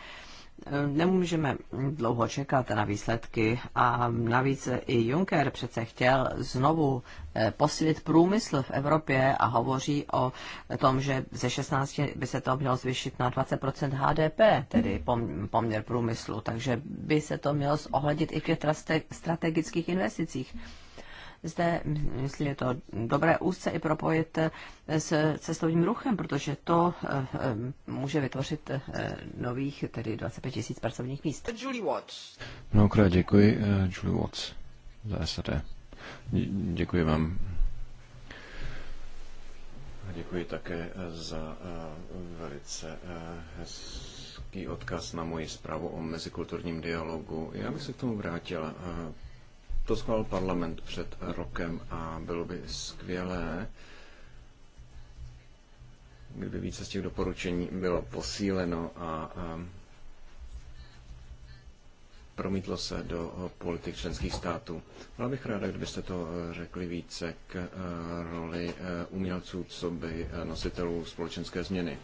nemůžeme dlouho čekat na výsledky a navíc i Juncker přece chtěl znovu eh, posílit průmysl v Evropě a hovoří o tom, že ze 16 by se to mělo zvýšit na 20% HDP, tedy poměr průmyslu, takže by se to mělo zohlednit i v těch strategických investicích zde, jestli je to dobré úzce i propojit eh, s cestovním ruchem, protože to eh, eh, může vytvořit nových, tedy 25 tisíc pracovních míst. Julie Watts. Mnohokrát děkuji, Julie Watts za SAD. Děkuji vám. Děkuji také za velice hezký odkaz na moji zprávu o mezikulturním dialogu. Já bych se k tomu vrátila, to schválil parlament před rokem a bylo by skvělé, kdyby více z těch doporučení bylo posíleno a, promítlo se do politik členských států. Byla bych ráda, kdybyste to eh, řekli více k eh, roli eh, umělců, co by nositelů společenské změny.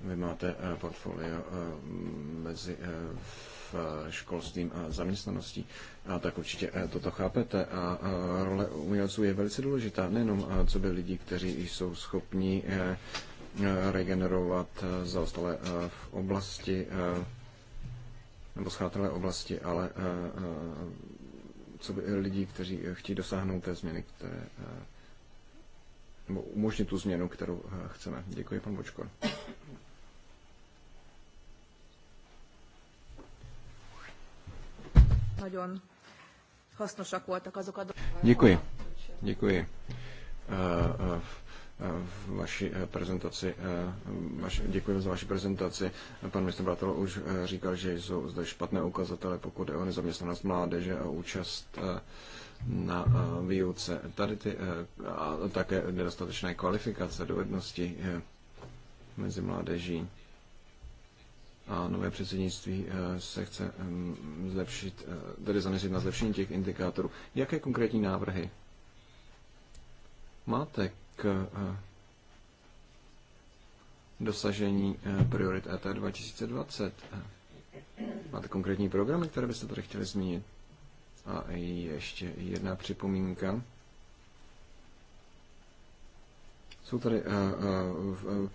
Vy máte portfolio mezi Eh, školstvím a zaměstnaností. A tak určitě eh, toto chápete. A role umělců je velice důležitá, nejenom eh, co by lidi, kteří jsou schopni regenerovat zaostalé v oblasti nebo schátelé oblasti, ale co by lidi, kteří chtějí dosáhnout té změny, které nebo umožnit tu změnu, kterou chceme. Děkuji, pan Bočko. nagyon hasznosak voltak azok a Děkuji. Děkuji. Uh, uh vaši prezentaci. Vaši, děkuji za vaši prezentaci. Pan ministr Bratel už říkal, že jsou zde špatné ukazatele, pokud je o nezaměstnanost mládeže a účast na výuce. Tady ty, a také nedostatečné kvalifikace, dovednosti mezi mládeží a nové předsednictví eh, se chce mm, zlepšit, eh, tedy zaměřit na zlepšení těch indikátorů. Jaké konkrétní návrhy máte k eh, dosažení priorit e ET 2020? Máte konkrétní programy, které byste tady chtěli zmínit? A ještě jedna připomínka. Jsou tady uh, uh, uh,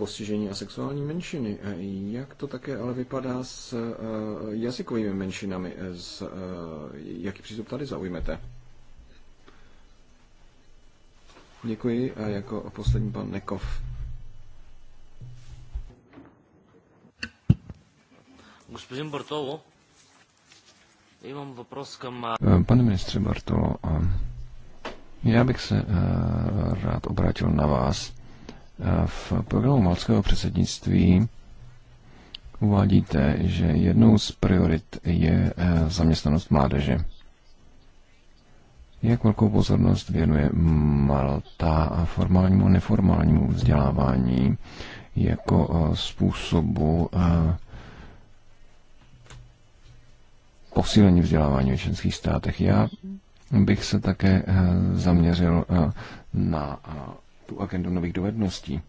postižení a sexuální menšiny. E, jak to také ale vypadá s e, jazykovými menšinami? E, s, jaký přístup tady zaujmete? Děkuji a jako poslední pan Nekov. Господин Бартоло, имам въпрос към... Пане министře Bartolo, já bych se rád obrátil na vás v programu malckého předsednictví uvádíte, že jednou z priorit je eh, zaměstnanost mládeže. Jak velkou pozornost věnuje Malta formálnímu a neformálnímu vzdělávání jako eh, způsobu eh, posílení vzdělávání v členských státech? Já bych se také zaměřil na tu agendu nových dovedností.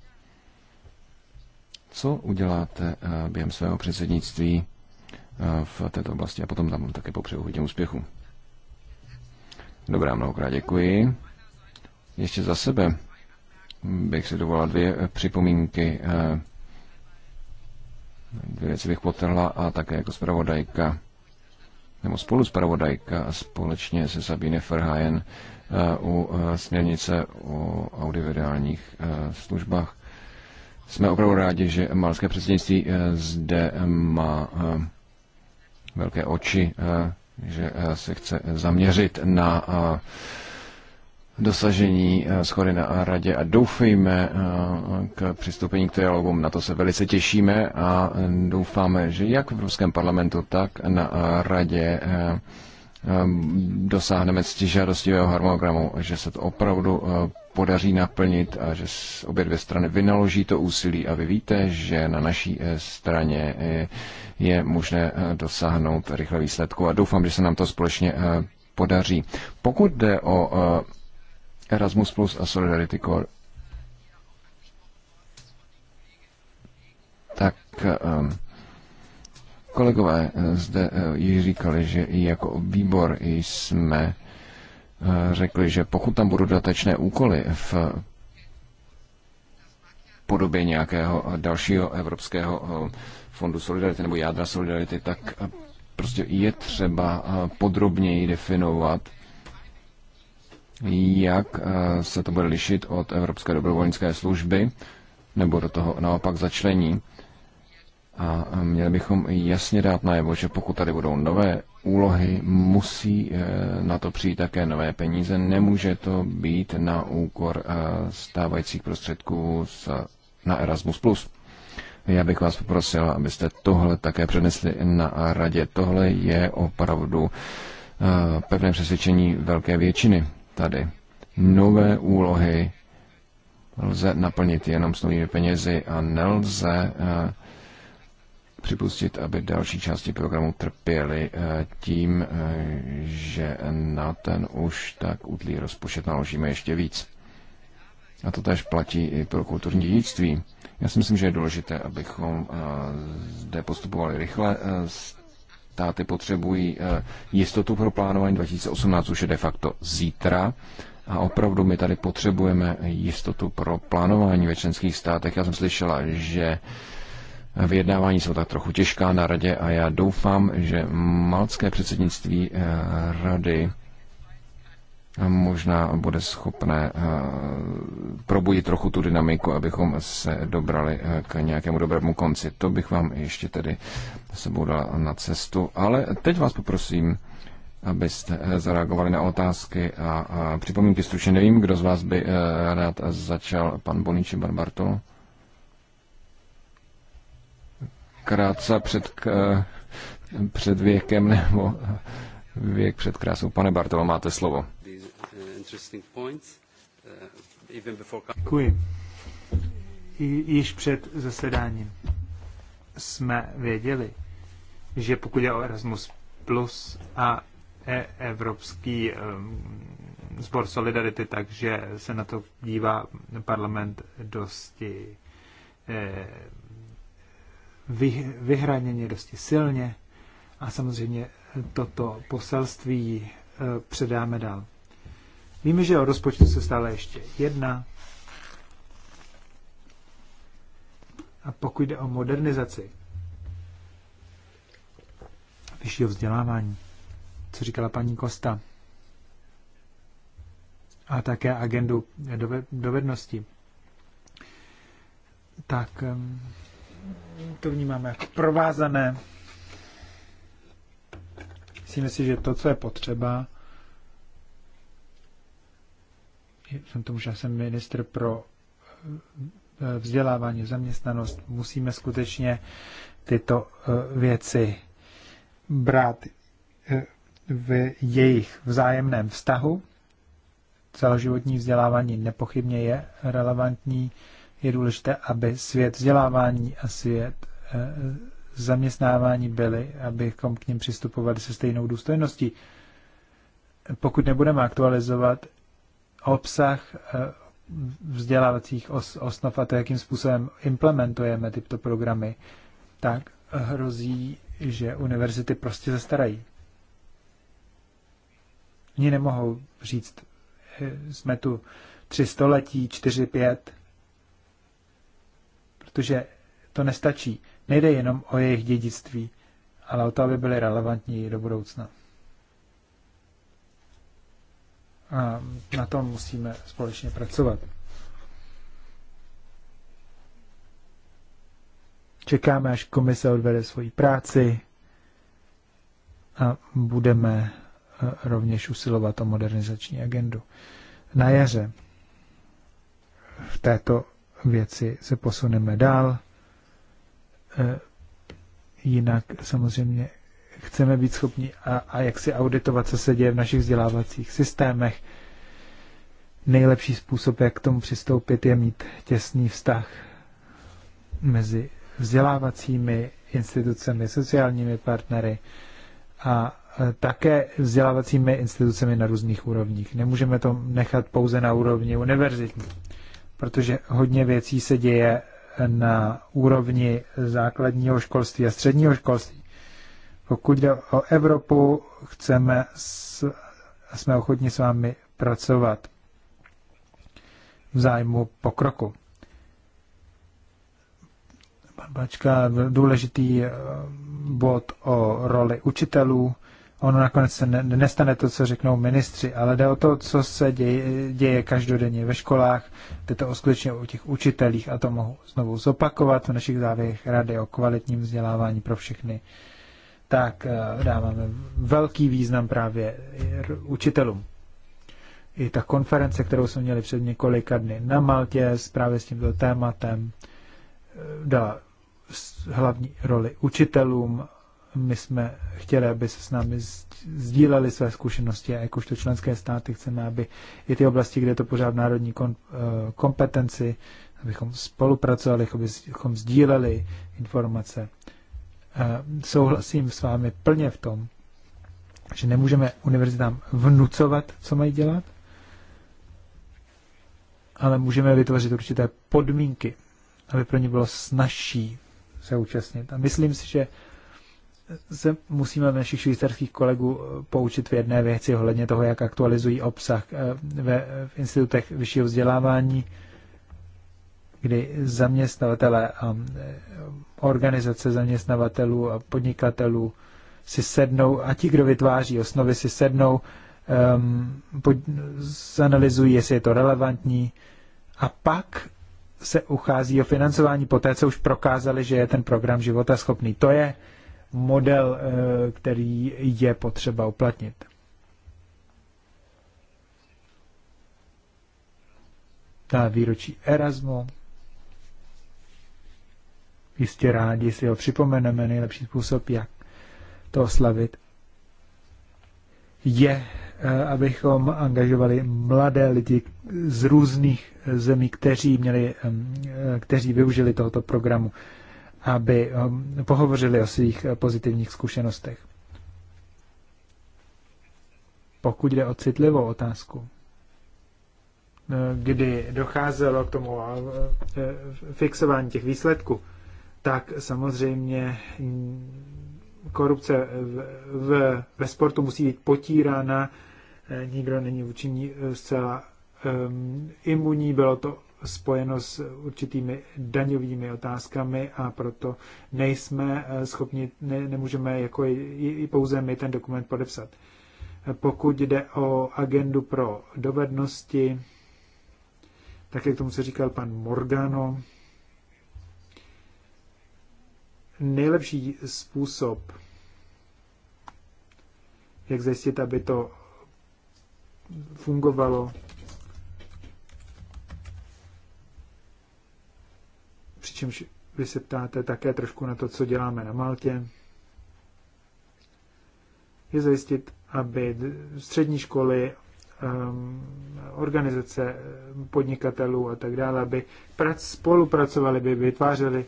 Co uděláte eh, během svého předsednictví eh, v této oblasti a potom tam také popřeju hodně úspěchu. Dobrá, mnohokrát děkuji. Ještě za sebe bych si dovolila dvě eh, připomínky. Dvě věci bych potrhla a také jako zpravodajka, nebo spolu zpravodajka a společně se Sabine Ferhajen Eh, u eh, směrnice o audiovideálních eh, službách. Jsme opravdu rádi, že malské předsednictví zde má velké oči, že se chce zaměřit na dosažení schody na radě a doufejme k přistoupení k trialogům. Na to se velice těšíme a doufáme, že jak v Ruském parlamentu, tak na radě Ehm, dosáhneme žádostivého harmonogramu, že se to opravdu eh, podaří naplnit a že obě dvě strany vynaloží to úsilí. A vy víte, že na naší eh, straně eh, je možné dosáhnout rychle výsledku a doufám, že se nám to společně podaří. Pokud jde o Erasmus Plus a Solidarity Core, tak Kolegové eh, zde eh, již říkali, že i jako výbor jsme eh, řekli, že pokud tam budou dodatečné úkoly v podobě nějakého dalšího evropského fondu solidarity nebo jádra solidarity, tak prostě je třeba podrobněji definovat, jak se to bude lišit od Evropské dobrovolnické služby, nebo do toho naopak začlení. A měli bychom jasně dát najevo, že pokud tady budou nové úlohy, musí eh, na to přijít také nové peníze. Nemůže to být na úkor eh, stávajících prostředků na Erasmus+. Já bych vás poprosila, abyste tohle také přenesli na radě. Tohle je opravdu eh, pevné přesvědčení velké většiny tady. Nové úlohy lze naplnit jenom s novými penězi a nelze připustit, aby další části programu trpěly eh, tím, eh, že na ten už tak utlý rozpočet naložíme ještě víc. A to tež platí i pro kulturní dědictví. Já si myslím, že je důležité, abychom eh, zde postupovali rychle. Státy potřebují jistotu pro plánování 2018 už je de facto zítra. A opravdu my tady potřebujeme jistotu pro plánování ve členských státech. Já jsem slyšela, že Vyjednávání jsou tak trochu těžká na radě a já doufám, že malcké předsednictví eh, rady eh, možná bude schopné eh, probudit trochu tu dynamiku, abychom se dobrali k nějakému dobrému konci. To bych vám ještě tedy sebou dal na cestu. Ale teď vás poprosím, abyste zareagovali na otázky a připomínky stručně. Nevím, kdo z vás by rád začal, pan Boniči Barbartol. krátce před, k, před věkem nebo věk před krásou. Pane Bartova, máte slovo. Děkuji. Již před zasedáním jsme věděli, že pokud je o Erasmus Plus a e, Evropský sbor Solidarity, takže se na to dívá parlament dosti vy, vyhraněně, dosti silně a samozřejmě toto poselství e, předáme dál. Víme, že o rozpočtu se stále ještě jedna A pokud jde o modernizaci vyššího vzdělávání, co říkala paní Kosta, a také agendu dovedností, tak to vnímáme jako provázané. Myslíme si, že to, co je potřeba, jsem tomu, že jsem ministr pro eh, vzdělávání, zaměstnanost, musíme skutečně tyto eh, věci brát eh, v jejich vzájemném vztahu. Celoživotní vzdělávání nepochybně je relevantní je důležité, aby svět vzdělávání a svět eh, zaměstnávání byly, abychom k ním přistupovali se stejnou důstojností. Pokud nebudeme aktualizovat obsah eh, vzdělávacích os, osnov a to, jakým způsobem implementujeme tyto programy, tak hrozí, že univerzity prostě zastarají. Oni nemohou říct, eh, jsme tu tři století, čtyři, pět, protože to nestačí. Nejde jenom o jejich dědictví, ale o to, aby byly relevantní do budoucna. A na tom musíme společně pracovat. Čekáme, až komise odvede svoji práci a budeme e, rovněž usilovat o modernizační agendu. Na jaře v této věci se posuneme dál. E, jinak samozřejmě chceme být schopni a, a jak si auditovat, co se děje v našich vzdělávacích systémech. Nejlepší způsob, jak k tomu přistoupit, je mít těsný vztah mezi vzdělávacími institucemi, sociálními partnery a e, také vzdělávacími institucemi na různých úrovních. Nemůžeme to nechat pouze na úrovni univerzitní protože hodně věcí se děje na úrovni základního školství a středního školství. Pokud jde o Evropu, chceme s, jsme ochotni s vámi pracovat v zájmu pokroku. Pan Bačka, důležitý eh, bod o roli učitelů ono nakonec se ne, nestane to, co řeknou ministři, ale jde o to, co se děje, děje každodenně ve školách, jde to skutečně o těch učitelích a to mohu znovu zopakovat v našich závěrech rady o kvalitním vzdělávání pro všechny, tak eh, dáváme velký význam právě učitelům. I ta konference, kterou jsme měli před několika dny na Maltě právě s tímto tématem, eh, dala hlavní roli učitelům my jsme chtěli, aby se s námi sdíleli své zkušenosti a jakožto členské státy chceme, aby i ty oblasti, kde je to pořád národní eh, kompetenci, abychom spolupracovali, abychom sdíleli informace. Eh, souhlasím s vámi plně v tom, že nemůžeme univerzitám vnucovat, co mají dělat, ale můžeme vytvořit určité podmínky, aby pro ně bylo snažší se účastnit. A myslím si, že se musíme našich švýcarských kolegů eh, poučit v jedné věci ohledně toho, jak aktualizují obsah eh, ve, v institutech vyššího vzdělávání, kdy zaměstnavatele eh, a organizace zaměstnavatelů a podnikatelů si sednou, a ti, kdo vytváří osnovy, si sednou, um, pod, zanalizují, jestli je to relevantní, a pak se uchází o financování poté, co už prokázali, že je ten program života schopný. To je model, eh, který je potřeba uplatnit. Ta výročí Erasmu. Jistě rádi si ho připomeneme. Nejlepší způsob, jak to oslavit, je, eh, abychom angažovali mladé lidi z různých eh, zemí, kteří, měli, kteří využili tohoto programu aby ehm, pohovořili o svých eh, pozitivních zkušenostech. Pokud jde o citlivou otázku, eh, kdy docházelo k tomu eh, fixování těch výsledků, tak samozřejmě mm, korupce v, v, ve sportu musí být potírána, nikdo není vůči ní zcela um, imunní, bylo to spojeno s určitými daňovými otázkami a proto nejsme eh, schopni, ne, nemůžeme jako i, i pouze my ten dokument podepsat. Pokud jde o agendu pro dovednosti, tak jak tomu se říkal pan Morgano, nejlepší způsob, jak zjistit, aby to fungovalo, Přičemž vy se ptáte také trošku na to, co děláme na Maltě. Je zajistit, aby střední školy, ehm, organizace podnikatelů a tak dále, aby spolupracovali, by vytvářeli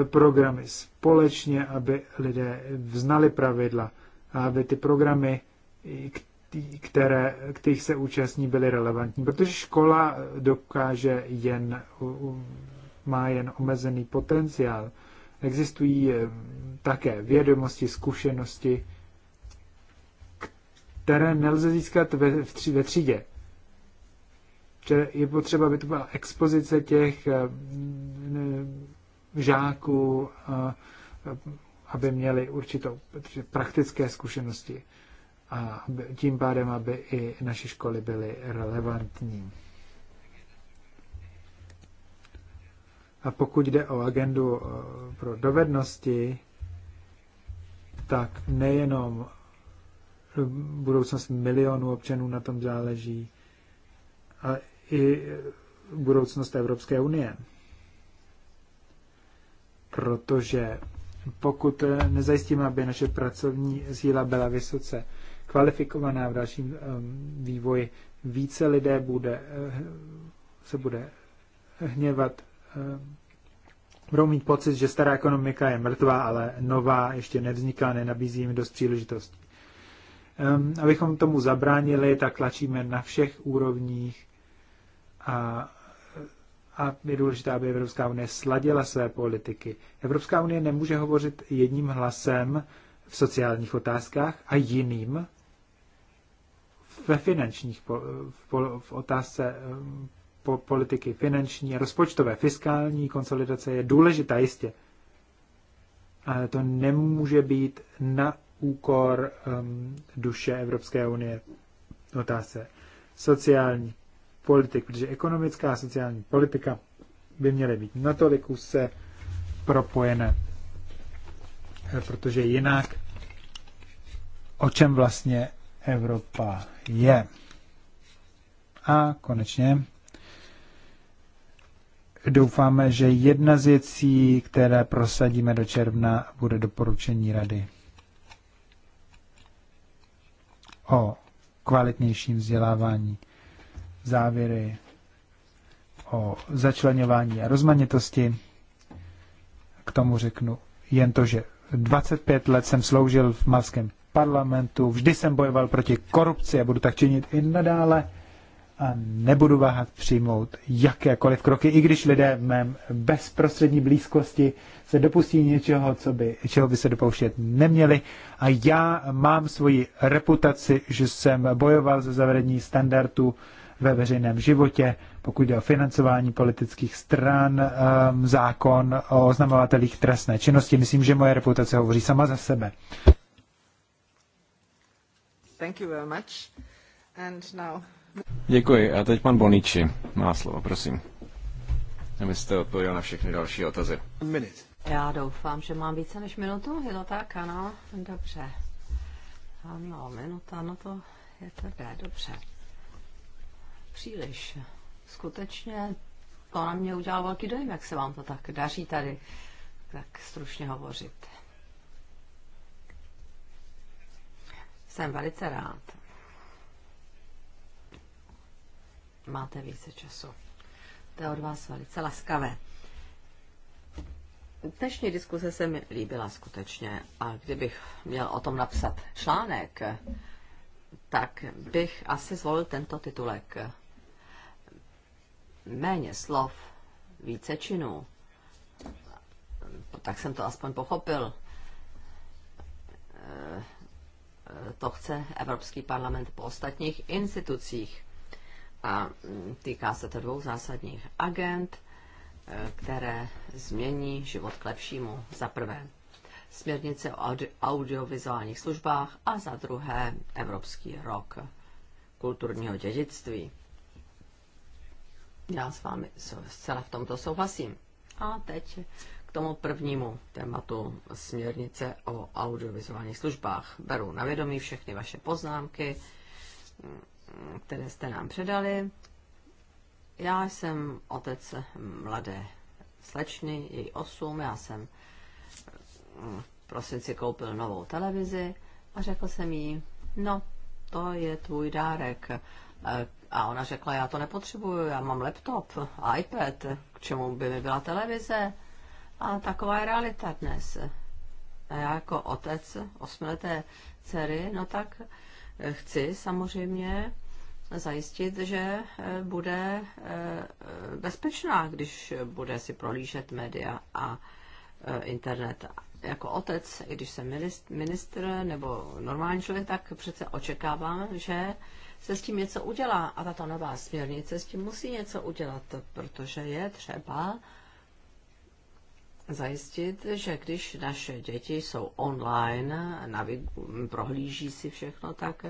eh, programy společně, aby lidé vznali pravidla a aby ty programy, které, kterých se účastní, byly relevantní. Protože škola dokáže jen má jen omezený potenciál. Existují eh, také vědomosti, zkušenosti, které nelze získat ve, v ve třídě. Je potřeba, aby to byla expozice těch eh, eh, žáků, aby měli určitou praktické zkušenosti a tím pádem, aby i naše školy byly relevantní. A pokud jde o agendu eh, pro dovednosti, tak nejenom eh, budoucnost milionů občanů na tom záleží, ale i eh, budoucnost Evropské unie. Protože pokud nezajistíme, aby naše pracovní síla byla vysoce kvalifikovaná v dalším ehm, vývoji, více lidé bude, se bude hněvat Eh, budou mít pocit, že stará ekonomika je mrtvá, ale nová ještě nevzniká, nenabízí jim dost příležitostí. Eh, abychom tomu zabránili, tak tlačíme na všech úrovních a, a je důležité, aby Evropská unie sladila své politiky. Evropská unie nemůže hovořit jedním hlasem v sociálních otázkách a jiným ve finančních, v, v otázce eh, po politiky finanční a rozpočtové, fiskální konsolidace je důležitá jistě, ale to nemůže být na úkor um, duše Evropské unie otázce sociální politik, protože ekonomická a sociální politika by měly být natolik se propojené, protože jinak o čem vlastně Evropa je. A konečně doufáme, že jedna z věcí, které prosadíme do června, bude doporučení rady o kvalitnějším vzdělávání, závěry o začlenování a rozmanitosti. K tomu řeknu jen to, že 25 let jsem sloužil v malském parlamentu, vždy jsem bojoval proti korupci a budu tak činit i nadále a nebudu váhat přijmout jakékoliv kroky, i když lidé v mém bezprostřední blízkosti se dopustí něčeho, co by, čeho by se dopouštět neměli. A já mám svoji reputaci, že jsem bojoval za zavedení standardů ve veřejném životě, pokud jde o financování politických stran, ehm, zákon o oznamovatelích trestné činnosti. Myslím, že moje reputace hovoří sama za sebe. Thank you very much. And now Děkuji. A teď pan Boniči má slovo, prosím. Abyste odpověděl na všechny další otazy. Já doufám, že mám více než minutu. Je to tak, ano? Dobře. Ano, minuta, no to je tvrdé, dobře. Příliš. Skutečně to na mě udělalo velký dojem, jak se vám to tak daří tady tak stručně hovořit. Jsem velice rád, máte více času. To je od vás velice laskavé. Dnešní diskuse se mi líbila skutečně a kdybych měl o tom napsat článek, tak bych asi zvolil tento titulek. Méně slov, více činů. Tak jsem to aspoň pochopil. Eh, eh, to chce Evropský parlament po ostatních institucích a týká se to dvou zásadních agent, eh, které změní život k lepšímu. Za prvé směrnice o audiovizuálních službách a za druhé Evropský rok kulturního dědictví. Já s vámi zcela v tomto souhlasím. A teď k tomu prvnímu tématu směrnice o audiovizuálních službách. Beru na vědomí všechny vaše poznámky které jste nám předali. Já jsem otec mladé slečny, její 8, já jsem v prosinci koupil novou televizi a řekl jsem jí, no, to je tvůj dárek. A ona řekla, já to nepotřebuju, já mám laptop, iPad, k čemu by mi byla televize. A taková je realita dnes. A já jako otec osmileté dcery, no tak chci samozřejmě zajistit, že eh, bude eh, bezpečná, když bude si prolížet média a eh, internet. Jako otec, i když jsem ministr nebo normální člověk, tak přece očekávám, že se s tím něco udělá. A tato nová směrnice s tím musí něco udělat, protože je třeba zajistit, že když naše děti jsou online, navig- prohlíží si všechno, tak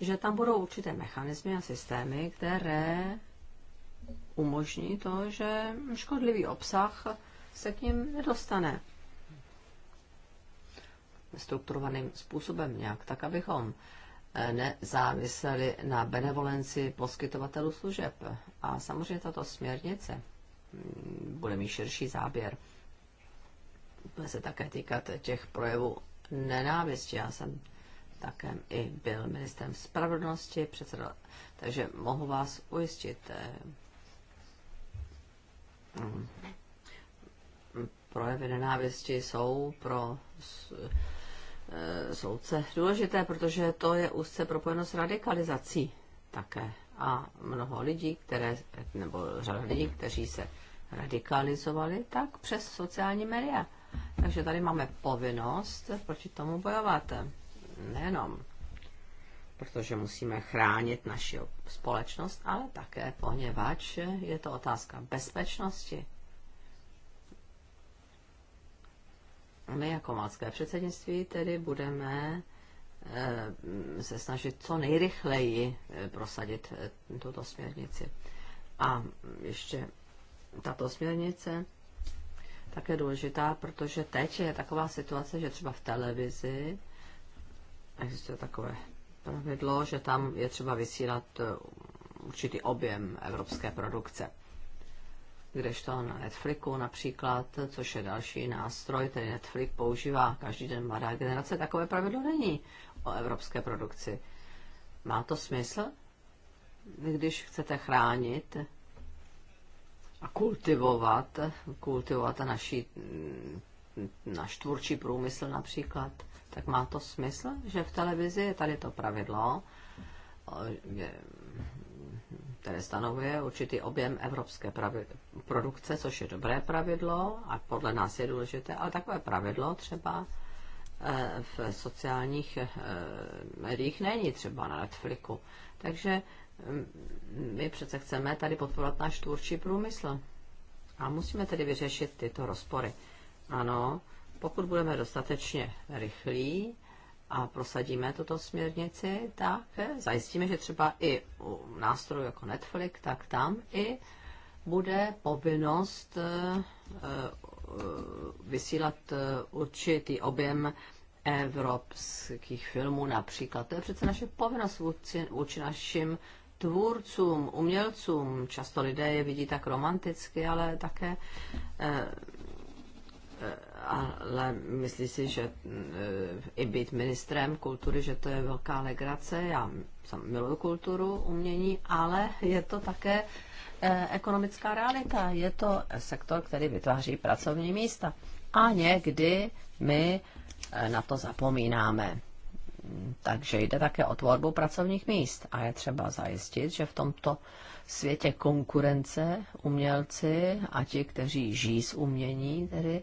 že tam budou určité mechanismy a systémy, které umožní to, že škodlivý obsah se k ním nedostane strukturovaným způsobem nějak, tak abychom eh, nezáviseli na benevolenci poskytovatelů služeb. A samozřejmě tato směrnice mm, bude mít širší záběr se také týkat těch projevů nenávisti. Já jsem také i byl ministrem spravedlnosti, předseda, takže mohu vás ujistit. Eh, mm, projevy nenávisti jsou pro eh, soudce důležité, protože to je úzce propojeno s radikalizací také. A mnoho lidí, které, nebo řada lidí, kteří se radikalizovali, tak přes sociální média takže tady máme povinnost proti tomu bojovat. Nejenom protože musíme chránit naši společnost, ale také poněvadž je to otázka bezpečnosti. My jako malské předsednictví tedy budeme eh, se snažit co nejrychleji eh, prosadit eh, tuto směrnici. A ještě tato směrnice také důležitá, protože teď je taková situace, že třeba v televizi existuje takové pravidlo, že tam je třeba vysílat eh, určitý objem evropské produkce. Kdežto na Netflixu například, což je další nástroj, který Netflix používá každý den mladá generace, takové pravidlo není o evropské produkci. Má to smysl? Když chcete chránit a kultivovat, kultivovat naší, naš tvůrčí průmysl například, tak má to smysl, že v televizi je tady to pravidlo, které stanovuje určitý objem evropské pravi- produkce, což je dobré pravidlo a podle nás je důležité, ale takové pravidlo třeba eh, v sociálních eh, médiích není třeba na Netflixu. Takže my přece chceme tady podporovat náš tvůrčí průmysl. A musíme tedy vyřešit tyto rozpory. Ano, pokud budeme dostatečně rychlí a prosadíme tuto směrnici, tak zajistíme, že třeba i u nástrojů jako Netflix, tak tam i bude povinnost eh, eh, vysílat eh, určitý objem evropských filmů například. To je přece naše povinnost vůči, vůči našim tvůrcům, umělcům. Často lidé je vidí tak romanticky, ale také eh, eh, ale myslí si, že eh, i být ministrem kultury, že to je velká legrace. Já sam miluju kulturu, umění, ale je to také ekonomická realita. Je to sektor, který vytváří pracovní místa. A někdy my na to zapomínáme. Takže jde také o tvorbu pracovních míst a je třeba zajistit, že v tomto světě konkurence umělci a ti, kteří žijí z umění, tedy,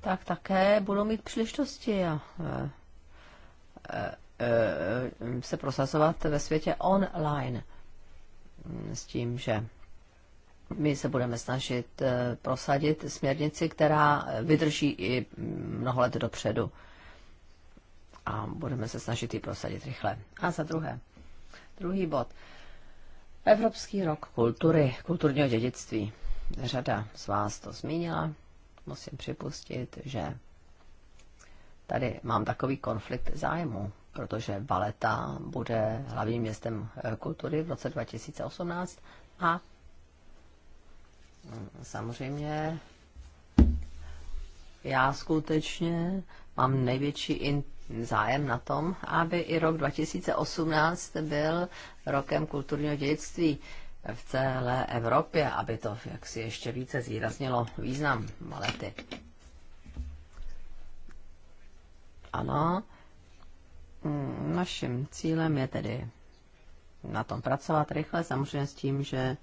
tak také budou mít příležitosti a, a, e, a, e, e, se prosazovat ve světě online s tím, že my se budeme snažit prosadit směrnici, která vydrží i mnoho let dopředu a budeme se snažit ji prosadit rychle. A za druhé, druhý bod. Evropský rok kultury, kulturního dědictví. Řada z vás to zmínila. Musím připustit, že tady mám takový konflikt zájmu, protože Valeta bude hlavním městem kultury v roce 2018 a samozřejmě já skutečně mám největší int zájem na tom, aby i rok 2018 byl rokem kulturního dědictví v celé Evropě, aby to jaksi ještě více zvýraznilo význam malety. Ano, mm, naším cílem je tedy na tom pracovat rychle, samozřejmě s tím, že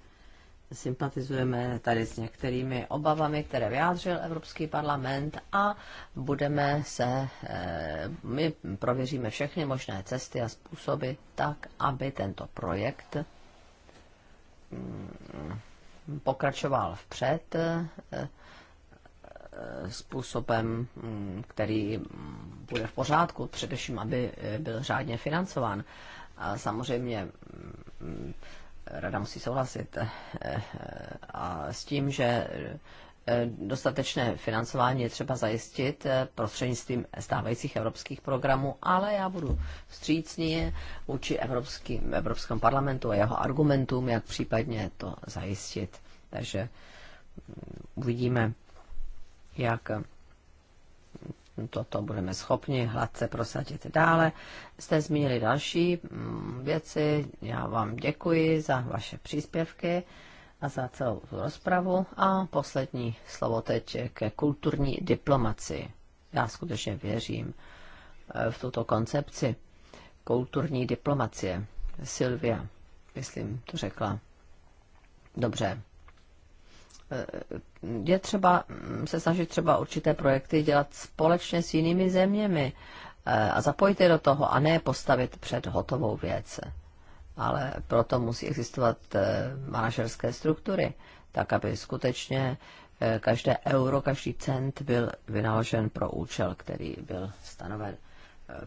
sympatizujeme tady s některými obavami, které vyjádřil Evropský parlament a budeme se, eh, my prověříme všechny možné cesty a způsoby tak, aby tento projekt mm, pokračoval vpřed eh, eh, způsobem, mm, který bude v pořádku, především aby byl řádně financován. A samozřejmě mm, rada musí souhlasit eh, eh, a s tím, že eh, dostatečné financování je třeba zajistit prostřednictvím stávajících evropských programů, ale já budu vstřícný vůči Evropským, Evropskému parlamentu a jeho argumentům, jak případně to zajistit. Takže mm, uvidíme, jak toto budeme schopni hladce prosadit dále. Jste zmínili další mm, věci, já vám děkuji za vaše příspěvky a za celou tu rozpravu. A poslední slovo teď ke kulturní diplomaci. Já skutečně věřím eh, v tuto koncepci kulturní diplomacie. Silvia, myslím, to řekla. Dobře, je třeba se snažit třeba určité projekty dělat společně s jinými zeměmi eh, a zapojit je do toho a ne postavit před hotovou věc. Ale proto musí existovat eh, manažerské struktury, tak aby skutečně eh, každé euro, každý cent byl vynaložen pro účel, který byl stanoven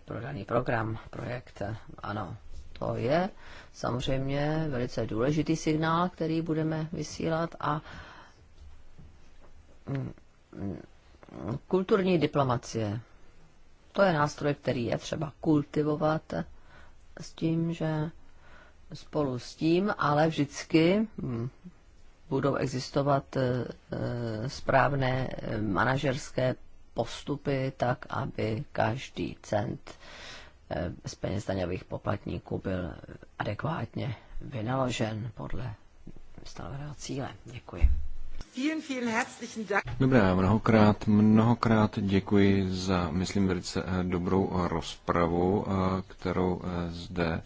pro daný program, projekt. Ano, to je samozřejmě velice důležitý signál, který budeme vysílat a kulturní diplomacie. To je nástroj, který je třeba kultivovat s tím, že spolu s tím, ale vždycky hm, budou existovat eh, správné eh, manažerské postupy, tak aby každý cent eh, z peněz daňových poplatníků byl adekvátně vynaložen podle stanoveného cíle. Děkuji. Dobrá, mnohokrát, mnohokrát děkuji za, myslím, velice eh, dobrou eh, rozpravu, eh, kterou zde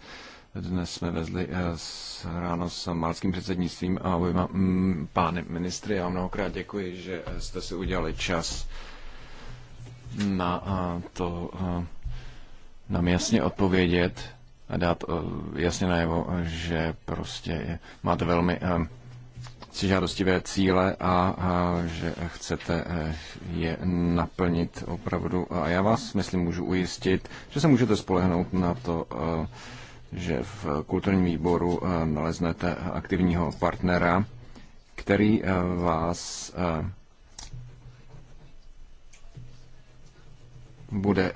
dnes jsme vezli s ráno s malským předsednictvím a oběma mm, pány ministry. Já mnohokrát děkuji, že jste si udělali čas na to nám jasně odpovědět a dát jasně najevo, že prostě máte velmi si žádostivé cíle a, a že chcete e, je naplnit opravdu. A já vás, myslím, můžu ujistit, že se můžete spolehnout na to, e, že v kulturním výboru e, naleznete aktivního partnera, který vás bude eh,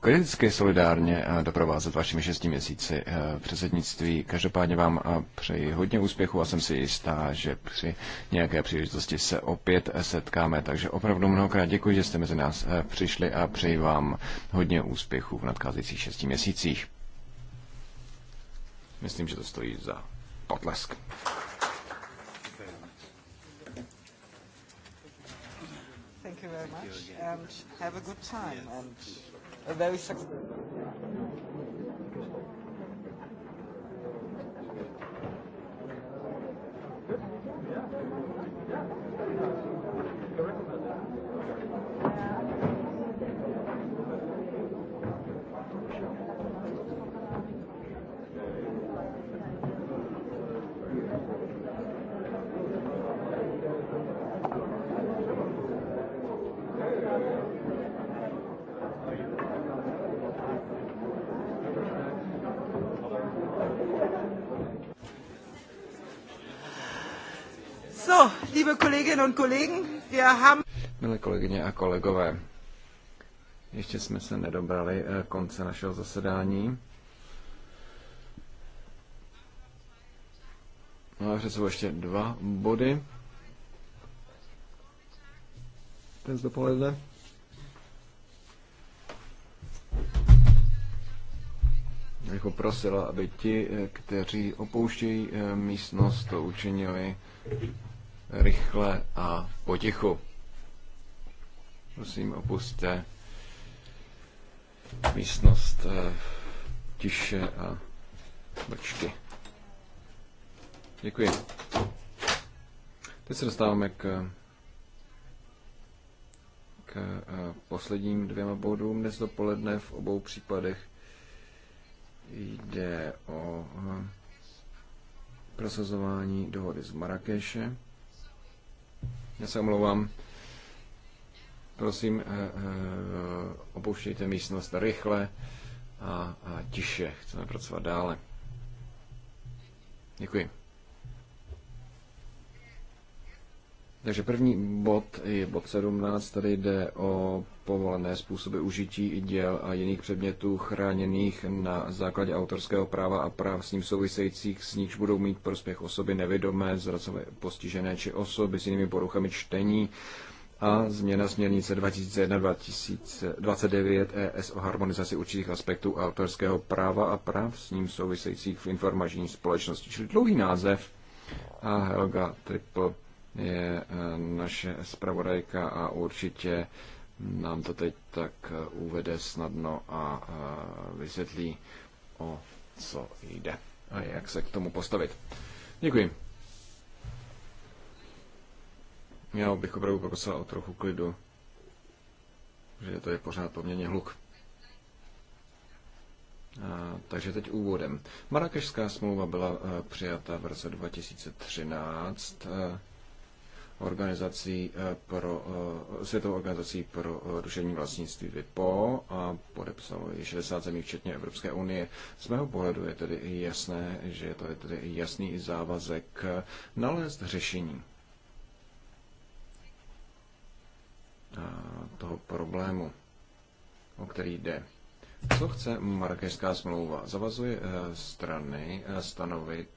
kriticky solidárně eh, doprovázet vašimi šesti měsíci eh, předsednictví. Každopádně vám přeji hodně úspěchu a jsem si jistá, že při nějaké příležitosti se opět setkáme. Takže opravdu mnohokrát děkuji, že jste mezi nás přišli a přeji vám hodně úspěchu v nadcházejících šesti měsících. Myslím, že to stojí za potlesk. Thank you very much have a good time and a very successful. Yeah. Milé kolegyně a kolegové, ještě jsme se nedobrali eh, konce našeho zasedání. Máme no před sebou ještě dva body. z dopoledne. bych poprosila, aby ti, eh, kteří opouštějí eh, místnost, to učinili rychle a potichu. Prosím, opuste místnost eh, tiše a mlčky. Děkuji. Teď se dostáváme k, k eh, posledním dvěma bodům dnes dopoledne. V obou případech jde o eh, prosazování dohody z Marrakeše. Já se omlouvám. Prosím, eh, eh, opouštějte místnost rychle a, a tiše. Chceme pracovat dále. Děkuji. Takže první bod je bod 17, tady jde o povolené způsoby užití děl a jiných předmětů chráněných na základě autorského práva a práv s ním souvisejících, s nichž budou mít prospěch osoby nevědomé, zracově postižené či osoby s jinými poruchami čtení a změna směrnice 2001-2029 ES o harmonizaci určitých aspektů autorského práva a práv s ním souvisejících v informační společnosti, čili dlouhý název a Helga Triple je eh, naše zpravodajka a určitě nám to teď tak eh, uvede snadno a eh, vysvětlí, o co jde a jak se k tomu postavit. Děkuji. Já bych opravdu poprosil o trochu klidu, že to je pořád poměrně hluk. A, takže teď úvodem. Marrakešská smlouva byla a, přijata v roce 2013. A, organizací eh, pro, eh, Světovou organizací pro eh, rušení vlastnictví VIPO a podepsalo ji 60 zemí, včetně Evropské unie. Z mého pohledu je tedy jasné, že to je tedy jasný závazek nalézt řešení toho problému, o který jde. Co chce Marrakešská smlouva? Zavazuje strany stanovit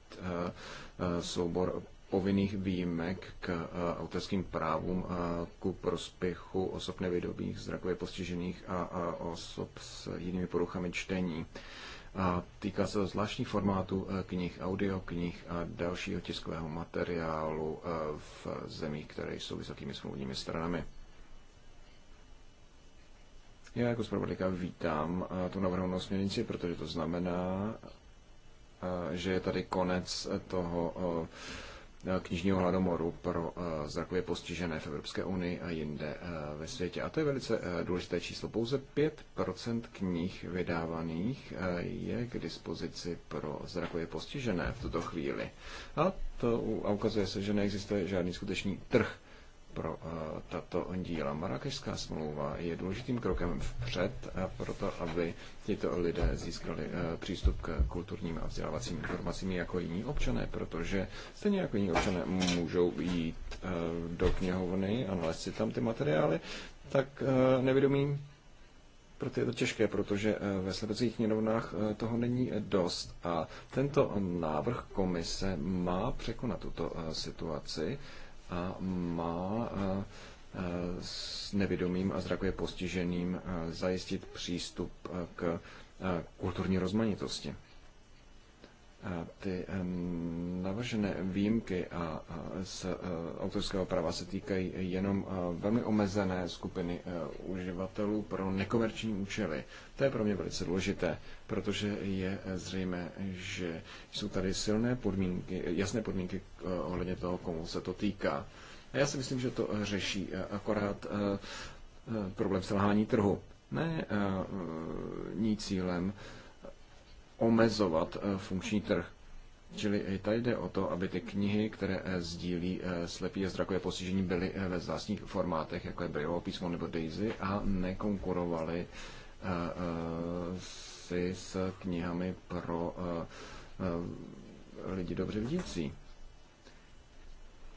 soubor povinných výjimek k eh, autorským právům eh, ku prospěchu osob nevědomých, zrakově postižených a osob s jinými poruchami čtení. A týká se to zvláštních formátů eh, knih, audioknih a dalšího tiskového materiálu v zemích, které jsou vysokými smluvními stranami. Já jako zpravodajka vítám tu navrhovanou směrnici, protože to znamená, že je tady konec toho Eh, knižního hladomoru pro eh, zrakově postižené v Evropské unii a jinde eh, ve světě. A to je velice důležité číslo. Pouze 5% knih vydávaných je k dispozici pro zrakově postižené v tuto chvíli. A to ukazuje se, že neexistuje žádný skutečný trh pro eh, tato díla. Marrakešská smlouva je důležitým krokem vpřed pro to, aby tyto lidé získali eh, přístup k kulturním a vzdělávacím informacím jako jiní občané, protože stejně jako jiní občané můžou jít eh, do knihovny a nalézt si tam ty materiály, tak nevědomí proto je to těžké, protože ve slepecích knihovnách toho není dost. A tento návrh komise má překonat tuto situaci a má s nevědomým a zrakově postiženým zajistit přístup k kulturní rozmanitosti ty navržené výjimky a z e, autorského práva se týkají jenom e, velmi omezené skupiny e, uživatelů pro nekomerční účely. To je pro mě velice důležité, protože je zřejmé, že jsou tady silné podmínky, jasné podmínky ohledně toho, komu se to týká. A já si myslím, že to řeší akorát problém selhání trhu. Ne ní cílem omezovat eh, funkční trh. Čili i tady jde o to, aby ty knihy, které eh, sdílí eh, slepí a zrakové postižení, byly ve vzácných formátech, jako je Brailleovo písmo nebo Daisy, a nekonkurovaly si s knihami pro lidi dobře vidící.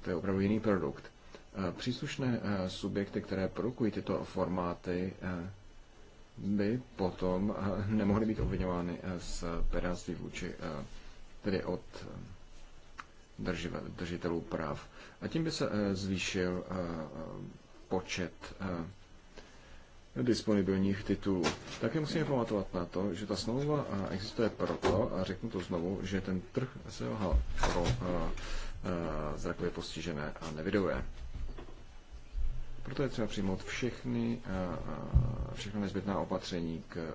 To je opravdu jiný produkt. Příslušné subjekty, které produkují tyto formáty, by potom eh, nemohly být obvinovány eh, z pedánství vůči, eh, tedy od držitelů práv. A tím by se zvýšil počet disponibilních titulů. Také musíme pamatovat na to, že ta smlouva existuje proto, a řeknu to znovu, že ten trh selhal pro zrakově postižené a nevidové. Proto je třeba přijmout všechny, eh, eh, všechno nezbytná opatření k eh,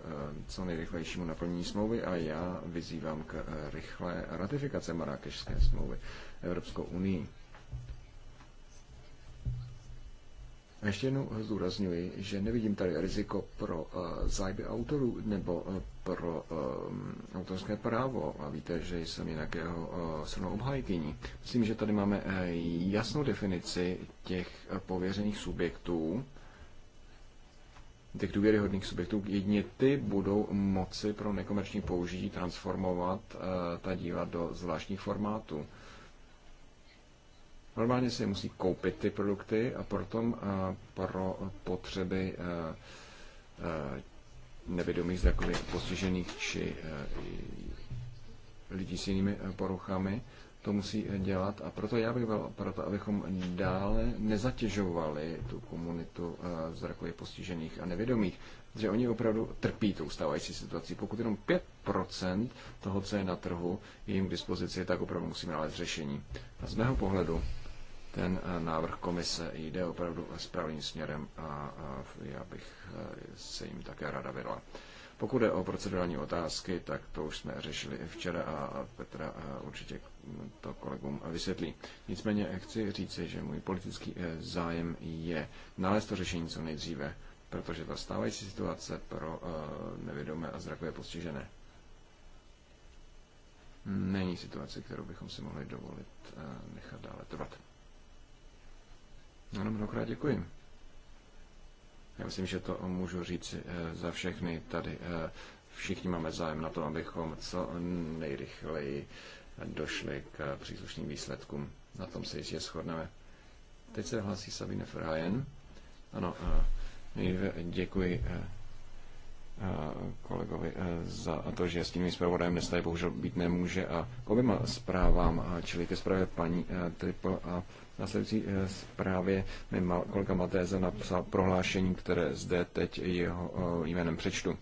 co nejrychlejšímu naplnění smlouvy a já vyzývám k rychlé ratifikace Marrakešské smlouvy Evropskou unii. A ještě jednou zdůraznuju, že nevidím tady riziko pro eh, zájmy autorů nebo eh, pro eh, autorské právo. A víte, že jsem jinak jeho silnou obhajkyní. Myslím, že tady máme jasnou definici těch pověřených subjektů, těch důvěryhodných subjektů, jedině ty budou moci pro nekomerční použití transformovat ta díla do zvláštních formátů. Normálně si musí koupit ty produkty a potom eh, pro potřeby eh, eh, nevědomých zrakově postižených či lidí s jinými poruchami to musí dělat a proto já bych byl proto, abychom dále nezatěžovali tu komunitu zrakově postižených a nevědomých, že oni opravdu trpí tou stávající situací. Pokud jenom 5% toho, co je na trhu, je jim k dispozici, tak opravdu musíme nalézt řešení. A z mého pohledu ten eh, návrh komise jde opravdu správným směrem a já bych eh, se jim také rada vedla. Pokud je o procedurální otázky, tak to už jsme řešili včera a Petra eh, určitě to kolegům vysvětlí. Nicméně chci říci, že můj politický zájem je nalézt to řešení co nejdříve, protože ta stávající situace pro nevědomé a zrakově postižené není situace, kterou bychom si mohli dovolit nechat dále trvat. Ano, no, mnohokrát děkuji. Já myslím, že to můžu říct eh, za všechny tady. Eh, všichni máme zájem na tom, abychom co nejrychleji došli k příslušným výsledkům. Na tom se jistě shodneme. Teď se hlásí Sabine Frajen. Ano, eh, nejdříve děkuji kolegovi za to, že s tím zpravodajem dnes tady bohužel být nemůže a k oběma zprávám, čili ke zprávě paní Triple a na sledující eh, zprávě mi kolega Matéza napsal prohlášení, které zde teď jeho eh, jménem přečtu.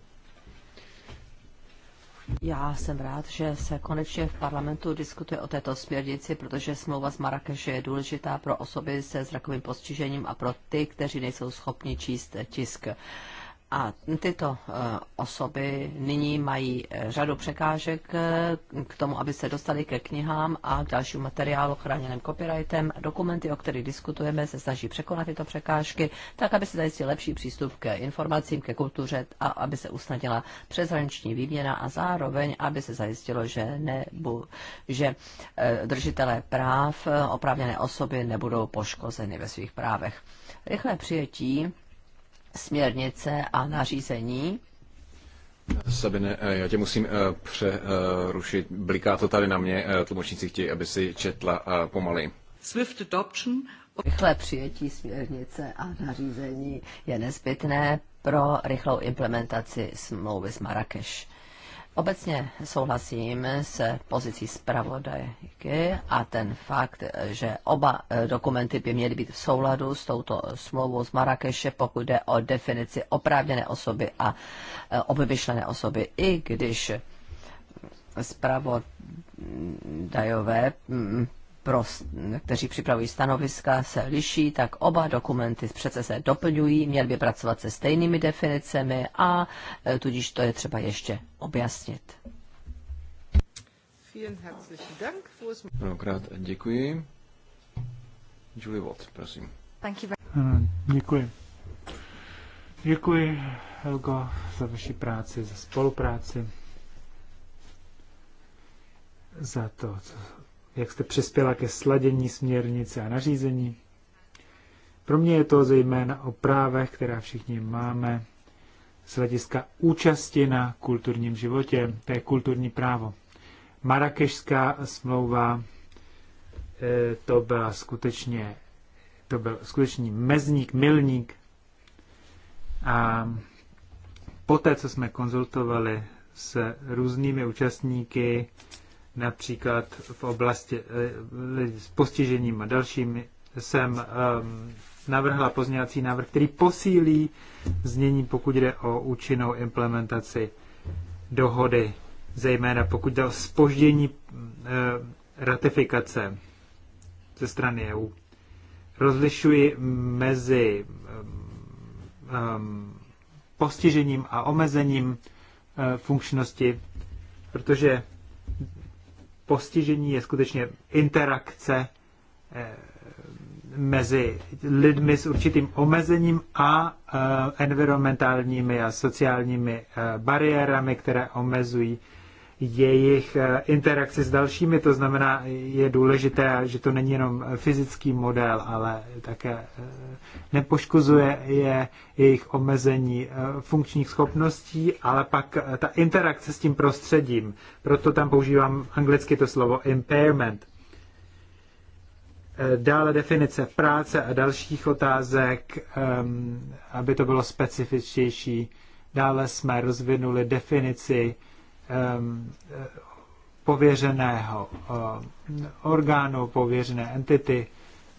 Já jsem rád, že se konečně v parlamentu diskutuje o této směrnici, protože smlouva z Marrakeše je důležitá pro osoby se zrakovým postižením a pro ty, kteří nejsou schopni číst tisk. A tyto eh, osoby nyní mají eh, řadu překážek eh, k tomu, aby se dostali ke knihám a k dalšímu materiálu chráněném copyrightem. Dokumenty, o kterých diskutujeme, se snaží překonat tyto překážky, tak aby se zajistil lepší přístup k informacím, ke kultuře a aby se usnadnila přeshraniční výměna a zároveň, aby se zajistilo, že, nebu, že držitelé práv, oprávněné osoby nebudou poškozeny ve svých právech. Rychlé přijetí směrnice a nařízení. Sabine, eh, já tě musím eh, přerušit. Bliká to tady na mě. Eh, tlumočníci chtějí, aby si četla pomalej. Swift adoption Rychlé přijetí směrnice a nařízení je nezbytné pro rychlou implementaci smlouvy z Marrakeš. Obecně souhlasím se pozicí zpravodajky a ten fakt, že oba e, dokumenty by měly být v souladu s touto smlouvou z Marrakeše, pokud jde o definici oprávněné osoby a e, obvyšlené osoby, i když zpravodajové mm, pro, kteří připravují stanoviska, se liší, tak oba dokumenty přece se doplňují, měl by pracovat se stejnými definicemi a e, tudíž to je třeba ještě objasnit. Mnohokrát děkuji. Julie Watt, prosím. Děkuji. Děkuji, Helgo, za vaši práci, za spolupráci, za to, co jak jste přispěla ke sladění směrnice a nařízení. Pro mě je to zejména o právech, která všichni máme z hlediska účasti na kulturním životě. To je kulturní právo. Marrakešská smlouva, eh, to byla skutečně to byl skutečný mezník, milník. A poté, co jsme konzultovali s různými účastníky, například v oblasti eh, s postižením a dalšími jsem ehm, navrhla pozměňovací návrh, který posílí znění, pokud jde o účinnou implementaci dohody, zejména pokud jde o spoždění eh, ratifikace ze strany EU. Rozlišuji mezi ehm, ehm, postižením a omezením eh, funkčnosti, protože postižení je skutečně interakce eh, mezi lidmi s určitým omezením a eh, environmentálními a sociálními eh, bariérami, které omezují jejich eh, interakci s dalšími, to znamená, je důležité, že to není jenom fyzický model, ale také eh, nepoškozuje je jejich omezení eh, funkčních schopností, ale pak ta interakce s tím prostředím, proto tam používám anglicky to slovo impairment. Dále definice práce a dalších otázek, ehm, aby to bylo specifičtější. Dále jsme rozvinuli definici Ehm, eh, pověřeného eh, orgánu, pověřené entity,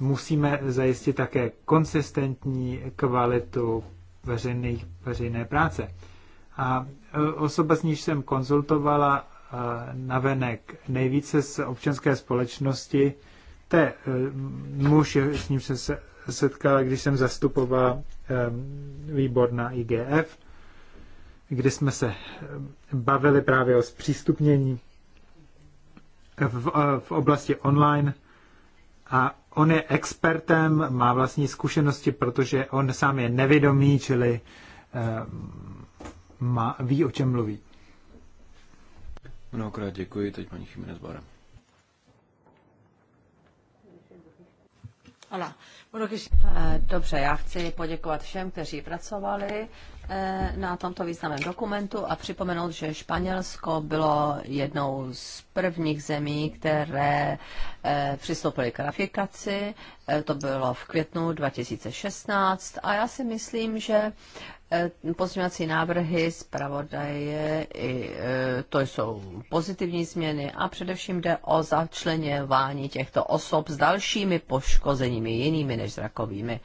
musíme zajistit také konsistentní kvalitu veřejné, veřejné práce. A eh, osoba, s níž jsem konzultovala navenek nejvíce z občanské společnosti, to je muž, s ním jsem se setkala, když jsem zastupoval ehm, výbor na IGF, kdy jsme se eh, bavili právě o zpřístupnění v, eh, v oblasti online a on je expertem, má vlastní zkušenosti, protože on sám je nevědomý, čili eh, má, ví, o čem mluví. Mnohokrát děkuji, teď paní Chimenez Bara. Hola. Dobře, já chci poděkovat všem, kteří pracovali eh, na tomto významném dokumentu a připomenout, že Španělsko bylo jednou z prvních zemí, které eh, přistoupily k rafikaci. Eh, to bylo v květnu 2016 a já si myslím, že Eh, pozměňovací návrhy zpravodaje, i, eh, to jsou pozitivní změny a především jde o začleněvání těchto osob s dalšími poškozeními jinými než zrakovými.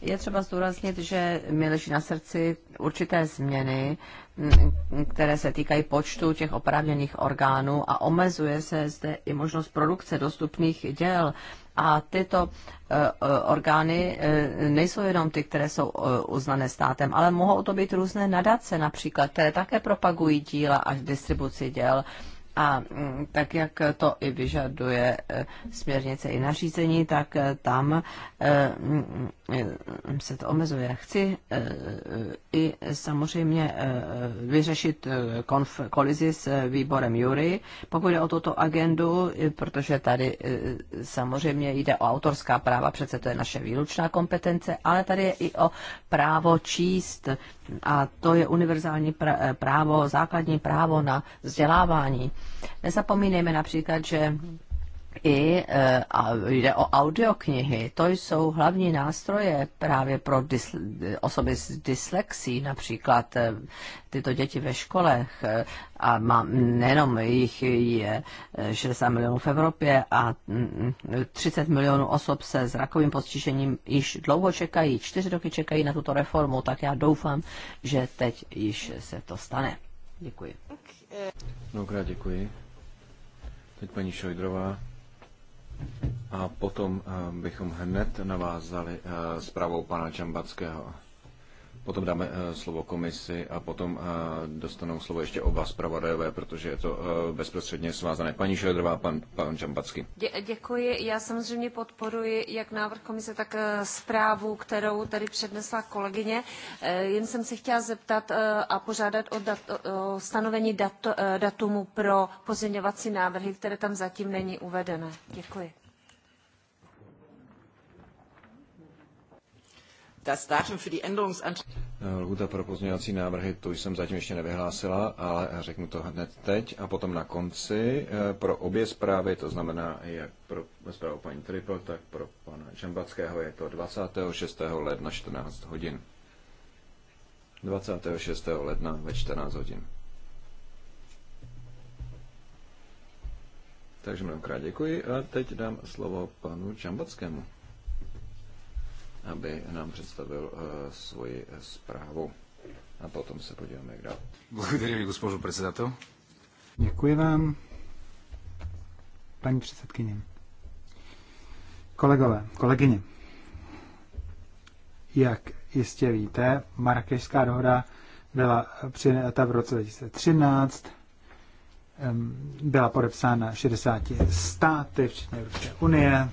Je třeba zdůraznit, že mi leží na srdci určité změny, mm, které se týkají počtu těch oprávněných orgánů a omezuje se zde i možnost produkce dostupných děl a tyto e, e, orgány e, nejsou jenom ty, které jsou uznané státem, ale mohou to být různé nadace například, které také propagují díla a distribuci děl. A mm, tak, jak to i vyžaduje směrnice i nařízení, tak tam mm, se to omezuje. Chci i samozřejmě eh, vyřešit eh, konf, kolizi s eh, výborem Jury, pokud je o tuto agendu, protože tady samozřejmě jde o autorská práva, přece to je naše výlučná kompetence, ale tady je i o právo číst a to je univerzální právo, základní právo na vzdělávání. Nezapomínejme například, že i eh, a jde o audioknihy. To jsou hlavní nástroje právě pro osoby s dyslexí, například eh, tyto děti ve školech eh, a má, nejenom jich je 60 milionů v Evropě a 30 mm, mm, milionů osob se zrakovým postižením již dlouho čekají, čtyři roky čekají na tuto reformu, tak já doufám, že teď již se to stane. Děkuji. Mnohokrát děkuji. Teď paní Šojdrová. A potom eh, bychom hned navázali zprávou eh, pana Čambackého. Potom dáme eh, slovo komisi a potom eh, dostanou slovo ještě oba zpravodajové, protože je to eh, bezprostředně svázané. Paní Šedrová, pan, pan Žambacky. Dě, děkuji. Já samozřejmě podporuji jak návrh komise, tak zprávu, kterou tady přednesla kolegyně. Jen jsem se chtěla zeptat a požádat o, dat, o stanovení dat, datumu pro pozměňovací návrhy, které tam zatím není uvedené. Děkuji. Das Datum für die eh, Lhuta pro pozměňovací návrhy, to jsem zatím ještě nevyhlásila, ale řeknu to hned teď a potom na konci eh, pro obě zprávy, to znamená jak pro zprávu paní Triple, tak pro pana Žambackého je to 26. ledna 14 hodin. 26. ledna ve 14 hodin. Takže mnohokrát děkuji a teď dám slovo panu Čambackému aby nám představil eh, svoji eh, zprávu. A potom se podíváme, jak dál. Благодаря госпожо председател. Děkuji vám, paní předsedkyně. Kolegové, kolegyně, jak jistě víte, Marrakešská dohoda byla přijata v roce 2013, byla podepsána 60 státy, včetně Evropské unie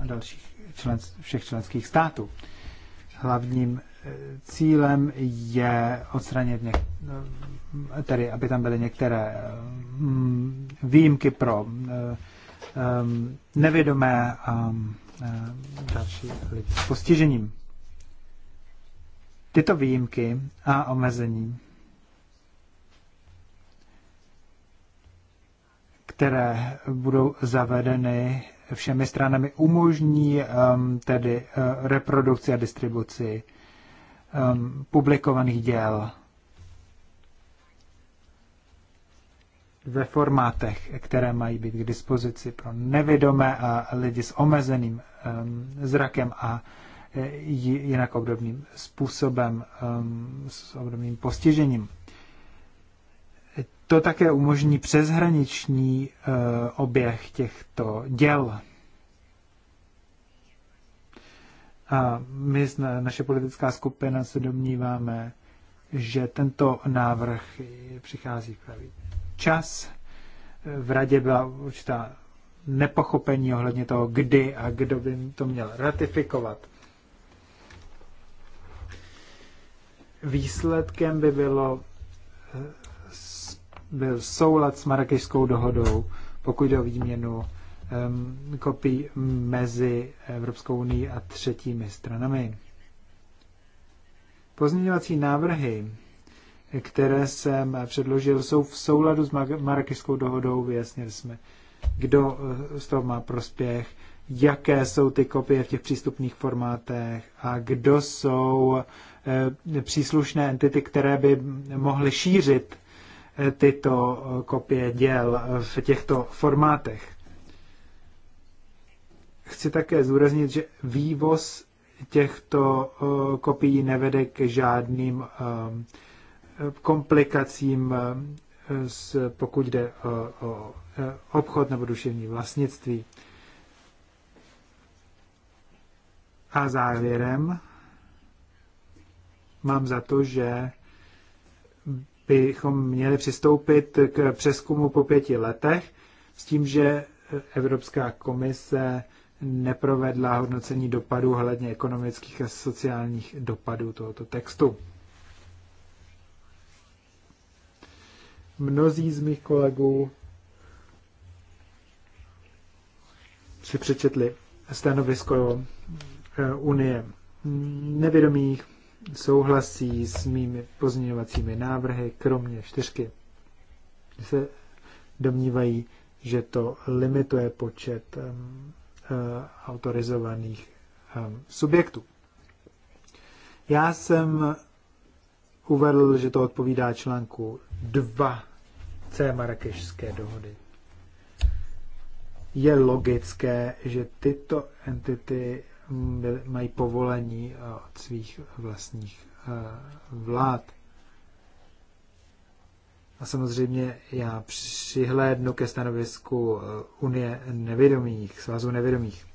a dalších člen, všech členských států. Hlavním eh, cílem je odstranit něk, eh, tedy, aby tam byly některé eh, mm, výjimky pro nevědomé a další lidi s postižením. Tyto výjimky a omezení, které budou zavedeny všemi stranami umožní um, tedy uh, reprodukci a distribuci um, publikovaných děl ve formátech, které mají být k dispozici pro nevědomé a lidi s omezeným um, zrakem a e, jinak obdobným způsobem, s obdobným postižením to také umožní přeshraniční eh, oběh těchto děl. A my, naše politická skupina, se domníváme, že tento návrh přichází v pravý čas. V radě byla určitá nepochopení ohledně toho, kdy a kdo by to měl ratifikovat. Výsledkem by bylo eh, byl soulad s Marrakešskou dohodou, pokud jde o výměnu um, kopií mezi Evropskou unii a třetími stranami. Pozměňovací návrhy, které jsem předložil, jsou v souladu s Marrakešskou dohodou, vyjasnili jsme, kdo eh, z toho má prospěch, jaké jsou ty kopie v těch přístupných formátech a kdo jsou eh, příslušné entity, které by mohly šířit tyto kopie děl v těchto formátech. Chci také zúraznit, že vývoz těchto eh, kopií nevede k žádným eh, komplikacím, eh, pokud jde o obchod nebo duševní vlastnictví. A závěrem mám za to, že bychom měli přistoupit k přeskumu po pěti letech s tím, že Evropská komise neprovedla hodnocení dopadů hledně ekonomických a sociálních dopadů tohoto textu. Mnozí z mých kolegů si přečetli stanovisko eh, Unie nevědomých souhlasí s mými pozměňovacími návrhy, kromě čtyřky. Se domnívají, že to limituje počet um, autorizovaných um, subjektů. Já jsem uvedl, že to odpovídá článku 2c Marrakešské dohody. Je logické, že tyto entity mají povolení eh, od svých vlastních eh, vlád. A samozřejmě já přihlédnu ke stanovisku eh, Unie nevědomých, Svazu nevědomých.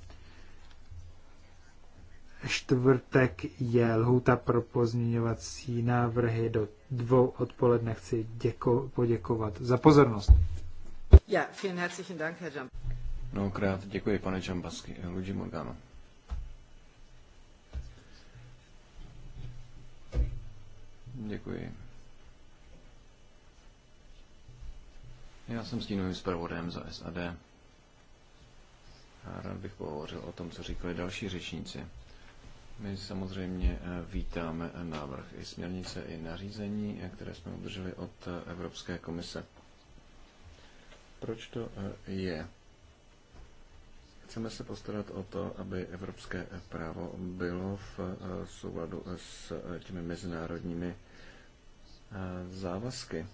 Čtvrtek je lhůta pro pozměňovací návrhy do dvou odpoledne. Chci děko, poděkovat za pozornost. Ja, vielen herzlichen Dank, Herr Jump. Mnohokrát děkuji, pane Jambasky. Luigi Morgano. Děkuji. Já jsem tím zpravodajem za SAD. A rád bych pohovořil o tom, co říkali další řečníci. My samozřejmě eh, vítáme návrh i směrnice, i nařízení, eh, které jsme obdrželi od eh, Evropské komise. Proč to je? Chceme se postarat o to, aby evropské právo bylo v souladu s těmi mezinárodními závazky.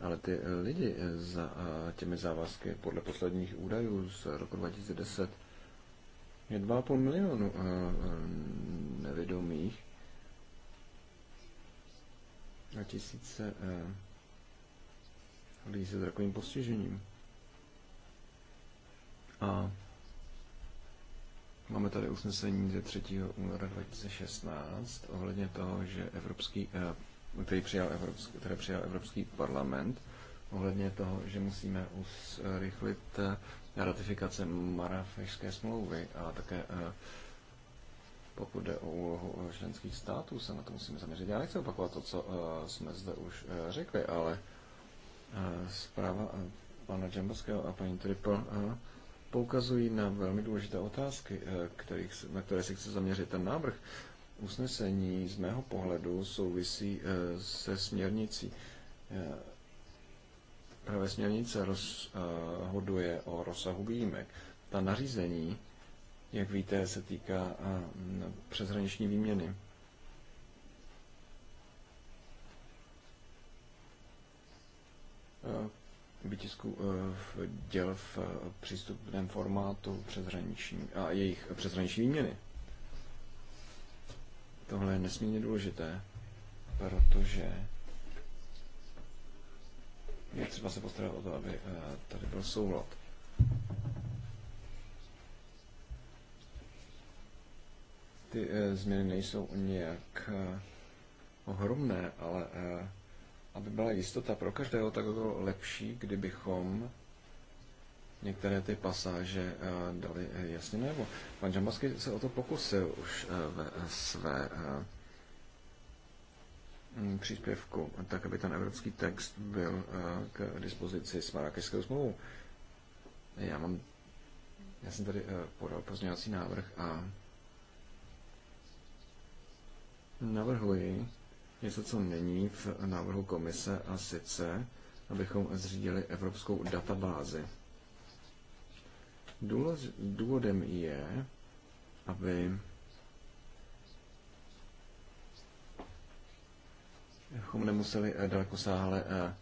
Ale ty eh, lidi eh, za těmi závazky, podle posledních údajů z roku 2010, je 2,5 milionu eh, nevědomých a tisíce lidí se zrakovým postižením. A máme tady usnesení ze 3. února 2016 ohledně toho, že Evropský který přijal Evropský, které přijal Evropský parlament ohledně toho, že musíme usrychlit eh, ratifikace Marafešské smlouvy a také eh, pokud jde o úlohu eh, členských států, se na to musíme zaměřit. Já nechci opakovat to, co jsme zde už řekli, ale zpráva pana Džembovského a paní Triple poukazují na velmi důležité otázky, na které se chce zaměřit ten návrh usnesení z mého pohledu souvisí eh, se směrnicí. Eh, Právě směrnice rozhoduje o rozsahu výjimek. Ta nařízení, jak víte, se týká eh, přeshraniční výměny. výtisku děl v přístupném formátu přeshraniční a jejich přeshraniční výměny. Tohle je nesmírně důležité, protože je třeba se postarat o to, aby eh, tady byl soulad. Ty eh, změny nejsou nějak eh, ohromné, ale aby byla jistota pro každého, tak by bylo lepší, kdybychom některé ty pasáže eh, dali eh, jasně nebo. Pan Džambasky se o to pokusil už eh, ve své mm, příspěvku, tak aby ten evropský text byl k dispozici s Marrakešskou smlouvou. Já mám, já jsem tady podal pozměňovací návrh a navrhuji něco, co není v návrhu komise a sice, abychom zřídili evropskou databázi Důvodem je, aby bychom nemuseli eh, daleko sáhle eh,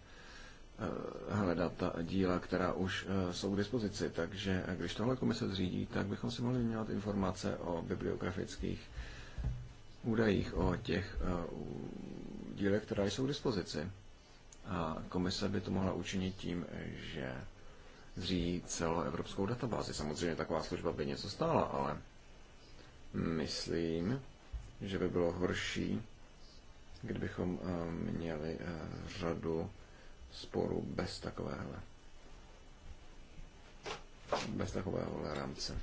eh, hledat ta díla, která už jsou k dispozici. Takže když tohle komise zřídí, tak bychom si mohli vyměnit informace o bibliografických údajích, o těch dílech, která jsou k dispozici. A komise by to mohla učinit tím, že zřídí celou evropskou databázi. Samozřejmě taková služba by něco stála, ale myslím, že by bylo horší, kdybychom eh, měli eh, řadu sporů bez takovéhle bez takového rámce.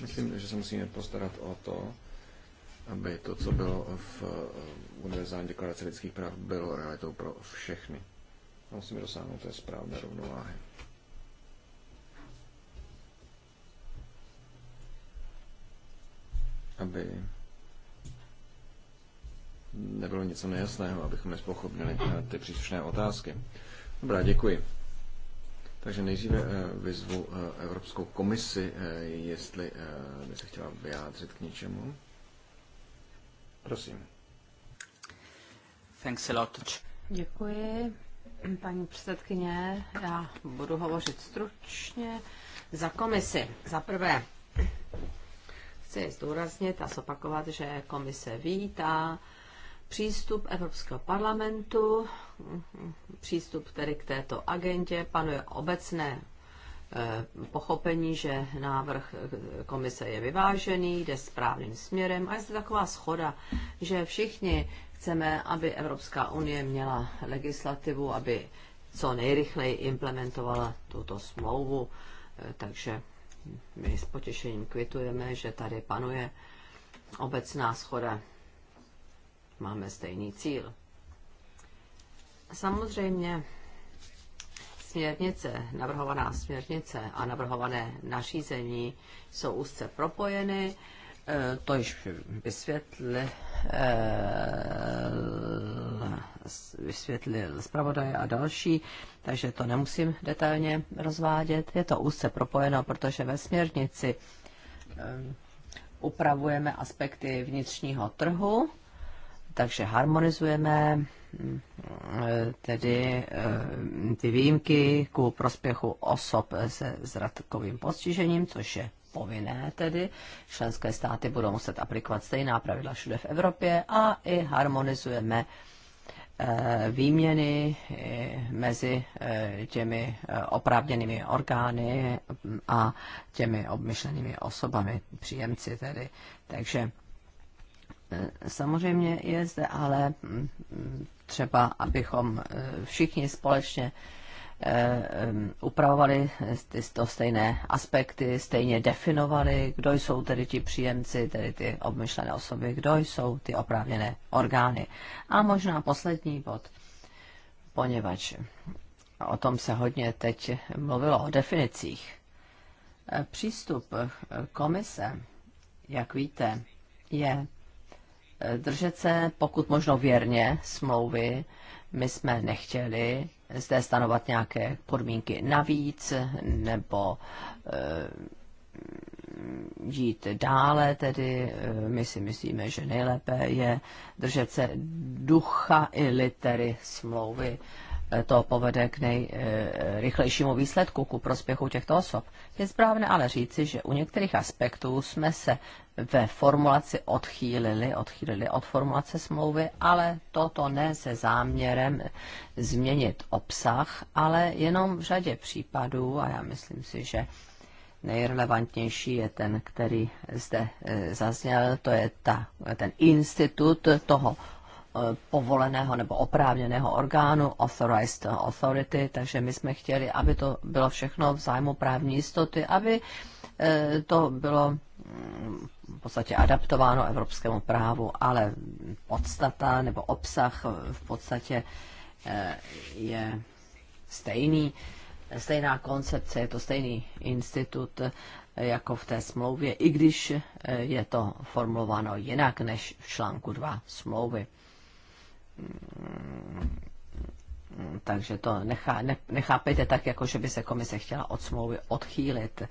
Myslím, že se musíme postarat o to, aby to, co bylo v eh, univerzální deklaraci lidských práv, bylo realitou pro všechny. A musíme dosáhnout té správné rovnováhy. Aby nebylo něco nejasného, abychom nespochopnili eh, ty příslušné otázky. Dobrá, děkuji. Takže nejdříve eh, vyzvu Evropskou komisi, jestli by se chtěla vyjádřit k něčemu. Prosím. Thanks a lot. Děkuji, paní předsedkyně. Já budu hovořit stručně. Za komisi, za prvé, chci zdůraznit a zopakovat, že komise vítá přístup Evropského parlamentu, přístup tedy k této agendě, panuje obecné Eh, pochopení, že návrh komise je vyvážený, jde správným směrem a je to taková schoda, že všichni chceme, aby Evropská unie měla legislativu, aby co nejrychleji implementovala tuto smlouvu. Eh, takže my s potěšením kvitujeme, že tady panuje obecná schoda. Máme stejný cíl. Samozřejmě směrnice, navrhovaná směrnice a navrhované naší zemí jsou úzce propojeny. E, to již vysvětlil, e, vysvětlil zpravodaj a další, takže to nemusím detailně rozvádět. Je to úzce propojeno, protože ve směrnici e, upravujeme aspekty vnitřního trhu, takže harmonizujeme tedy eh, ty výjimky ku prospěchu osob se zrakovým postižením, což je povinné tedy. Členské státy budou muset aplikovat stejná pravidla všude v Evropě a i harmonizujeme eh, výměny eh, mezi těmi oprávněnými orgány a těmi obmyšlenými osobami, příjemci tedy. Takže samozřejmě je zde ale mm, třeba, abychom eh, všichni společně eh, upravovali to stejné aspekty, stejně definovali, kdo jsou tedy ti příjemci, tedy ty obmyšlené osoby, kdo jsou ty oprávněné orgány. A možná poslední bod, poněvadž o tom se hodně teď mluvilo, o definicích. Eh, přístup komise, jak víte, je držet se pokud možno věrně smlouvy. My jsme nechtěli zde stanovat nějaké podmínky navíc nebo eh, jít dále, tedy eh, my si myslíme, že nejlépe je držet se ducha i litery smlouvy to povede k nejrychlejšímu e, výsledku ku prospěchu těchto osob. Je správné ale říci, že u některých aspektů jsme se ve formulaci odchýlili, odchýlili od formulace smlouvy, ale toto ne se záměrem změnit obsah, ale jenom v řadě případů, a já myslím si, že nejrelevantnější je ten, který zde e, zazněl, to je ta, ten institut toho Eh, povoleného nebo oprávněného orgánu, authorized authority, takže my jsme chtěli, aby to bylo všechno v zájmu právní jistoty, aby eh, to bylo mm, v podstatě adaptováno evropskému právu, ale podstata nebo obsah v podstatě eh, je stejný, stejná koncepce, je to stejný institut jako v té smlouvě, i když je to formulováno jinak než v článku 2 smlouvy takže to nechá, ne, nechápejte tak, jako že by se komise chtěla od smlouvy odchýlit.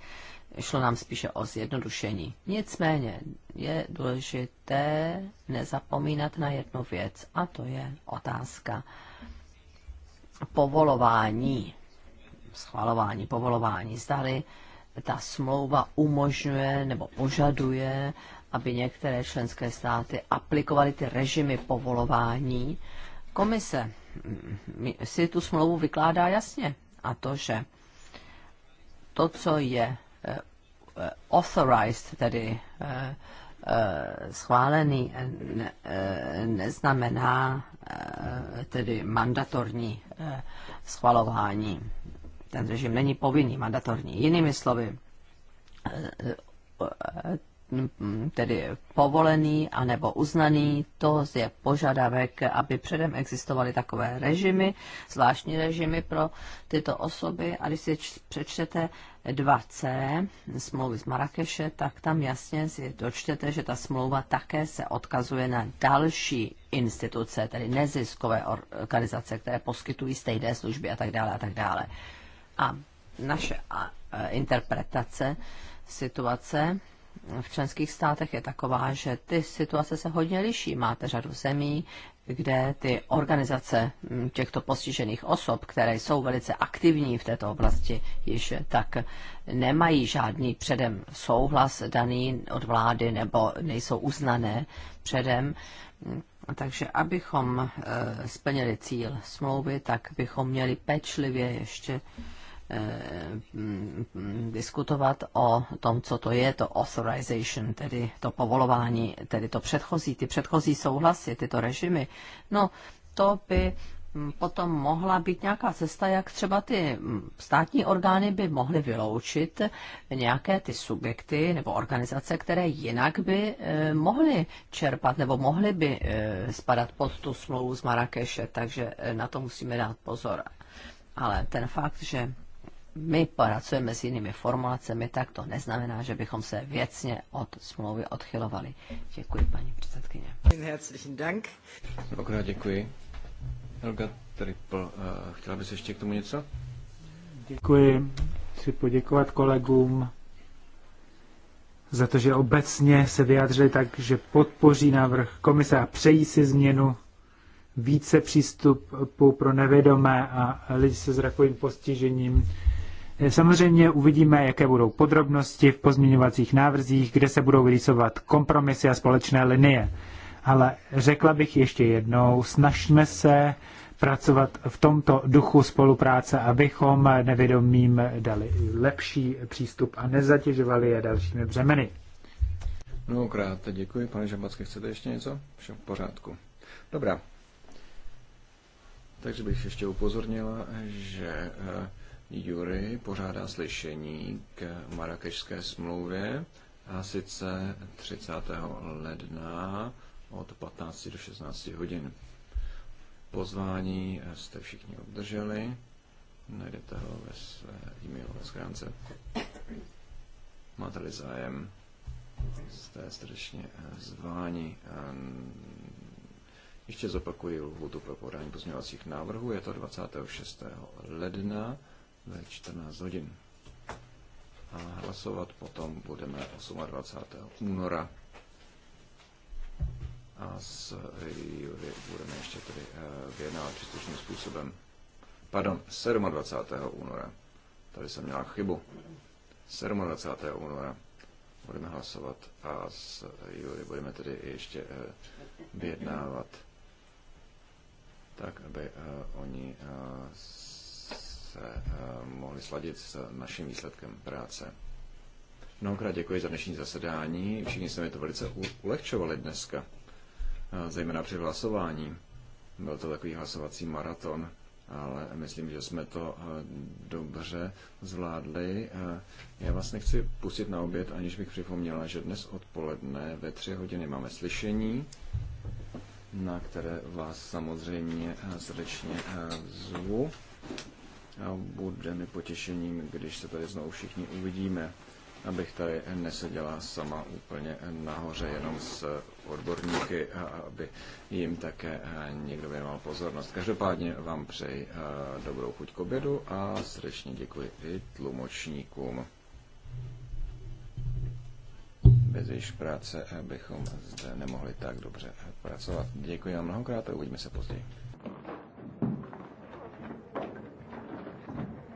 Šlo nám spíše o zjednodušení. Nicméně je důležité nezapomínat na jednu věc, a to je otázka povolování, schvalování, povolování. Zdali ta smlouva umožňuje nebo požaduje aby některé členské státy aplikovaly ty režimy povolování. Komise mm, mm, si tu smlouvu vykládá jasně a to, že to, co je eh, eh, authorized, tedy eh, schválený, neznamená tedy mandatorní schvalování. Ten režim není povinný, mandatorní. Jinými slovy, tedy povolený anebo uznaný, to je požadavek, aby předem existovaly takové režimy, zvláštní režimy pro tyto osoby. A když si přečtete 2C smlouvy z Marrakeše, tak tam jasně si dočtete, že ta smlouva také se odkazuje na další instituce, tedy neziskové organizace, které poskytují stejné služby a tak dále a tak dále. A naše interpretace situace v členských státech je taková, že ty situace se hodně liší. Máte řadu zemí, kde ty organizace mm, těchto postižených osob, které jsou velice aktivní v této oblasti již, tak nemají žádný předem souhlas daný od vlády nebo nejsou uznané předem. Mm, takže abychom eh, splnili cíl smlouvy, tak bychom měli pečlivě ještě Eh, diskutovat o tom, co to je, to authorization, tedy to povolování, tedy to předchozí, ty předchozí souhlasy, tyto režimy, no to by hm, potom mohla být nějaká cesta, jak třeba ty hm, státní orgány by mohly vyloučit nějaké ty subjekty nebo organizace, které jinak by eh, mohly čerpat nebo mohly by eh, spadat pod tu smlouvu z Marrakeše, takže na to musíme dát pozor. Ale ten fakt, že my pracujeme s jinými formulacemi, tak to neznamená, že bychom se věcně od smlouvy odchylovali. Děkuji, paní předsedkyně. Herzlichen Dank. Mnohokrát děkuji. Helga Trippel, eh, chtěla bys ještě k tomu něco? Děkuji. Chci poděkovat kolegům za to, že obecně se vyjádřili tak, že podpoří návrh komise a přejí si změnu více přístupu pro nevědomé a lidi se zrakovým postižením Samozřejmě uvidíme, jaké budou podrobnosti v pozměňovacích návrzích, kde se budou vyrýsovat kompromisy a společné linie. Ale řekla bych ještě jednou, snažme se pracovat v tomto duchu spolupráce, abychom nevědomým dali lepší přístup a nezatěžovali je dalšími břemeny. Mnohokrát děkuji, pane Žambacky, chcete ještě něco? Vše v pořádku. Dobrá. Takže bych ještě upozornila, že eh, Jury pořádá slyšení k marakešské smlouvě a sice 30. ledna od 15 do 16 hodin. Pozvání jste všichni obdrželi, najdete ho ve své e-mailové schránce. Máte-li zájem, jste srdečně eh, zváni. Ehm, ještě zopakuji lhůtu pro podání pozměňovacích návrhů, je to 26. ledna ve 14 hodin. A hlasovat potom budeme 28. února. A s Jury eh, budeme ještě tedy eh, vyjednávat příslušným způsobem. Pardon, 27. února. Tady jsem měl chybu. 27. února budeme hlasovat a s eh, Jury budeme tedy ještě vyjednávat tak, aby oni se eh, mohli sladit s eh, naším výsledkem práce. Mnohokrát děkuji za dnešní zasedání. Všichni se mi to velice ulehčovali dneska, eh, zejména při hlasování. Byl to takový hlasovací maraton, ale myslím, že jsme to dobře zvládli. Já vás nechci pustit na oběd, aniž bych připomněla, že dnes odpoledne ve tři hodiny máme slyšení, na které vás samozřejmě srdečně zvu. A no, bude mi potěšením, když se tady znovu všichni uvidíme, abych tady neseděla sama úplně nahoře jenom s odborníky a aby jim také eh, někdo věnoval pozornost. Každopádně vám přeji eh, dobrou chuť k obědu a srdečně děkuji i tlumočníkům. Bez jejich práce eh, bychom zde nemohli tak dobře pracovat. Děkuji vám mnohokrát a uvidíme se později.